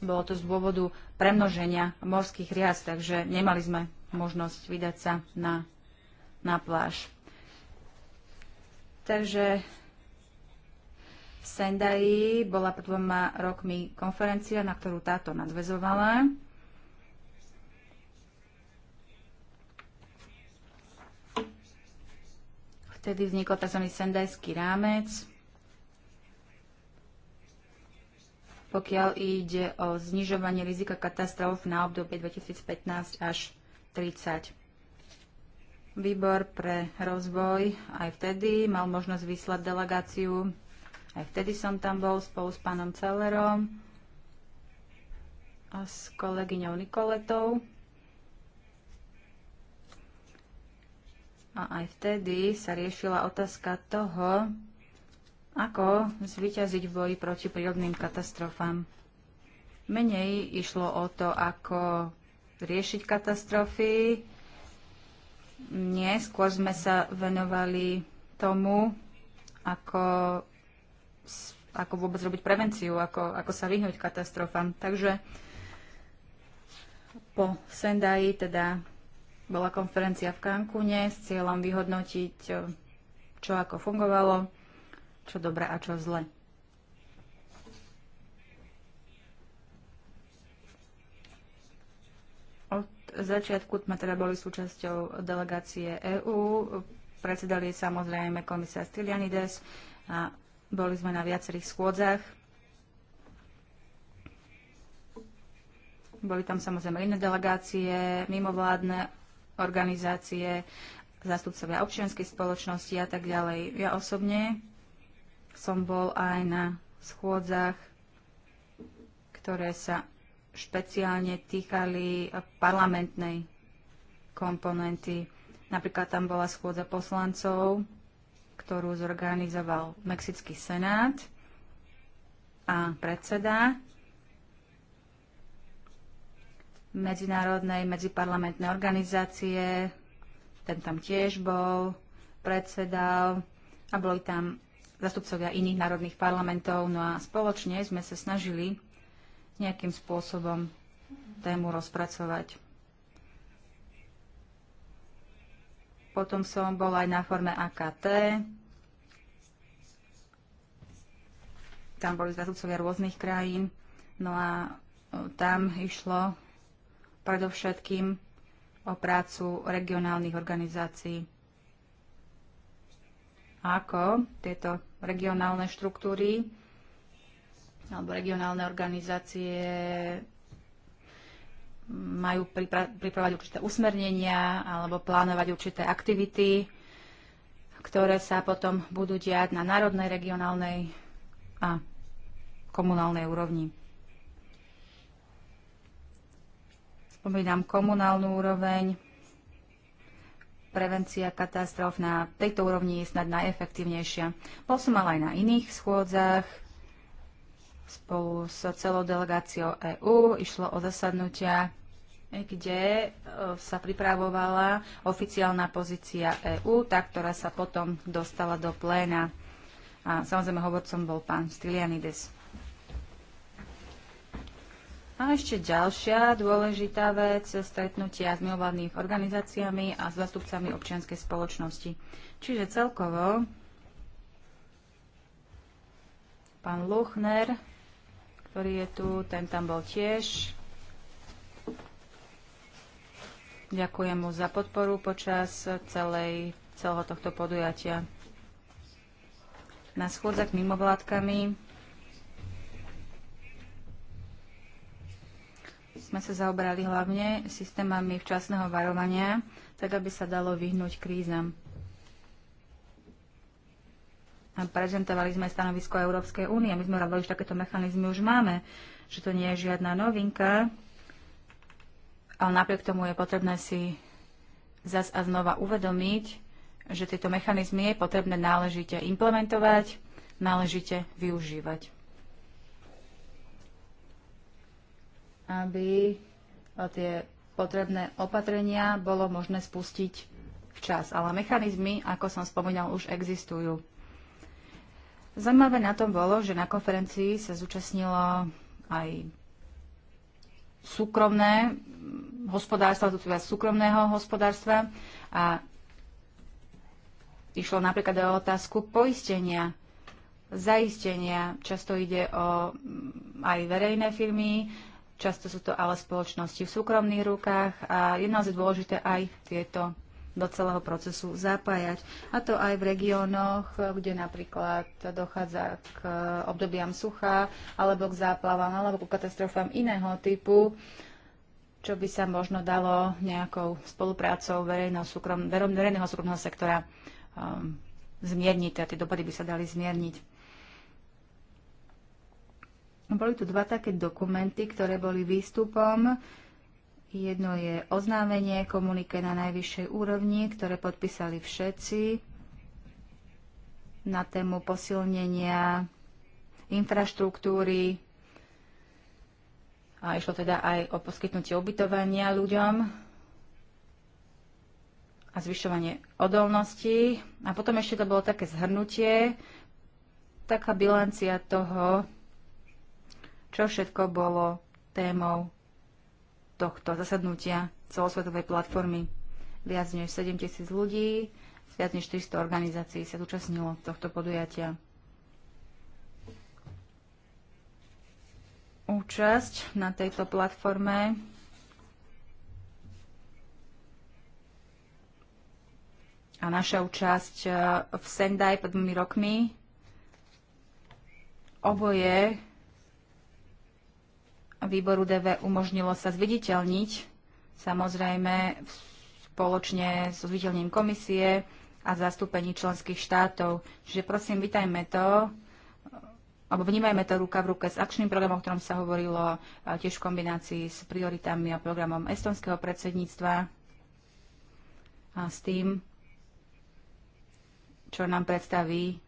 D: Bolo to z dôvodu premnoženia morských rias, takže nemali sme možnosť vydať sa na, na pláž. Takže v sendai bola pred dvoma rokmi konferencia, na ktorú táto nadvezovala. Vtedy vznikol tzv. sendajský rámec. Pokiaľ ide o znižovanie rizika katastrof na obdobie 2015 až 30. Výbor pre rozvoj aj vtedy mal možnosť vyslať delegáciu. Aj vtedy som tam bol spolu s pánom Celerom a s kolegyňou Nikoletou. A aj vtedy sa riešila otázka toho, ako zvyťaziť v boji proti prírodným katastrofám. Menej išlo o to, ako riešiť katastrofy. Nie, skôr sme sa venovali tomu, ako, ako vôbec robiť prevenciu, ako, ako sa vyhnúť katastrofám. Takže po Sendai, teda bola konferencia v Cancúne s cieľom vyhodnotiť, e, čo ako fungovalo, čo dobre a čo zle. Od začiatku sme teda boli súčasťou delegácie EÚ, predsedali samozrejme komisár Stylianides a boli sme na viacerých schôdzach. Boli tam samozrejme iné delegácie, mimovládne organizácie, zástupcovia občianskej spoločnosti a tak ďalej. Ja osobne som bol aj na schôdzach, ktoré sa špeciálne týkali parlamentnej komponenty. Napríklad tam bola schôdza poslancov, ktorú zorganizoval Mexický senát a predseda medzinárodnej, medziparlamentnej organizácie, ten tam tiež bol, predsedal a boli tam zastupcovia iných národných parlamentov. No a spoločne sme sa snažili nejakým spôsobom tému rozpracovať. Potom som bol aj na forme AKT. Tam boli zastupcovia rôznych krajín. No a e, tam išlo predovšetkým o prácu regionálnych organizácií. Ako tieto regionálne štruktúry alebo regionálne organizácie majú pripravať určité usmernenia alebo plánovať určité aktivity, ktoré sa potom budú diať na národnej, regionálnej a komunálnej úrovni. Spomínam komunálnu úroveň. Prevencia katastrof na tejto úrovni je snad najefektívnejšia. Bol som ale aj na iných schôdzach spolu s celou delegáciou EÚ. Išlo o zasadnutia kde e, sa pripravovala oficiálna pozícia EÚ, tá, ktorá sa potom dostala do pléna. A samozrejme hovorcom bol pán Stylianides. A ešte ďalšia dôležitá vec, stretnutia s milovanými organizáciami a s zastupcami občianskej spoločnosti. Čiže celkovo pán Luchner, ktorý je tu, ten tam bol tiež. Ďakujem mu za podporu počas celej, celého tohto podujatia. Na schôdzach mimovládkami sme sa zaobrali hlavne systémami včasného varovania, tak aby sa dalo vyhnúť krízam. A prezentovali sme stanovisko Európskej únie. My sme hovorili, že takéto mechanizmy už máme, že to nie je žiadna novinka, ale napriek tomu je potrebné si zas a znova uvedomiť, že tieto mechanizmy je potrebné náležite implementovať, náležite využívať. aby eh, tie potrebné opatrenia bolo možné spustiť včas. Ale mechanizmy, ako som spomínal, už existujú. Zaujímavé na tom bolo, že na konferencii sa zúčastnilo aj súkromné hospodárstva, tu teda súkromného hospodárstva a išlo napríklad o otázku poistenia, zaistenia. Často ide o mm, aj verejné firmy, Často sú to ale spoločnosti v súkromných rukách a je naozaj dôležité aj tieto do celého procesu zapájať. A to aj v regiónoch, kde napríklad dochádza k obdobiam sucha, alebo k záplavám, alebo k katastrofám iného typu, čo by sa možno dalo nejakou spoluprácou verejného, súkrom, verejného súkromného sektora um, zmierniť, a tie dopady by sa dali zmierniť. No, boli tu dva také dokumenty, ktoré boli výstupom. Jedno je oznámenie komunike na najvyššej úrovni, ktoré podpísali všetci na tému posilnenia infraštruktúry a išlo teda aj o poskytnutie ubytovania ľuďom a zvyšovanie odolnosti. A potom ešte to bolo také zhrnutie, taká bilancia toho, čo všetko bolo témou tohto zasadnutia celosvetovej platformy. Viac než 7 tisíc ľudí viac než 400 organizácií sa zúčastnilo tohto podujatia. Účasť na tejto platforme a naša účasť eh, v Sendai pred dvomi rokmi. Oboje výboru DV umožnilo sa zviditeľniť, samozrejme spoločne so zviditeľnením komisie a zastúpení členských štátov. Čiže prosím, vitajme to, alebo vnímajme to ruka v ruke s akčným programom, o ktorom sa hovorilo, tiež v kombinácii s prioritami a programom estonského predsedníctva a s tým, čo nám predstaví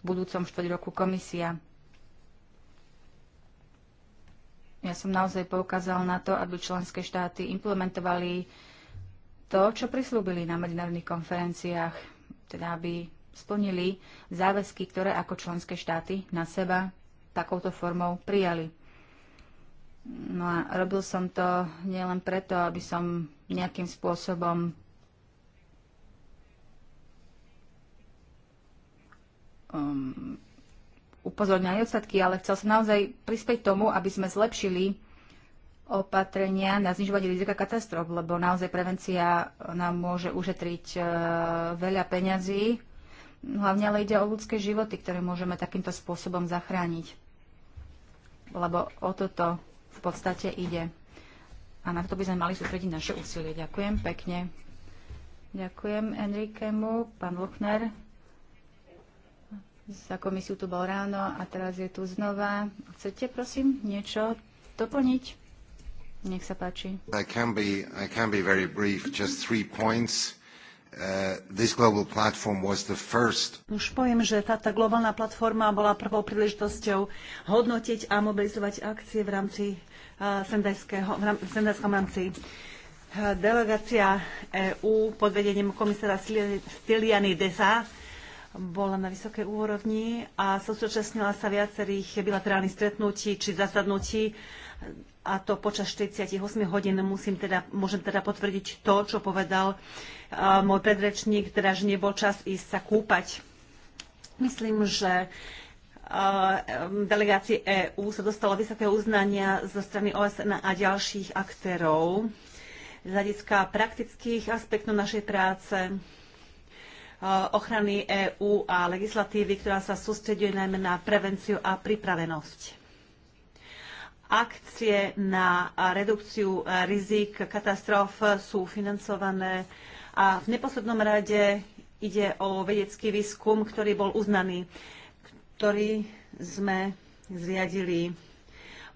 D: v budúcom štvrť roku komisia. Ja som naozaj poukázal na to, aby členské štáty implementovali to, čo prislúbili na medzinárodných konferenciách, teda aby splnili záväzky, ktoré ako členské štáty na seba takouto formou prijali. No a robil som to nielen preto, aby som nejakým spôsobom um, upozorňujú na nedostatky, ale chcel som naozaj prispieť tomu, aby sme zlepšili opatrenia na znižovanie rizika katastrof, lebo naozaj prevencia nám môže ušetriť e, veľa peňazí, hlavne ale ide o ľudské životy, ktoré môžeme takýmto spôsobom zachrániť. Lebo o toto v podstate ide. A na to by sme mali sústrediť naše úsilie. Ďakujem pekne. Ďakujem Enrikemu, pán Luchner. Za komisiu tu bol ráno a teraz je tu znova. Chcete, prosím, niečo doplniť? Nech sa páči.
C: I can be, I can be very brief, just three points. Uh, this global platform was the
B: first.
A: Už poviem, že táto globálna platforma bola prvou príležitosťou hodnotiť a mobilizovať akcie v rámci uh, sendajského, v, sendajskom rámci. Uh, delegácia EÚ pod vedením komisára Stylianidesa bola na vysokej úrovni a súčasnila sa viacerých bilaterálnych stretnutí či zasadnutí a to počas 48 hodín musím teda, môžem teda potvrdiť to, čo povedal môj predrečník, teda, že nebol čas ísť sa kúpať. Myslím, že delegácie delegácii EÚ sa dostalo vysoké uznania zo strany OSN a ďalších aktérov z hľadiska praktických aspektov našej práce, Eh, ochrany EÚ a legislatívy, ktorá sa sústreduje najmä na prevenciu a pripravenosť. Akcie na redukciu rizik katastrof sú financované a v neposlednom rade ide o vedecký výskum, ktorý bol uznaný, ktorý sme zriadili.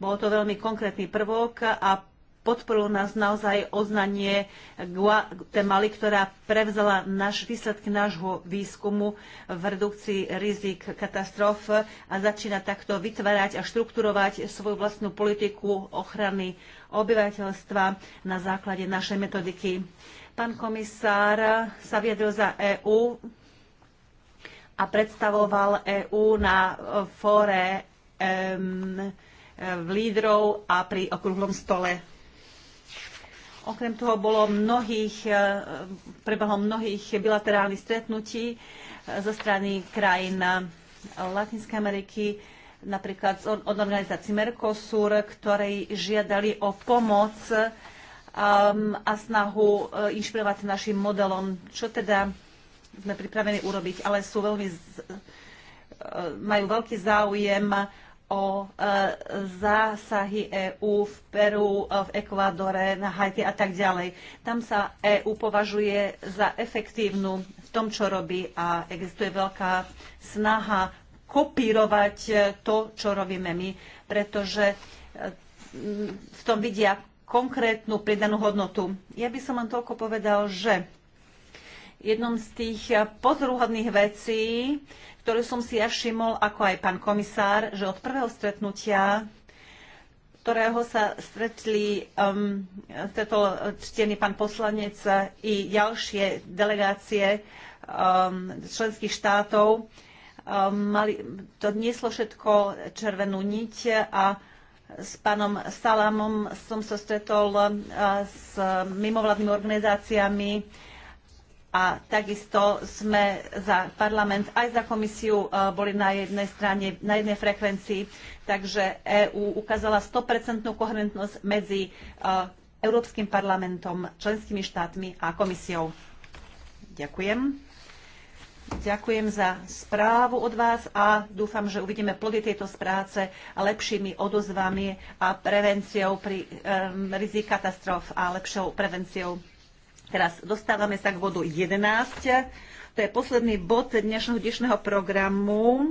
A: Bol to veľmi konkrétny prvok a podporilo nás naozaj oznanie Guatemaly, ktorá prevzala naš, výsledky nášho výskumu v redukcii rizik katastrof a začína takto vytvárať a štrukturovať svoju vlastnú politiku ochrany obyvateľstva na základe našej metodiky. Pán komisár sa viedol za EÚ a predstavoval EÚ na fóre um, lídrov a pri okrúhlom stole Okrem toho bolo mnohých, e, prebehlo mnohých bilaterálnych stretnutí e, zo strany krajín e, Latinskej Ameriky, napríklad od organizácií Mercosur, ktoré žiadali o pomoc a snahu inšpirovať našim modelom, čo teda sme pripravení urobiť, ale sú veľmi, majú veľký záujem o e, zásahy EÚ v Peru, e, v Ekvádore, na Haiti a tak ďalej. Tam sa EÚ považuje za efektívnu v tom, čo robí a existuje veľká snaha kopírovať e, to, čo robíme my, pretože v tom vidia konkrétnu pridanú hodnotu. Ja by som vám toľko povedal, že jednom z tých pozoruhodných vecí ktorú som si ja všimol, ako aj pán komisár, že od prvého stretnutia ktorého sa stretli, um, stretol pán poslanec i ďalšie delegácie um, členských štátov. Um, mali, to nieslo všetko červenú niť a s pánom Salamom som sa stretol uh, s mimovládnymi organizáciami, a takisto sme za parlament aj za komisiu e, boli na jednej strane, na jednej frekvencii, takže EÚ ukázala 100% koherentnosť medzi e, Európskym parlamentom, členskými štátmi a komisiou. Ďakujem. Ďakujem za správu od vás a dúfam, že uvidíme plody tejto práce lepšími odozvami a prevenciou pri um, katastrof a lepšou prevenciou Teraz dostávame sa k bodu 11. To je posledný bod dnešného, dnešného programu.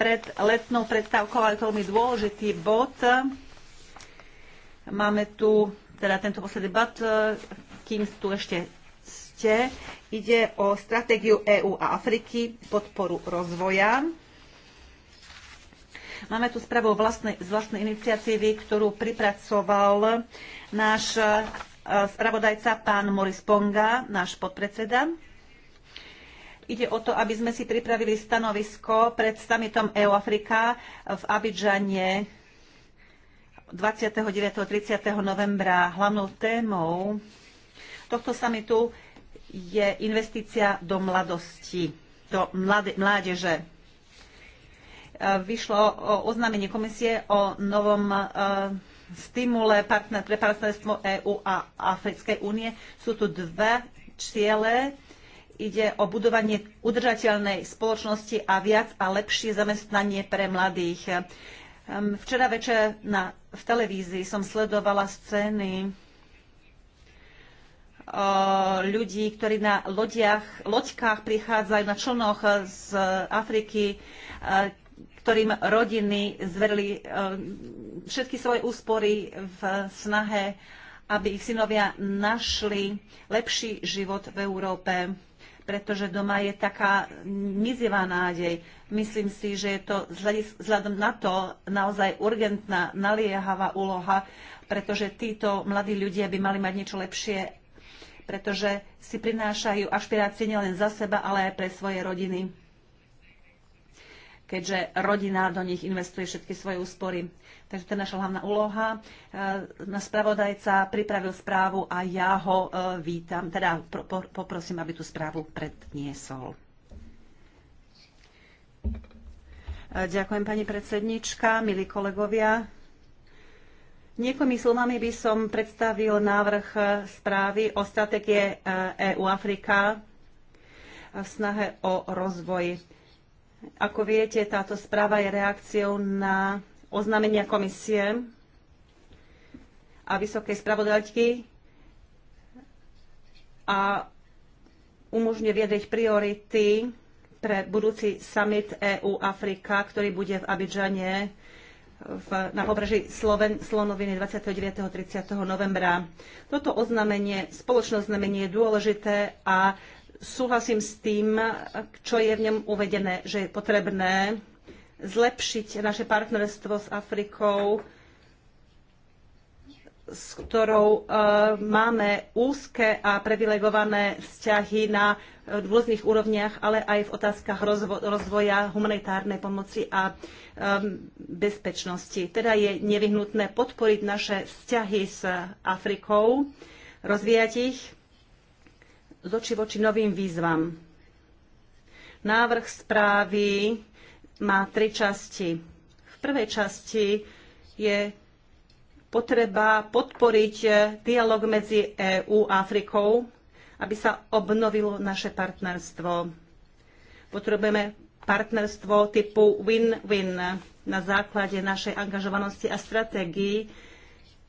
A: Pred letnou predstavkou, ale veľmi dôležitý bod. Máme tu teda tento posledný bod, kým tu ešte ste. Ide o stratégiu EÚ a Afriky, podporu rozvoja. Máme tu správu vlastnej, z vlastnej iniciatívy, ktorú pripracoval náš spravodajca pán Moris Ponga, náš podpredseda. Ide o to, aby sme si pripravili stanovisko pred summitom EU-Afrika v Abidžane 29. 30. novembra. Hlavnou témou tohto summitu je investícia do mladosti, do mládeže. Vyšlo oznámenie komisie o novom eh, stimule partner, pre partnerstvo EÚ a Africkej únie. Sú tu dve ciele. Ide o budovanie udržateľnej spoločnosti a viac a lepšie zamestnanie pre mladých. Ehm, včera večer na, v televízii som sledovala scény e, ľudí, ktorí na lodiach, loďkách prichádzajú na člnoch z Afriky, e, ktorým rodiny zverili e, všetky svoje úspory v snahe, aby ich synovia našli lepší život v Európe, pretože doma je taká mizivá nádej. Myslím si, že je to vzhľadom na to naozaj urgentná, naliehavá úloha, pretože títo mladí ľudia by mali mať niečo lepšie pretože si prinášajú ašpirácie nielen za seba, ale aj pre svoje rodiny keďže rodina do nich investuje všetky svoje úspory. Takže to je naša hlavná úloha. E, Na spravodajca pripravil správu a ja ho e, vítam, teda poprosím, aby tú správu predniesol. E, ďakujem, pani predsednička, milí kolegovia. Niekoľmi slovami by som predstavil návrh správy o stratégie EU-Afrika v snahe o rozvoj ako viete, táto správa je reakciou na oznámenia komisie a vysokej spravodajky a umožňuje viedeť priority pre budúci summit EU-Afrika, ktorý bude v Abidžane v, na pobreží Sloven, Slonoviny 29. 30. novembra. Toto oznámenie, spoločné oznamenie je dôležité a súhlasím s tým, čo je v ňom uvedené, že je potrebné zlepšiť naše partnerstvo s Afrikou, s ktorou e, máme úzke a privilegované vzťahy na e, rôznych úrovniach, ale aj v otázkach rozvo rozvoja humanitárnej pomoci a e, bezpečnosti. Teda je nevyhnutné podporiť naše vzťahy s Afrikou, rozvíjať ich z oči voči novým výzvam. Návrh správy má tri časti. V prvej časti je potreba podporiť eh, dialog medzi EÚ a Afrikou, aby sa obnovilo naše partnerstvo. Potrebujeme partnerstvo typu win-win na základe našej angažovanosti a stratégii,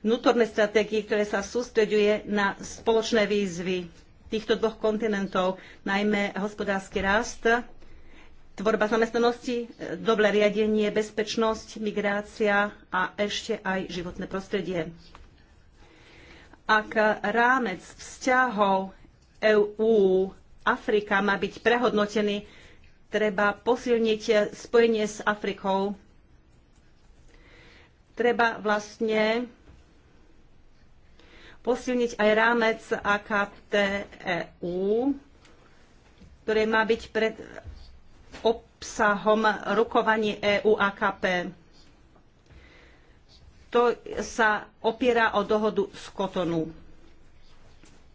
A: vnútornej stratégii, ktoré sa sústreďuje na spoločné výzvy týchto dvoch kontinentov, najmä hospodársky rast, tvorba zamestnanosti, dobré riadenie, bezpečnosť, migrácia a ešte aj životné prostredie. Ak rámec vzťahov EÚ Afrika má byť prehodnotený, treba posilniť spojenie s Afrikou. Treba vlastne posilniť aj rámec AKTEU, ktorý má byť pred obsahom rokovaní EU AKP. To sa opiera o dohodu z Kotonu.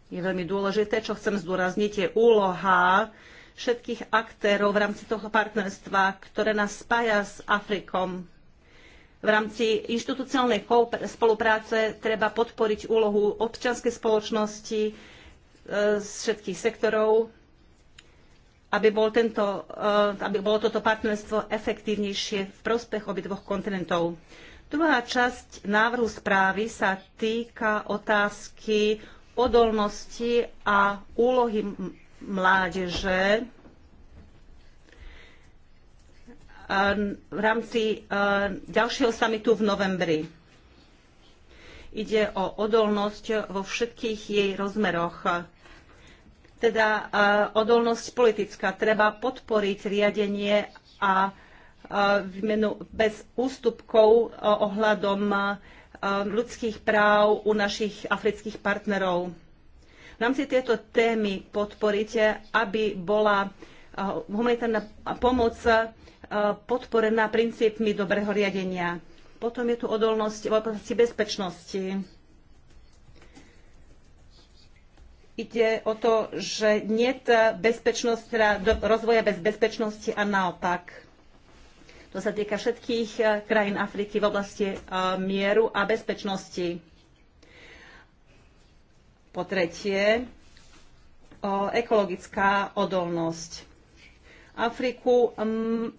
A: Je veľmi dôležité, čo chcem zdôrazniť, je úloha všetkých aktérov v rámci toho partnerstva, ktoré nás spája s Afrikom. V rámci inštitucionálnej spolupráce treba podporiť úlohu občianskej spoločnosti e, z všetkých sektorov, aby, bol tento, e, aby bolo toto partnerstvo efektívnejšie v prospech obidvoch kontinentov. Druhá časť návrhu správy sa týka otázky odolnosti a úlohy mládeže v rámci e, ďalšieho samitu v novembri. Ide o odolnosť vo všetkých jej rozmeroch. Teda e, odolnosť politická. Treba podporiť riadenie a e, výmenu bez ústupkov ohľadom ľudských práv u našich afrických partnerov. V rámci tieto témy podporíte, aby bola humanitárna pomoc podporená princípmi dobrého riadenia. Potom je tu odolnosť v oblasti bezpečnosti. Ide o to, že nie bezpečnosť, teda rozvoja bez bezpečnosti a naopak. To sa týka všetkých eh, krajín Afriky v oblasti eh, mieru a bezpečnosti. Po tretie, ekologická odolnosť. Afriku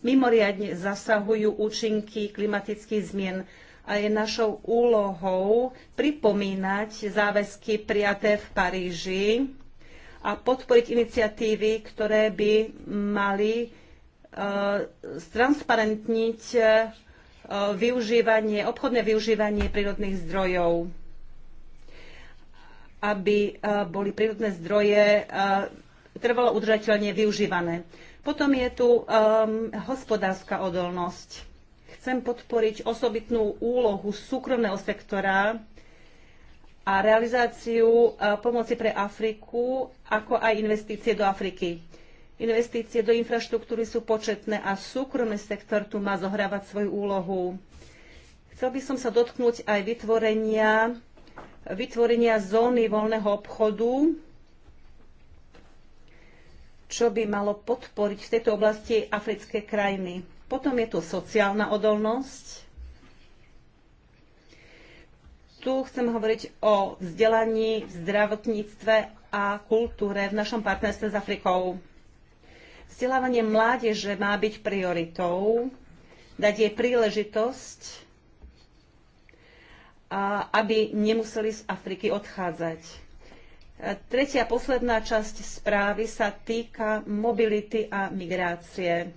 A: mimoriadne zasahujú účinky klimatických zmien a je našou úlohou pripomínať záväzky prijaté v Paríži a podporiť iniciatívy, ktoré by mali e, stransparentniť e, využívanie, obchodné využívanie prírodných zdrojov, aby e, boli prírodné zdroje trvalo udržateľne využívané. Potom je tu um, hospodárska odolnosť. Chcem podporiť osobitnú úlohu súkromného sektora a realizáciu uh, pomoci pre Afriku, ako aj investície do Afriky. Investície do infraštruktúry sú početné a súkromný sektor tu má zohrávať svoju úlohu. Chcel by som sa dotknúť aj vytvorenia, vytvorenia zóny voľného obchodu čo by malo podporiť v tejto oblasti africké krajiny. Potom je tu sociálna odolnosť. Tu chcem hovoriť o vzdelaní, zdravotníctve a kultúre v našom partnerstve s Afrikou. Vzdelávanie mládeže má byť prioritou, dať jej príležitosť, aby nemuseli z Afriky odchádzať. Tretia posledná časť správy sa týka mobility a migrácie.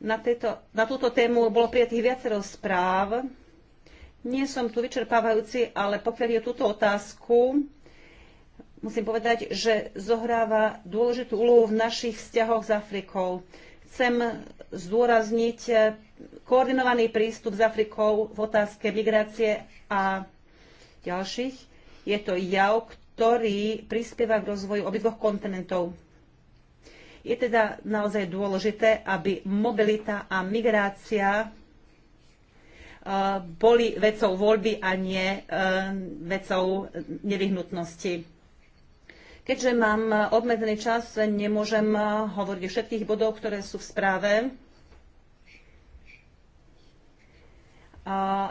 A: Na, tejto, na túto tému bolo prijatých viacero správ. Nie som tu vyčerpávajúci, ale pokiaľ je túto otázku, musím povedať, že zohráva dôležitú úlohu v našich vzťahoch s Afrikou. Chcem zdôrazniť koordinovaný prístup s Afrikou v otázke migrácie a ďalších je to jav, ktorý prispieva k rozvoju obidvoch kontinentov. Je teda naozaj dôležité, aby mobilita a migrácia eh, boli vecou voľby a nie eh, vecou nevyhnutnosti. Keďže mám obmedzený čas, nemôžem eh, hovoriť o všetkých bodoch, ktoré sú v správe. A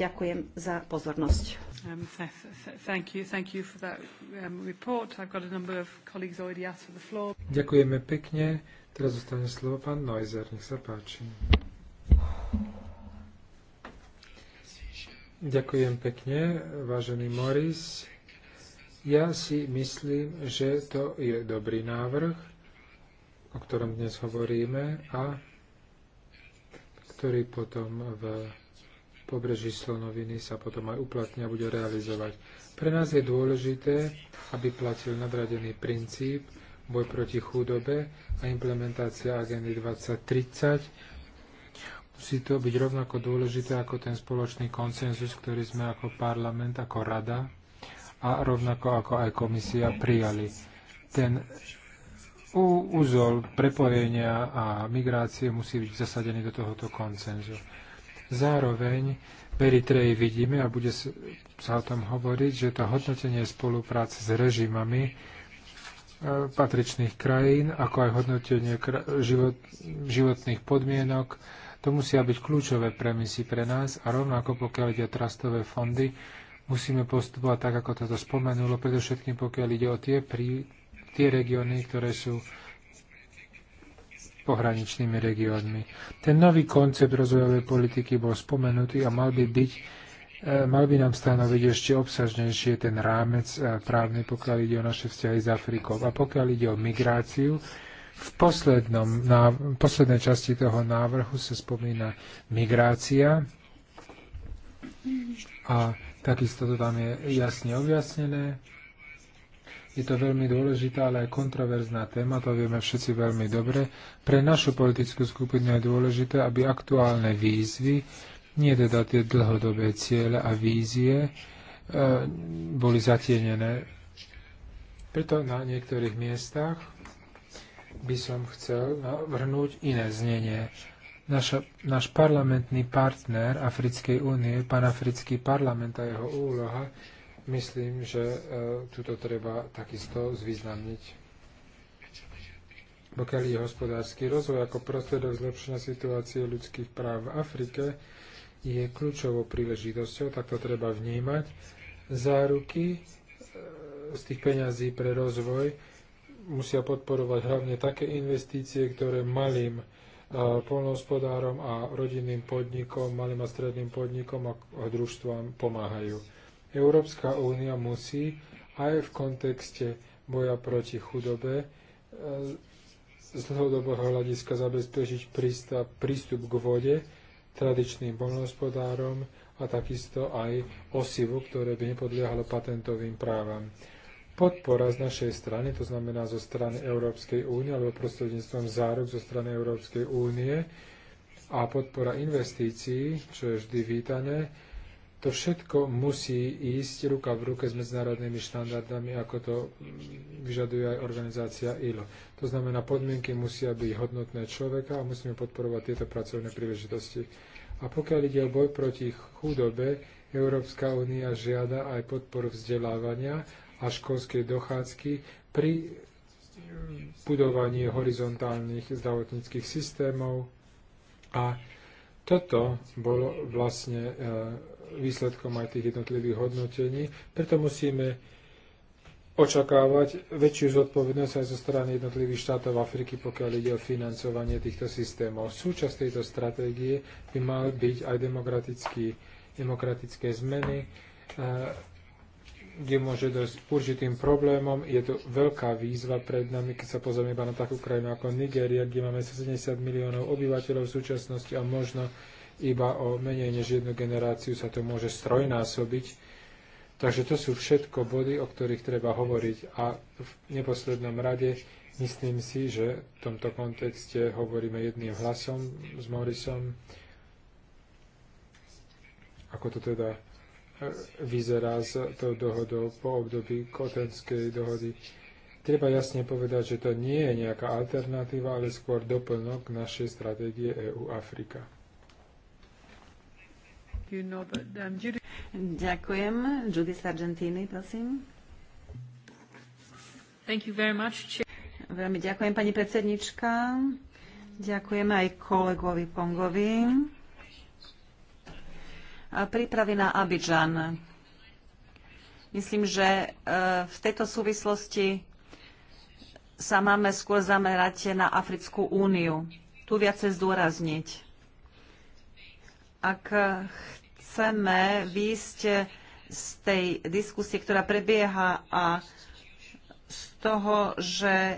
A: ďakujem za pozornosť. Um, th th
C: thank you, thank you for that um, report. I've got a number of colleagues already asked for the floor. Ďakujeme
B: pekne. Teraz zostane slovo pán Neuser, nech sa páči. Ďakujem pekne, vážený Moris. Ja si myslím, že to je dobrý návrh, o ktorom dnes hovoríme a ktorý potom v pobreží slonoviny sa potom aj uplatnia a bude realizovať. Pre nás je dôležité, aby platil nadradený princíp boj proti chudobe a implementácia agendy 2030. Musí to byť rovnako dôležité ako ten spoločný konsenzus, ktorý sme ako parlament, ako rada a rovnako ako aj komisia prijali. Ten úzol prepojenia a migrácie musí byť zasadený do tohoto konsenzu. Zároveň v Eritreji vidíme, a bude sa o tom hovoriť, že to hodnotenie spolupráce s režimami e, patričných krajín, ako aj hodnotenie život, životných podmienok, to musia byť kľúčové premisy pre nás a rovnako pokiaľ ide o trastové fondy, musíme postupovať tak, ako toto spomenulo, predovšetkým pokiaľ ide o tie, tie regióny, ktoré sú pohraničnými regiónmi. Ten nový koncept rozvojovej politiky bol spomenutý a mal by byť e, mal by nám stanoviť ešte obsažnejšie ten rámec e, právny, pokiaľ ide o naše vzťahy s Afrikou. A pokiaľ ide o migráciu, v poslednom, na, v poslednej časti toho návrhu sa spomína migrácia a takisto to tam je jasne objasnené. Je to veľmi dôležitá, ale aj kontroverzná téma, to vieme všetci veľmi dobre. Pre našu politickú skupinu je dôležité, aby aktuálne výzvy, nie teda tie dlhodobé ciele a vízie, e, boli zatienené. Preto na niektorých miestach by som chcel vrhnúť iné znenie. Naša, náš parlamentný partner Africkej únie, panafrický parlament a jeho úloha myslím, že e, tuto treba takisto zvýznamniť. Pokiaľ je hospodársky rozvoj ako prostredok zlepšenia situácie ľudských práv v Afrike, je kľúčovou príležitosťou, tak to treba vnímať. Záruky e, z tých peňazí pre rozvoj musia podporovať hlavne také investície, ktoré malým e, polnohospodárom a rodinným podnikom, malým a stredným podnikom a družstvám pomáhajú. Európska únia musí aj v kontexte boja proti chudobe e, z dlhodobého hľadiska zabezpečiť prístup k vode tradičným poľnohospodárom a takisto aj osivu, ktoré by nepodliehalo patentovým právam podpora z našej strany, to znamená zo strany Európskej únie alebo prostredníctvom zárok zo strany Európskej únie a podpora investícií, čo je vždy vítané, to všetko musí ísť ruka v ruke s medzinárodnými štandardami, ako to mm, vyžaduje aj organizácia ILO. To znamená, podmienky musia byť hodnotné človeka a musíme podporovať tieto pracovné príležitosti. A pokiaľ ide o boj proti chudobe, Európska únia žiada aj podporu vzdelávania a školskej dochádzky pri mm, budovaní horizontálnych zdravotníckých systémov. A toto bolo vlastne e, výsledkom aj tých jednotlivých hodnotení. Preto musíme očakávať väčšiu zodpovednosť aj zo strany jednotlivých štátov Afriky, pokiaľ ide o financovanie týchto systémov. Súčasť tejto stratégie by mal byť aj demokratické zmeny, eh, kde môže dosť určitým problémom. Je to veľká výzva pred nami, keď sa pozrieme iba na takú krajinu ako Nigéria, kde máme 70 miliónov obyvateľov v súčasnosti a možno iba o menej než jednu generáciu sa to môže strojnásobiť. Takže to sú všetko body, o ktorých treba hovoriť. A v neposlednom rade myslím si, že v tomto kontexte hovoríme jedným hlasom s Morisom, ako to teda e, vyzerá s tou dohodou po období kotenskej dohody. Treba jasne povedať, že to nie je nejaká alternatíva, ale skôr doplnok našej stratégie EU-Afrika.
A: Um, ďakujem. Judy Sargentini, prosím.
D: Thank you very much.
A: Veľmi ďakujem, pani predsednička. Ďakujem aj kolegovi Pongovi. A Prípravy na Abidžan. Myslím, že e, v tejto súvislosti sa máme skôr zamerať na Africkú úniu. Tu viacej zdôrazniť. Ak chceme výjsť z tej diskusie, ktorá prebieha a z toho, že e,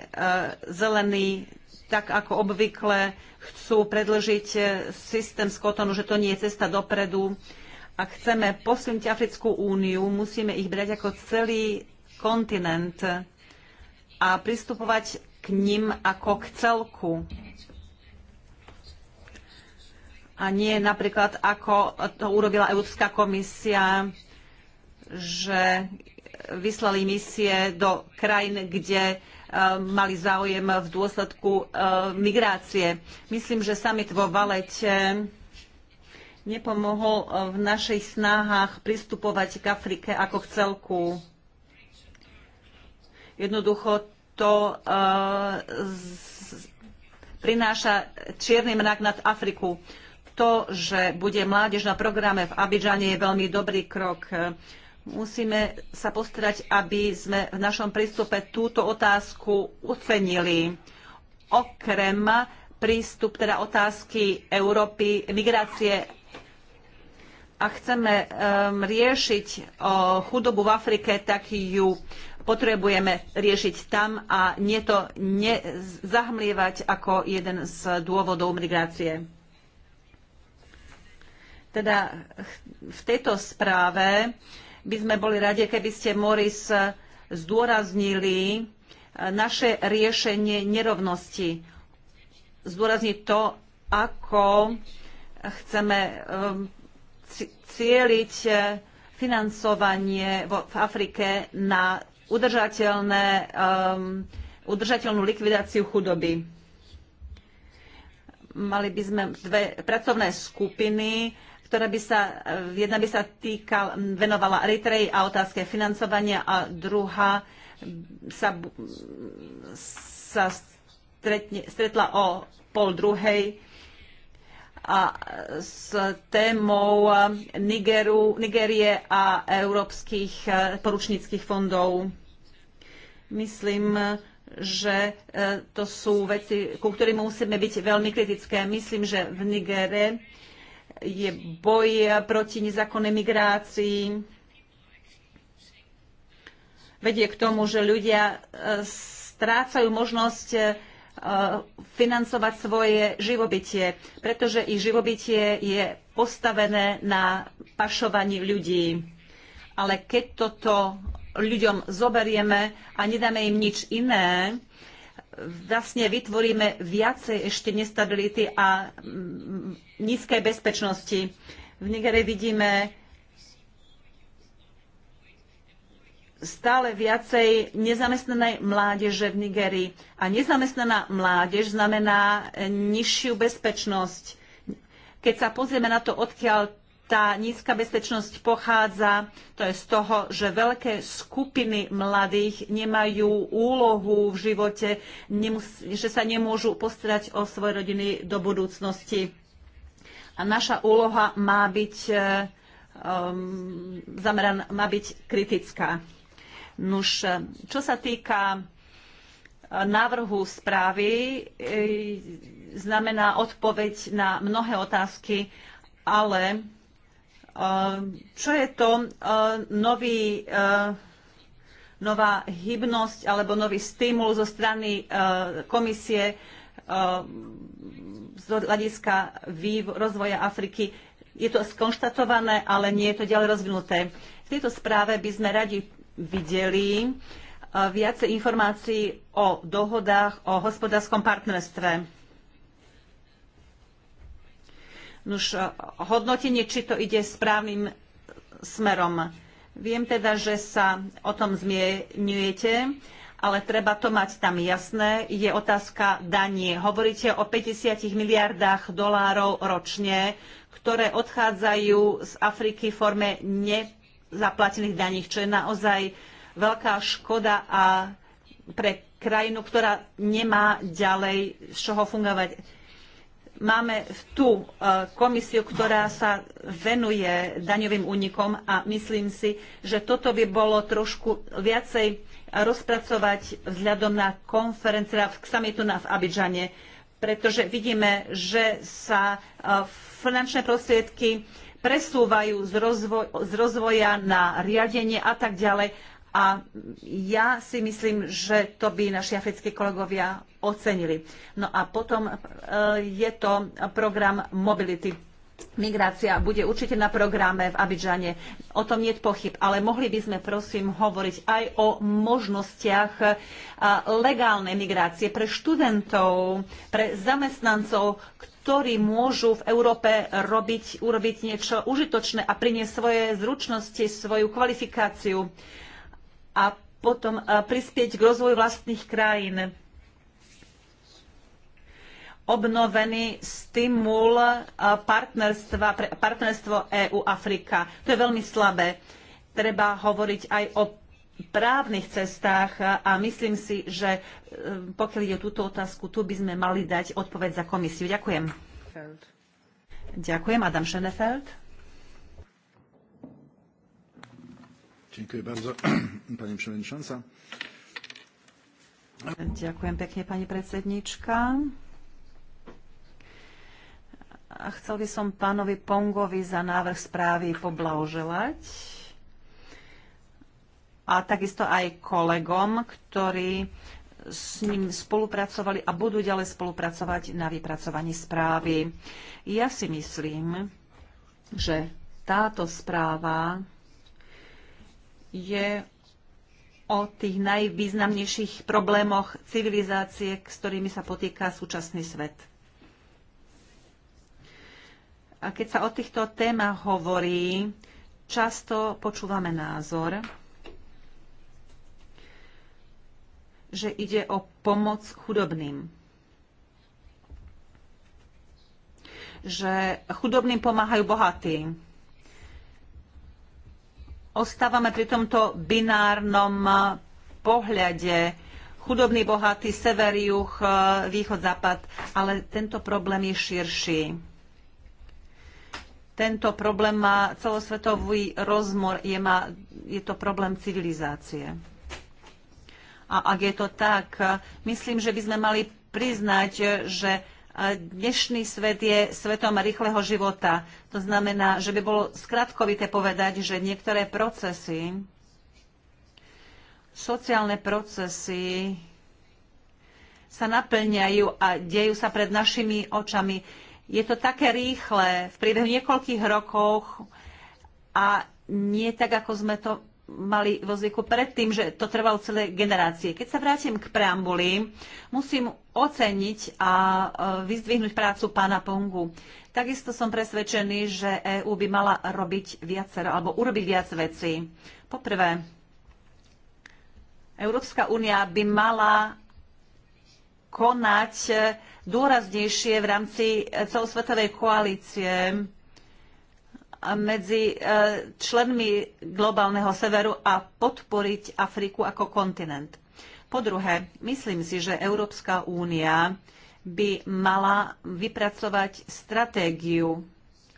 A: zelení tak ako obvykle chcú predlžiť e, systém z kotonu, že to nie je cesta dopredu. Ak chceme posilniť Africkú úniu, musíme ich brať ako celý kontinent a pristupovať k ním ako k celku a nie napríklad ako to urobila Európska komisia, že vyslali misie do krajín, kde e, mali záujem v dôsledku e, migrácie. Myslím, že summit vo Valete nepomohol e, v našich snahách pristupovať k Afrike ako k celku. Jednoducho to prináša čierny mrak nad Afriku to, že bude mládež na programe v Abidžane, je veľmi dobrý krok. Musíme sa postarať, aby sme v našom prístupe túto otázku ocenili. Okrem prístup, teda otázky Európy, migrácie a chceme um, riešiť o, chudobu v Afrike, tak ju potrebujeme riešiť tam a nie to nezahmlievať ako jeden z dôvodov migrácie. Teda v tejto správe by sme boli radi, keby ste, Moris, zdôraznili e, naše riešenie nerovnosti. Zdôrazniť to, ako chceme e, cieliť e, financovanie v Afrike na udržateľné, um, udržateľnú likvidáciu chudoby. Mali by sme dve pracovné skupiny, ktorá by sa, eh, jedna by sa týkal, venovala Eritreji a otázke financovania a druhá sa, sa stretne, stretla o pol druhej a s témou eh, Nigeru, Nigerie a európskych eh, poručníckých fondov. Myslím, že to sú veci, ku ktorým musíme byť veľmi kritické. Myslím, že v Nigere je boj proti nezákonnej migrácii. Vedie k tomu, že ľudia e, strácajú možnosť e, financovať svoje živobytie, pretože ich živobytie je postavené na pašovaní ľudí. Ale keď toto ľuďom zoberieme a nedáme im nič iné, vlastne vytvoríme viacej ešte nestability a mm, nízkej bezpečnosti. V Nigere vidíme stále viacej nezamestnanej mládeže v Nigerii. A nezamestnaná mládež znamená nižšiu bezpečnosť. Keď sa pozrieme na to, odkiaľ tá nízka bezpečnosť pochádza, to je z toho, že veľké skupiny mladých nemajú úlohu v živote, že sa nemôžu postarať o svoje rodiny do budúcnosti. A naša úloha má byť, e, um, zameran, má byť kritická. Nuž, e, čo sa týka e, návrhu správy, znamená odpoveď na mnohé otázky, ale Ehm, čo je to ehm, nový, ehm, nová hybnosť alebo nový stimul zo strany komisie z hľadiska rozvoja Afriky? Je to skonštatované, ale nie je to ďalej rozvinuté. V tejto správe by sme radi videli viacej informácií o dohodách o hospodárskom partnerstve Nuž, eh, hodnotenie, či to ide správnym eh, smerom. Viem teda, že sa o tom zmieňujete, ale treba to mať tam jasné. Je otázka danie. Hovoríte o 50 miliardách dolárov ročne, ktoré odchádzajú z Afriky v forme nezaplatených daní, čo je naozaj veľká škoda a pre krajinu, ktorá nemá ďalej z čoho fungovať Máme tu e, komisiu, ktorá sa venuje daňovým únikom a myslím si, že toto by bolo trošku viacej rozpracovať vzhľadom na konferenciu k samitu na v Abidžane, pretože vidíme, že sa e, finančné prostriedky presúvajú z, rozvoj, z rozvoja na riadenie a tak ďalej. A ja si myslím, že to by naši africkí kolegovia ocenili. No a potom e, je to program Mobility. Migrácia bude určite na programe v Abidžane. O tom nie je pochyb, ale mohli by sme prosím hovoriť aj o možnostiach e, legálnej migrácie pre študentov, pre zamestnancov, ktorí môžu v Európe robiť, urobiť niečo užitočné a priniesť svoje zručnosti, svoju kvalifikáciu a potom e, prispieť k rozvoju vlastných krajín obnovený stimul eh, partnerstvo EU-Afrika. To je veľmi slabé. Treba hovoriť aj o právnych cestách eh, a myslím si, že eh, pokiaľ ide o túto otázku, tu by sme mali dať odpoveď za komisiu. Ďakujem. Feld. Ďakujem. Adam bardzo, (clears throat) pani przewodnicząca. Ďakujem pekne, pani predsednička. A chcel by som pánovi Pongovi za návrh správy poblahoželať. A takisto aj kolegom, ktorí s ním spolupracovali a budú ďalej spolupracovať na vypracovaní správy. Ja si myslím, že táto správa je o tých najvýznamnejších problémoch civilizácie, s ktorými sa potýka súčasný svet. A keď sa o týchto témach hovorí, často počúvame názor, že ide o pomoc chudobným. Že chudobným pomáhajú bohatí. Ostávame pri tomto binárnom pohľade chudobný, bohatý, sever, juh, východ, západ, ale tento problém je širší tento problém má celosvetový rozmor, je, má, je to problém civilizácie. A ak je to tak, myslím, že by sme mali priznať, že dnešný svet je svetom rýchleho života. To znamená, že by bolo skratkovité povedať, že niektoré procesy, sociálne procesy sa naplňajú a dejú sa pred našimi očami je to také rýchle, v priebehu niekoľkých rokov a nie tak, ako sme to mali vo zvyku predtým, že to trvalo celé generácie. Keď sa vrátim k preambuli, musím oceniť a e, vyzdvihnúť prácu pána Pongu. Takisto som presvedčený, že EÚ by mala robiť viacero, alebo urobiť viac vecí. Poprvé, Európska únia by mala konať e, dôraznejšie v rámci eh, celosvetovej koalície eh, medzi eh, členmi globálneho severu a podporiť Afriku ako kontinent. Po druhé, myslím si, že Európska únia by mala vypracovať stratégiu,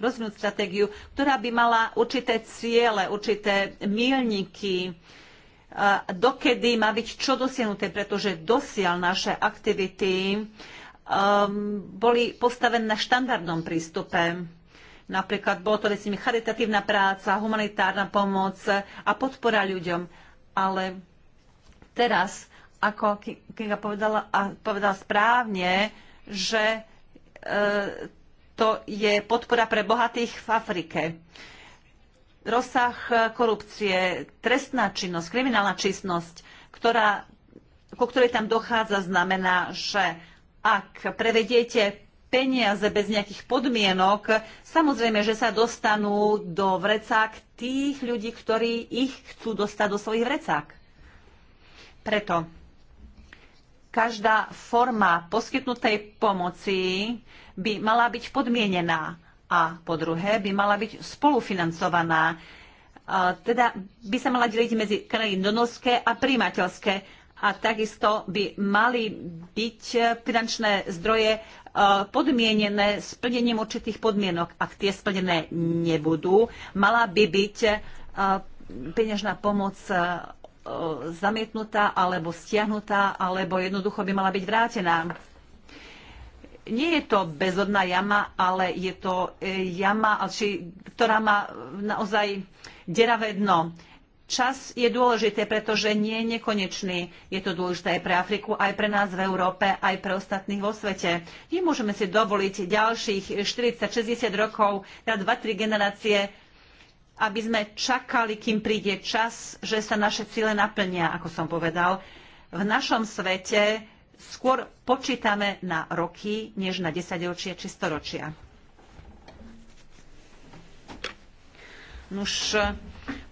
A: rozvinúť stratégiu, ktorá by mala určité ciele, určité milníky, dokedy má byť čo dosiahnuté, pretože dosiaľ naše aktivity um, boli postavené na štandardnom prístupe. Napríklad bolo to recimo charitatívna práca, humanitárna pomoc a podpora ľuďom. Ale teraz, ako Kinga povedala, a povedala správne, že e, to je podpora pre bohatých v Afrike. Rozsah korupcie, trestná činnosť, kriminálna činnosť, ktorá, ku ktorej tam dochádza, znamená, že ak prevediete peniaze bez nejakých podmienok, samozrejme, že sa dostanú do vrecák tých ľudí, ktorí ich chcú dostať do svojich vrecák. Preto každá forma poskytnutej pomoci by mala byť podmienená a po druhé by mala byť spolufinancovaná. Teda by sa mala deliť medzi krajiny donorské a príjimateľské a takisto by mali byť finančné zdroje e, podmienené splnením určitých podmienok. Ak tie splnené nebudú, mala by byť e, peňažná pomoc e, zamietnutá alebo stiahnutá, alebo jednoducho by mala byť vrátená. Nie je to bezodná jama, ale je to jama, ktorá má naozaj deravé dno Čas je dôležité, pretože nie je nekonečný. Je to dôležité aj pre Afriku, aj pre nás v Európe, aj pre ostatných vo svete. Nemôžeme si dovoliť ďalších 40-60 rokov na 2-3 generácie, aby sme čakali, kým príde čas, že sa naše cíle naplnia, ako som povedal. V našom svete skôr počítame na roky, než na desaťročia či storočia. Nuž,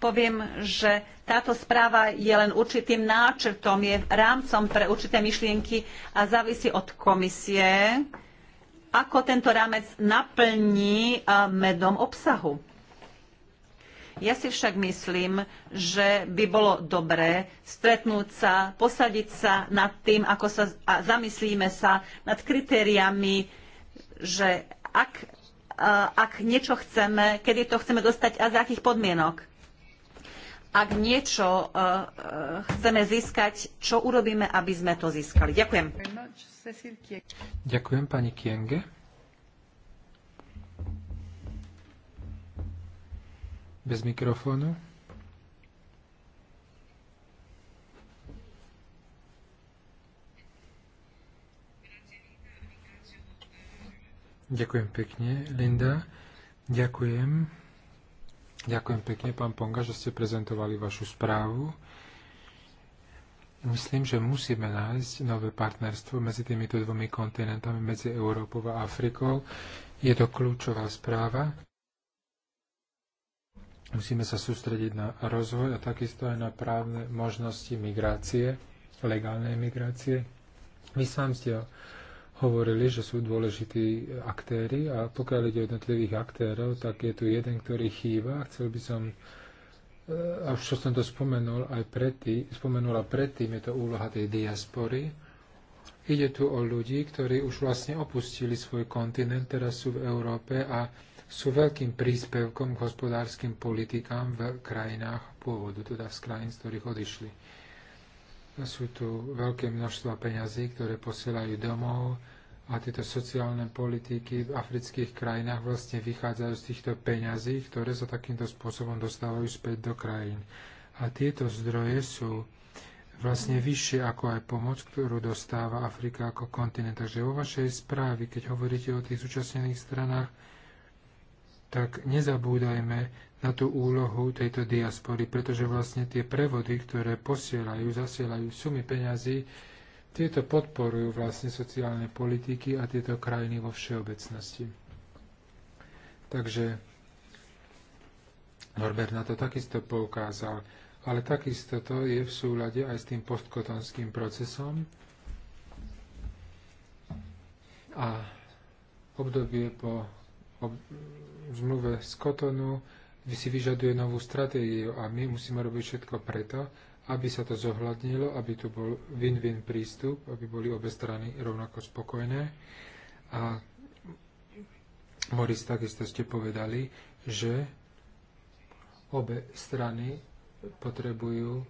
A: Poviem, že táto správa je len určitým náčrtom, je rámcom pre určité myšlienky a závisí od komisie, ako tento rámec naplní medom obsahu. Ja si však myslím, že by bolo dobré stretnúť sa, posadiť sa nad tým, ako sa a zamyslíme sa nad kritériami, že ak, ak niečo chceme, kedy to chceme dostať a za akých podmienok ak niečo eh, eh, chceme získať, čo urobíme, aby sme to získali. Ďakujem.
B: Ďakujem pani Kienge. Bez mikrofónu. Ďakujem pekne, Linda. Ďakujem Ďakujem pekne, pán Ponga, že ste prezentovali vašu správu. Myslím, že musíme nájsť nové partnerstvo medzi týmito dvomi kontinentami, medzi Európou a Afrikou. Je to kľúčová správa. Musíme sa sústrediť na rozvoj a takisto aj na právne možnosti migrácie, legálnej migrácie. Vy sám ste hovorili, že sú dôležití aktéry a pokiaľ ide o jednotlivých aktérov, tak je tu jeden, ktorý chýba. Chcel by som, eh, a už čo som to spomenul aj predtým, spomenula predtým, je to úloha tej diaspory. Ide tu o ľudí, ktorí už vlastne opustili svoj kontinent, teraz sú v Európe a sú veľkým príspevkom k hospodárskym politikám v krajinách pôvodu, teda z krajín, z ktorých odišli. Sú tu veľké množstva peňazí, ktoré posielajú domov a tieto sociálne politiky v afrických krajinách vlastne vychádzajú z týchto peňazí, ktoré sa takýmto spôsobom dostávajú späť do krajín. A tieto zdroje sú vlastne vyššie ako aj pomoc, ktorú dostáva Afrika ako kontinent. Takže vo vašej správe, keď hovoríte o tých zúčastnených stranách, tak nezabúdajme na tú úlohu tejto diaspory, pretože vlastne tie prevody, ktoré posielajú, zasielajú sumy peňazí, tieto podporujú vlastne sociálne politiky a tieto krajiny vo všeobecnosti. Takže Norbert na to takisto poukázal, ale takisto to je v súlade aj s tým postkotonským procesom a obdobie po ob- zmluve z Kotonu si vyžaduje novú stratégiu a my musíme robiť všetko preto, aby sa to zohľadnilo, aby tu bol win-win prístup, aby boli obe strany rovnako spokojné. A Moris, takisto ste povedali, že obe strany potrebujú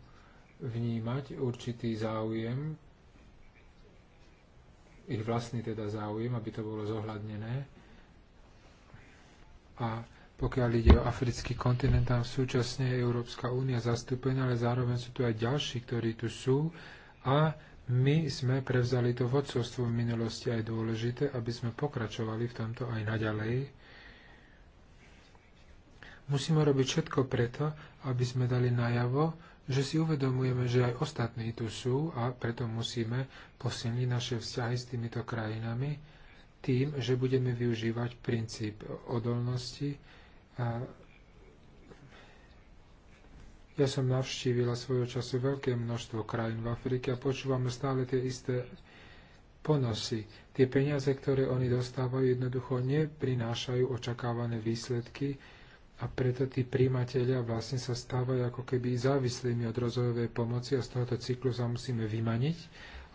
B: vnímať určitý záujem, ich vlastný teda záujem, aby to bolo zohľadnené. A pokiaľ ide o africký kontinent, tam súčasne je Európska únia zastúpená, ale zároveň sú tu aj ďalší, ktorí tu sú a my sme prevzali to vodcovstvo v minulosti aj dôležité, aby sme pokračovali v tomto aj naďalej. Musíme robiť všetko preto, aby sme dali najavo, že si uvedomujeme, že aj ostatní tu sú a preto musíme posilniť naše vzťahy s týmito krajinami tým, že budeme využívať princíp odolnosti, ja som navštívila svojho času veľké množstvo krajín v Afrike a počúvame stále tie isté ponosy. Tie peniaze, ktoré oni dostávajú, jednoducho neprinášajú očakávané výsledky a preto tí príjmatelia vlastne sa stávajú ako keby závislými od rozvojovej pomoci a z tohoto cyklu sa musíme vymaniť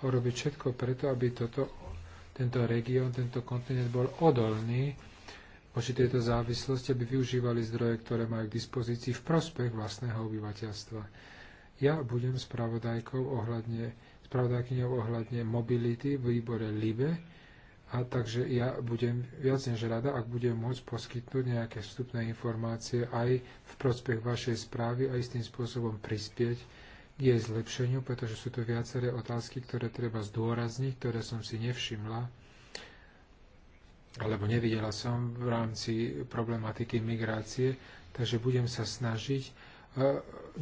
B: a robiť všetko preto, aby toto, tento región, tento kontinent bol odolný voči tejto závislosti, aby využívali zdroje, ktoré majú k dispozícii v prospech vlastného obyvateľstva. Ja budem spravodajkou ohľadne, spravodajkyňou ohľadne mobility v výbore LIBE, a takže ja budem viac než rada, ak budem môcť poskytnúť nejaké vstupné informácie aj v prospech vašej správy a istým spôsobom prispieť k jej zlepšeniu, pretože sú to viaceré otázky, ktoré treba zdôrazniť, ktoré som si nevšimla alebo nevidela som v rámci problematiky migrácie, takže budem sa snažiť e,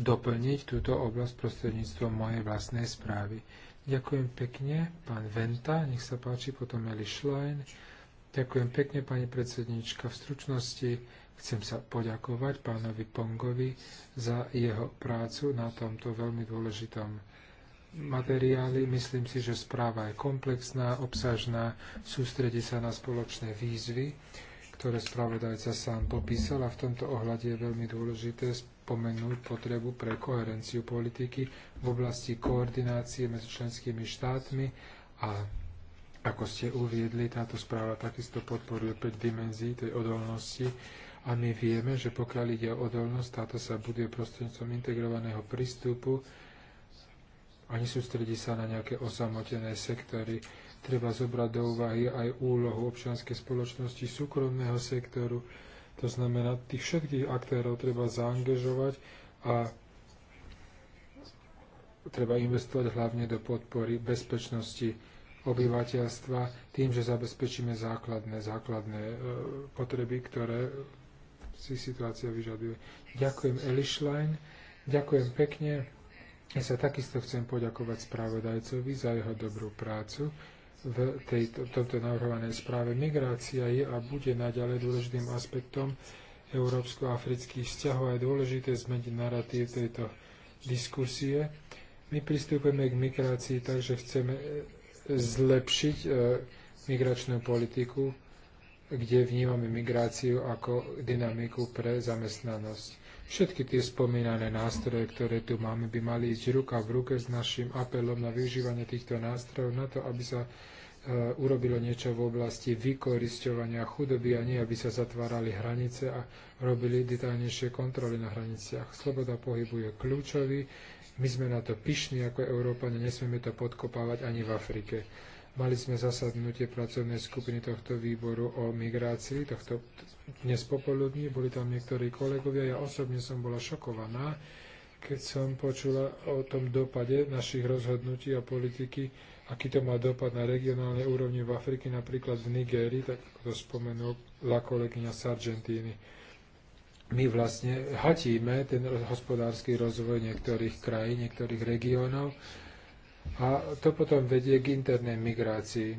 B: doplniť túto oblasť prostredníctvom mojej vlastnej správy. Ďakujem pekne, pán Venta, nech sa páči, potom Eli Schlein. Ďakujem pekne, pani predsednička. V stručnosti chcem sa poďakovať pánovi Pongovi za jeho prácu na tomto veľmi dôležitom materiály. Myslím si, že správa je komplexná, obsažná, sústredí sa na spoločné výzvy, ktoré spravodajca sám popísal a v tomto ohľade je veľmi dôležité spomenúť potrebu pre koherenciu politiky v oblasti koordinácie medzi členskými štátmi a ako ste uviedli, táto správa takisto podporuje 5 dimenzií tej odolnosti a my vieme, že pokiaľ ide o odolnosť, táto sa buduje prostredníctvom integrovaného prístupu, a nesústredí sa na nejaké osamotené sektory. Treba zobrať do úvahy aj úlohu občianskej spoločnosti, súkromného sektoru. To znamená, tých všetkých aktérov treba zaangažovať a treba investovať hlavne do podpory bezpečnosti obyvateľstva tým, že zabezpečíme základné, základné e, potreby, ktoré si situácia vyžaduje. Ďakujem Elišlein, ďakujem pekne. Ja sa takisto chcem poďakovať správodajcovi za jeho dobrú prácu v, tejto, tomto navrhovanej správe. Migrácia je a bude naďalej dôležitým aspektom európsko-afrických vzťahov a je dôležité zmeniť narratív tejto diskusie. My pristúpime k migrácii tak, že chceme e, zlepšiť e, migračnú politiku, kde vnímame migráciu ako dynamiku pre zamestnanosť. Všetky tie spomínané nástroje, ktoré tu máme, by mali ísť ruka v ruke s našim apelom na využívanie týchto nástrojov na to, aby sa e, urobilo niečo v oblasti vykoristovania chudoby a nie, aby sa zatvárali hranice a robili detaľnejšie kontroly na hraniciach. Sloboda pohybu je kľúčový. My sme na to pyšní ako Európa, nesmieme to podkopávať ani v Afrike. Mali sme zasadnutie pracovnej skupiny tohto výboru o migrácii, tohto dnes popoludní, boli tam niektorí kolegovia. Ja osobne som bola šokovaná, keď som počula o tom dopade našich rozhodnutí a politiky, aký to má dopad na regionálnej úrovni v Afrike, napríklad v Nigérii, tak ako to spomenula kolegyňa z Argentíny. My vlastne hatíme ten hospodársky rozvoj niektorých krajín, niektorých regiónov, a to potom vedie k internej migrácii.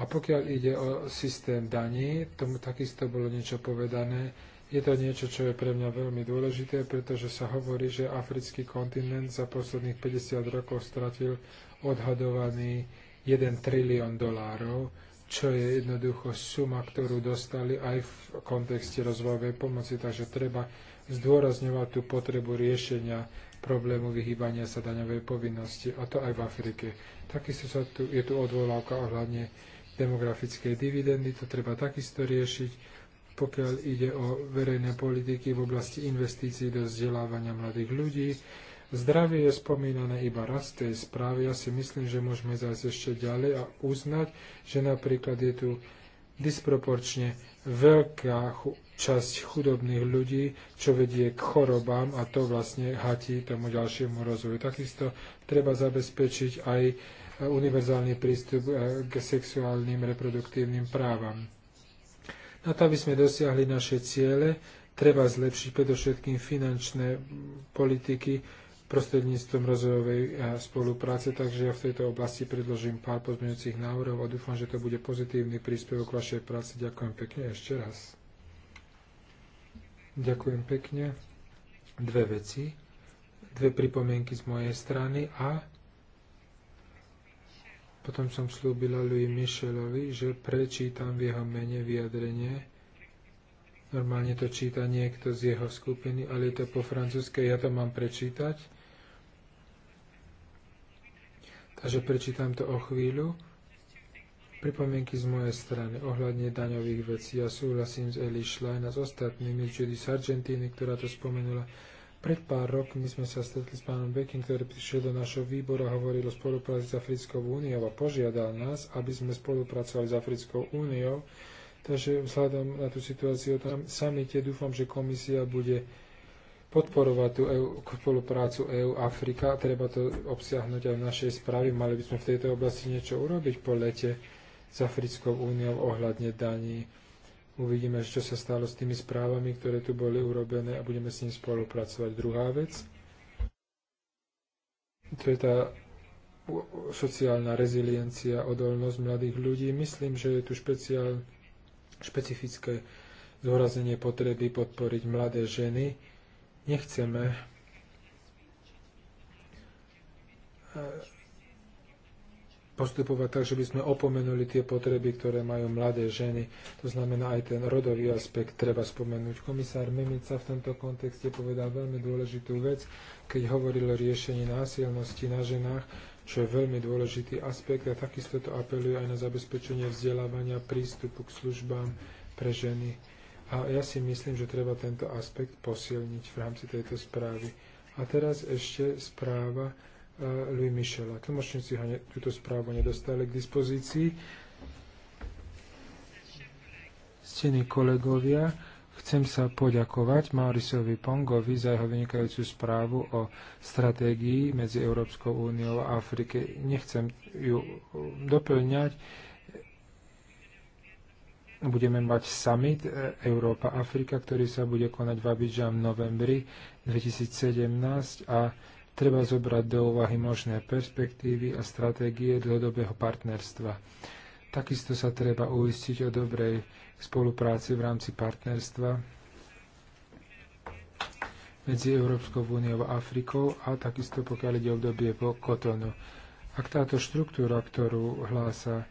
B: A pokiaľ ide o systém daní, tomu takisto bolo niečo povedané, je to niečo, čo je pre mňa veľmi dôležité, pretože sa hovorí, že africký kontinent za posledných 50 rokov stratil odhadovaný 1 trilión dolárov, čo je jednoducho suma, ktorú dostali aj v kontexte rozvojovej pomoci. Takže treba zdôrazňovať tú potrebu riešenia problému vyhýbania sa daňovej povinnosti, a to aj v Afrike. Takisto sa tu, je tu odvolávka ohľadne demografickej dividendy, to treba takisto riešiť, pokiaľ ide o verejné politiky v oblasti investícií do vzdelávania mladých ľudí. Zdravie je spomínané iba raz v tej správe. Ja si myslím, že môžeme zajsť ešte ďalej a uznať, že napríklad je tu disproporčne veľká časť chudobných ľudí, čo vedie k chorobám a to vlastne hatí tomu ďalšiemu rozvoju. Takisto treba zabezpečiť aj univerzálny prístup eh, k sexuálnym reproduktívnym právam. Na to, aby sme dosiahli naše ciele, treba zlepšiť predovšetkým finančné politiky prostredníctvom rozvojovej eh, spolupráce, takže ja v tejto oblasti predložím pár pozmeňujúcich návrhov a dúfam, že to bude pozitívny príspevok vašej práci. Ďakujem pekne ešte raz. Ďakujem pekne. Dve veci. Dve pripomienky z mojej strany a potom som slúbila Louis Michelovi, že prečítam v jeho mene vyjadrenie. Normálne to číta niekto z jeho skupiny, ale je to po francúzske, ja to mám prečítať. Takže prečítam to o chvíľu. Pripomienky z mojej strany ohľadne daňových vecí. Ja súhlasím s Eli Schlein a s ostatnými, Judy z Argentíny, ktorá to spomenula. Pred pár rokmi sme sa stretli s pánom Bekin, ktorý prišiel do našho výboru a hovoril o spolupráci s Africkou úniou a požiadal nás, aby sme spolupracovali s Africkou úniou. Takže vzhľadom na tú situáciu tam samite dúfam, že komisia bude podporovať tú EU, spoluprácu EU-Afrika. Treba to obsiahnuť aj v našej správe. Mali by sme v tejto oblasti niečo urobiť po lete s Africkou úniou ohľadne daní. Uvidíme, čo sa stalo s tými správami, ktoré tu boli urobené a budeme s ním spolupracovať. Druhá vec, to je tá sociálna reziliencia, odolnosť mladých ľudí. Myslím, že je tu špeciál, špecifické zhorazenie potreby podporiť mladé ženy. Nechceme postupovať tak, že by sme opomenuli tie potreby, ktoré majú mladé ženy. To znamená, aj ten rodový aspekt treba spomenúť. Komisár Mimica v tomto kontexte povedal veľmi dôležitú vec, keď hovoril o riešení násilnosti na ženách, čo je veľmi dôležitý aspekt a takisto to apeluje aj na zabezpečenie vzdelávania prístupu k službám pre ženy. A ja si myslím, že treba tento aspekt posilniť v rámci tejto správy. A teraz ešte správa Louis Michela. Tlmočníci ho ne, túto správu nedostali k dispozícii. Ctení kolegovia, chcem sa poďakovať Maurisovi Pongovi za jeho vynikajúcu správu o stratégii medzi Európskou úniou a Afrike. Nechcem ju e, doplňať. Budeme mať summit e, Európa-Afrika, ktorý sa bude konať v Abidžan v novembri 2017 a treba zobrať do úvahy možné perspektívy a stratégie dlhodobého partnerstva. Takisto sa treba uistiť o dobrej spolupráci v rámci partnerstva medzi Európskou úniou a Afrikou a takisto pokiaľ ide obdobie po Kotonu. Ak táto štruktúra, ktorú hlása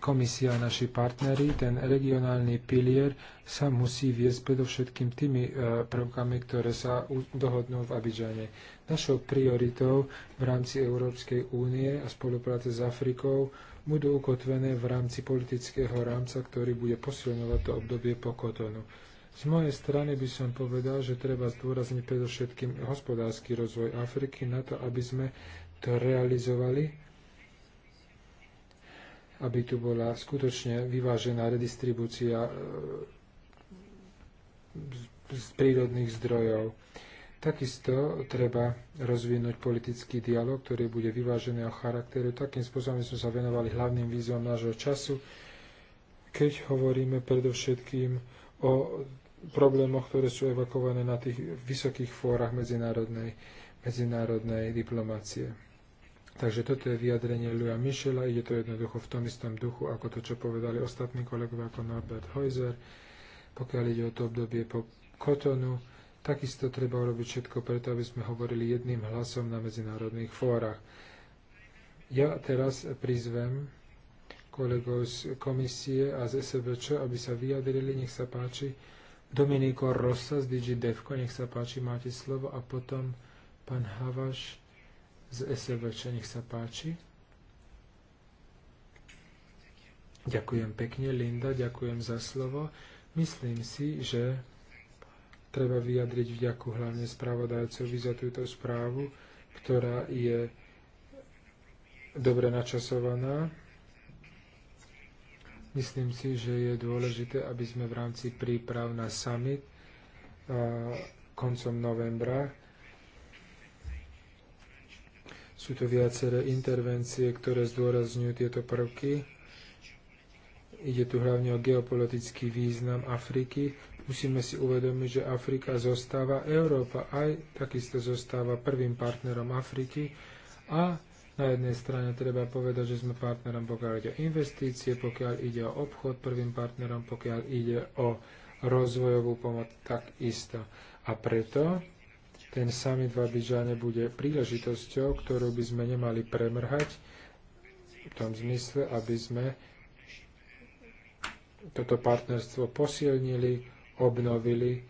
B: komisia a naši partnery, ten regionálny pilier sa musí viesť predovšetkým tými eh, prvkami, ktoré sa dohodnú v Abidžane. Našou prioritou v rámci Európskej únie a spolupráce s Afrikou budú ukotvené v rámci politického rámca, ktorý bude posilňovať to obdobie po Kotonu. Z mojej strany by som povedal, že treba zdôrazniť predovšetkým hospodársky rozvoj Afriky na to, aby sme to realizovali, aby tu bola skutočne vyvážená redistribúcia e, z prírodných zdrojov. Takisto treba rozvinúť politický dialog, ktorý bude o charakteru. Takým spôsobom sme sa venovali hlavným výzvam nášho času, keď hovoríme predovšetkým o problémoch, ktoré sú evakované na tých vysokých fórach medzinárodnej, medzinárodnej diplomácie. Takže toto je vyjadrenie Louis Michela, ide to jednoducho v tom istom duchu, ako to, čo povedali ostatní kolegovia ako Norbert Heuser, pokiaľ ide o to obdobie po Kotonu, Takisto treba urobiť všetko preto, aby sme hovorili jedným hlasom na medzinárodných fórach. Ja teraz prizvem kolegov z komisie a z SBČ, aby sa vyjadrili. Nech sa páči. Dominiko Rosa z DigiDevko, nech sa páči, máte slovo. A potom pán Havaš z SBČ, nech sa páči. Ďakujem pekne, Linda, ďakujem za slovo. Myslím si, že treba vyjadriť vďaku hlavne spravodajcovi za túto správu, ktorá je dobre načasovaná. Myslím si, že je dôležité, aby sme v rámci príprav na summit koncom novembra sú to viaceré intervencie, ktoré zdôrazňujú tieto prvky. Ide tu hlavne o geopolitický význam Afriky, Musíme si uvedomiť, že Afrika zostáva, Európa aj takisto zostáva prvým partnerom Afriky a na jednej strane treba povedať, že sme partnerom, pokiaľ ide o investície, pokiaľ ide o obchod, prvým partnerom, pokiaľ ide o rozvojovú pomoc, takisto. A preto ten summit v Abidžane bude príležitosťou, ktorú by sme nemali premrhať v tom zmysle, aby sme toto partnerstvo posilnili obnovili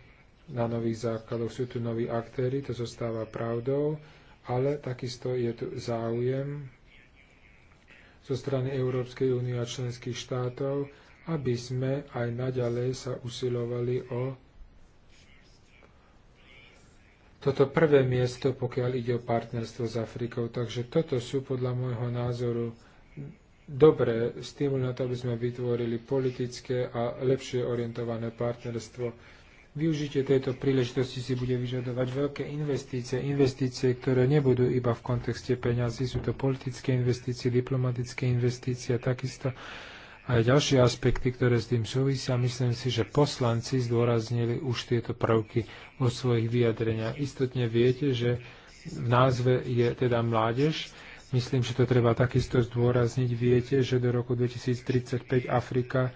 B: na nových základoch. Sú tu noví aktéry, to zostáva pravdou, ale takisto je tu záujem zo strany Európskej únie a členských štátov, aby sme aj naďalej sa usilovali o toto prvé miesto, pokiaľ ide o partnerstvo s Afrikou. Takže toto sú podľa môjho názoru dobré stimul na to, aby sme vytvorili politické a lepšie orientované partnerstvo. Využitie tejto príležitosti si bude vyžadovať veľké investície, investície, ktoré nebudú iba v kontexte peňazí, sú to politické investície, diplomatické investície a takisto aj ďalšie aspekty, ktoré s tým súvisia. Myslím si, že poslanci zdôraznili už tieto prvky vo svojich vyjadreniach. Istotne viete, že v názve je teda mládež, Myslím, že to treba takisto zdôrazniť. Viete, že do roku 2035 Afrika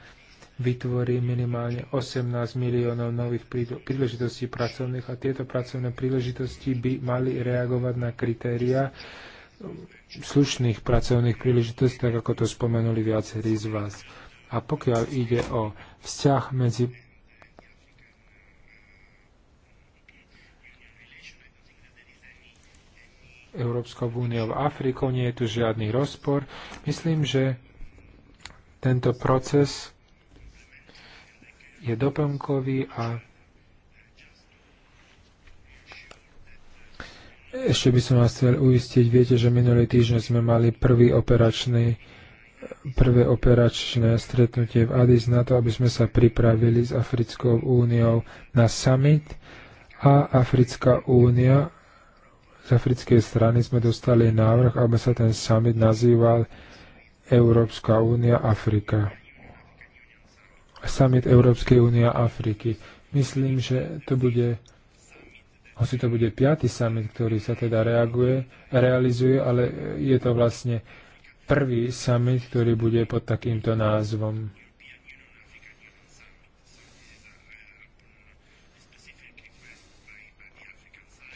B: vytvorí minimálne 18 miliónov nových príležitostí pracovných a tieto pracovné príležitosti by mali reagovať na kritéria um, slušných pracovných príležitostí, tak ako to spomenuli viacerí z vás. A pokiaľ ide o vzťah medzi Európskou úniou a Afrikou, nie je tu žiadny rozpor. Myslím, že tento proces je doplnkový a ešte by som vás chcel uistiť, viete, že minulý týždeň sme mali prvý operačný prvé operačné stretnutie v Addis na to, aby sme sa pripravili s Africkou úniou na summit a Africká únia z africkej strany sme dostali návrh, aby sa ten summit nazýval Európska únia Afrika. Summit Európskej únie Afriky. Myslím, že to bude, hoci to bude piaty summit, ktorý sa teda reaguje, realizuje, ale je to vlastne prvý summit, ktorý bude pod takýmto názvom.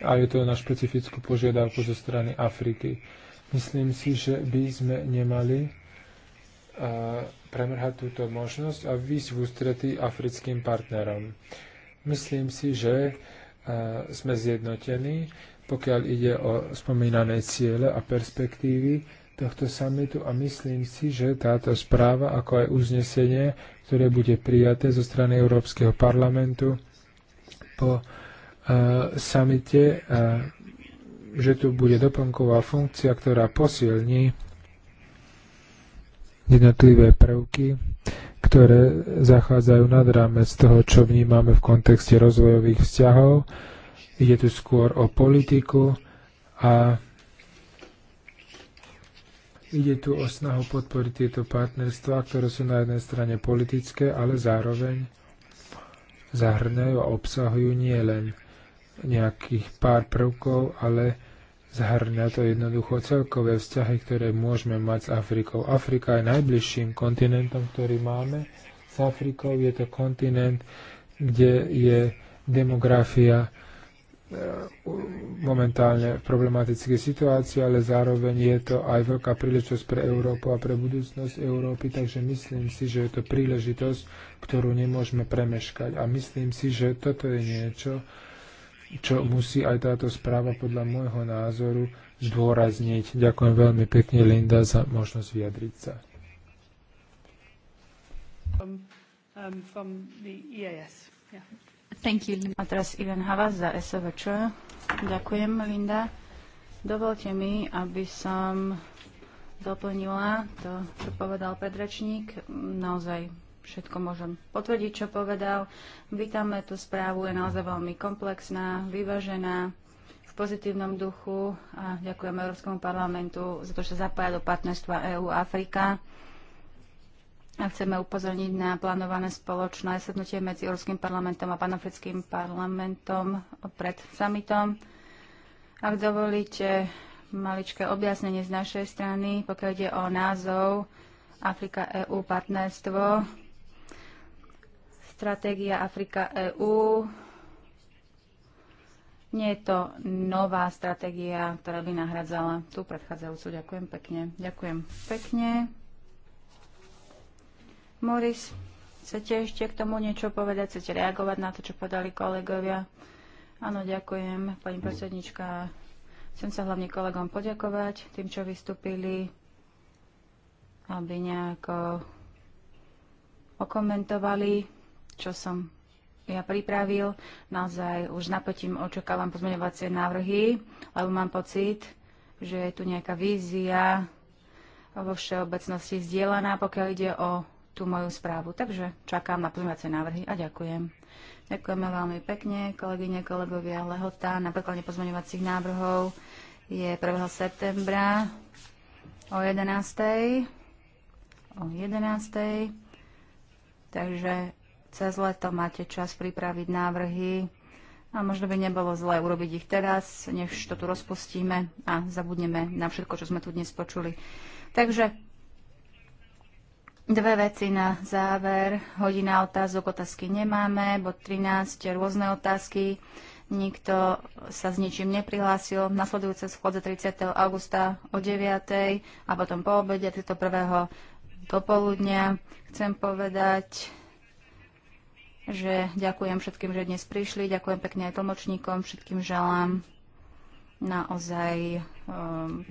B: a je to na špecifickú požiadavku zo strany Afriky. Myslím si, že by sme nemali premrhať túto možnosť a výsť v ústretí africkým partnerom. Myslím si, že sme zjednotení, pokiaľ ide o spomínané ciele a perspektívy tohto samitu a myslím si, že táto správa, ako aj uznesenie, ktoré bude prijaté zo strany Európskeho parlamentu po E, samite, e, že tu bude doplnková funkcia, ktorá posilní jednotlivé prvky, ktoré zachádzajú nad rámec toho, čo vnímame v kontexte rozvojových vzťahov. Ide tu skôr o politiku a ide tu o snahu podporiť tieto partnerstvá, ktoré sú na jednej strane politické, ale zároveň zahrňajú a obsahujú nielen nejakých pár prvkov, ale zahrňa to jednoducho celkové vzťahy, ktoré môžeme mať s Afrikou. Afrika je najbližším kontinentom, ktorý máme. S Afrikou je to kontinent, kde je demografia e, momentálne v problematickej situácii, ale zároveň je to aj veľká príležitosť pre Európu a pre budúcnosť Európy, takže myslím si, že je to príležitosť, ktorú nemôžeme premeškať. A myslím si, že toto je niečo, čo musí aj táto správa podľa môjho názoru zdôrazniť. Ďakujem veľmi pekne, Linda, za možnosť vyjadriť sa.
C: Um, um, from the EAS. Yeah.
D: Thank you. A teraz Ivan Havas za SVČ. Ďakujem, Linda. Dovolte mi, aby som doplnila to, čo povedal predračník. Naozaj všetko môžem potvrdiť, čo povedal. Vítame tú správu, je naozaj veľmi komplexná, vyvážená, v pozitívnom duchu a ďakujem Európskemu parlamentu za to, že zapája do partnerstva EU-Afrika. A chceme upozorniť na plánované spoločné sednutie medzi Európskym parlamentom a panafrickým parlamentom pred summitom. Ak dovolíte, maličké objasnenie z našej strany, pokiaľ ide o názov Afrika EU partnerstvo. Stratégia Afrika EU. Nie je to nová stratégia, ktorá by nahradzala tú predchádzajúcu. Ďakujem pekne. Ďakujem pekne. Moris, chcete ešte k tomu niečo povedať? Chcete reagovať na to, čo podali kolegovia? Áno, ďakujem, pani predsednička. Chcem sa hlavne kolegom poďakovať, tým, čo vystúpili, aby nejako okomentovali čo som ja pripravil. Naozaj už napätím očakávam pozmeňovacie návrhy, lebo mám pocit, že je tu nejaká vízia vo všeobecnosti zdieľaná, pokiaľ ide o tú moju správu. Takže čakám na pozmeňovacie návrhy a ďakujem. Ďakujeme veľmi pekne, kolegyne, kolegovia. Lehota na preklade pozmeňovacích návrhov je 1. septembra o 11. O 11. Takže cez leto máte čas pripraviť návrhy a možno by nebolo zlé urobiť ich teraz, než to tu rozpustíme a zabudneme na všetko, čo sme tu dnes počuli. Takže dve veci na záver. Hodina otázok, otázky nemáme, bod 13, rôzne otázky. Nikto sa s ničím neprihlásil. Nasledujúce schôdze 30. augusta o 9. a potom po obede 31. Teda dopoludnia. Chcem povedať, že ďakujem všetkým, že dnes prišli, ďakujem pekne aj tlmočníkom, všetkým želám naozaj um,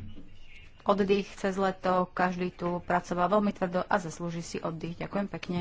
D: oddych cez leto. Každý tu pracoval veľmi tvrdo a zaslúži si oddych. Ďakujem pekne.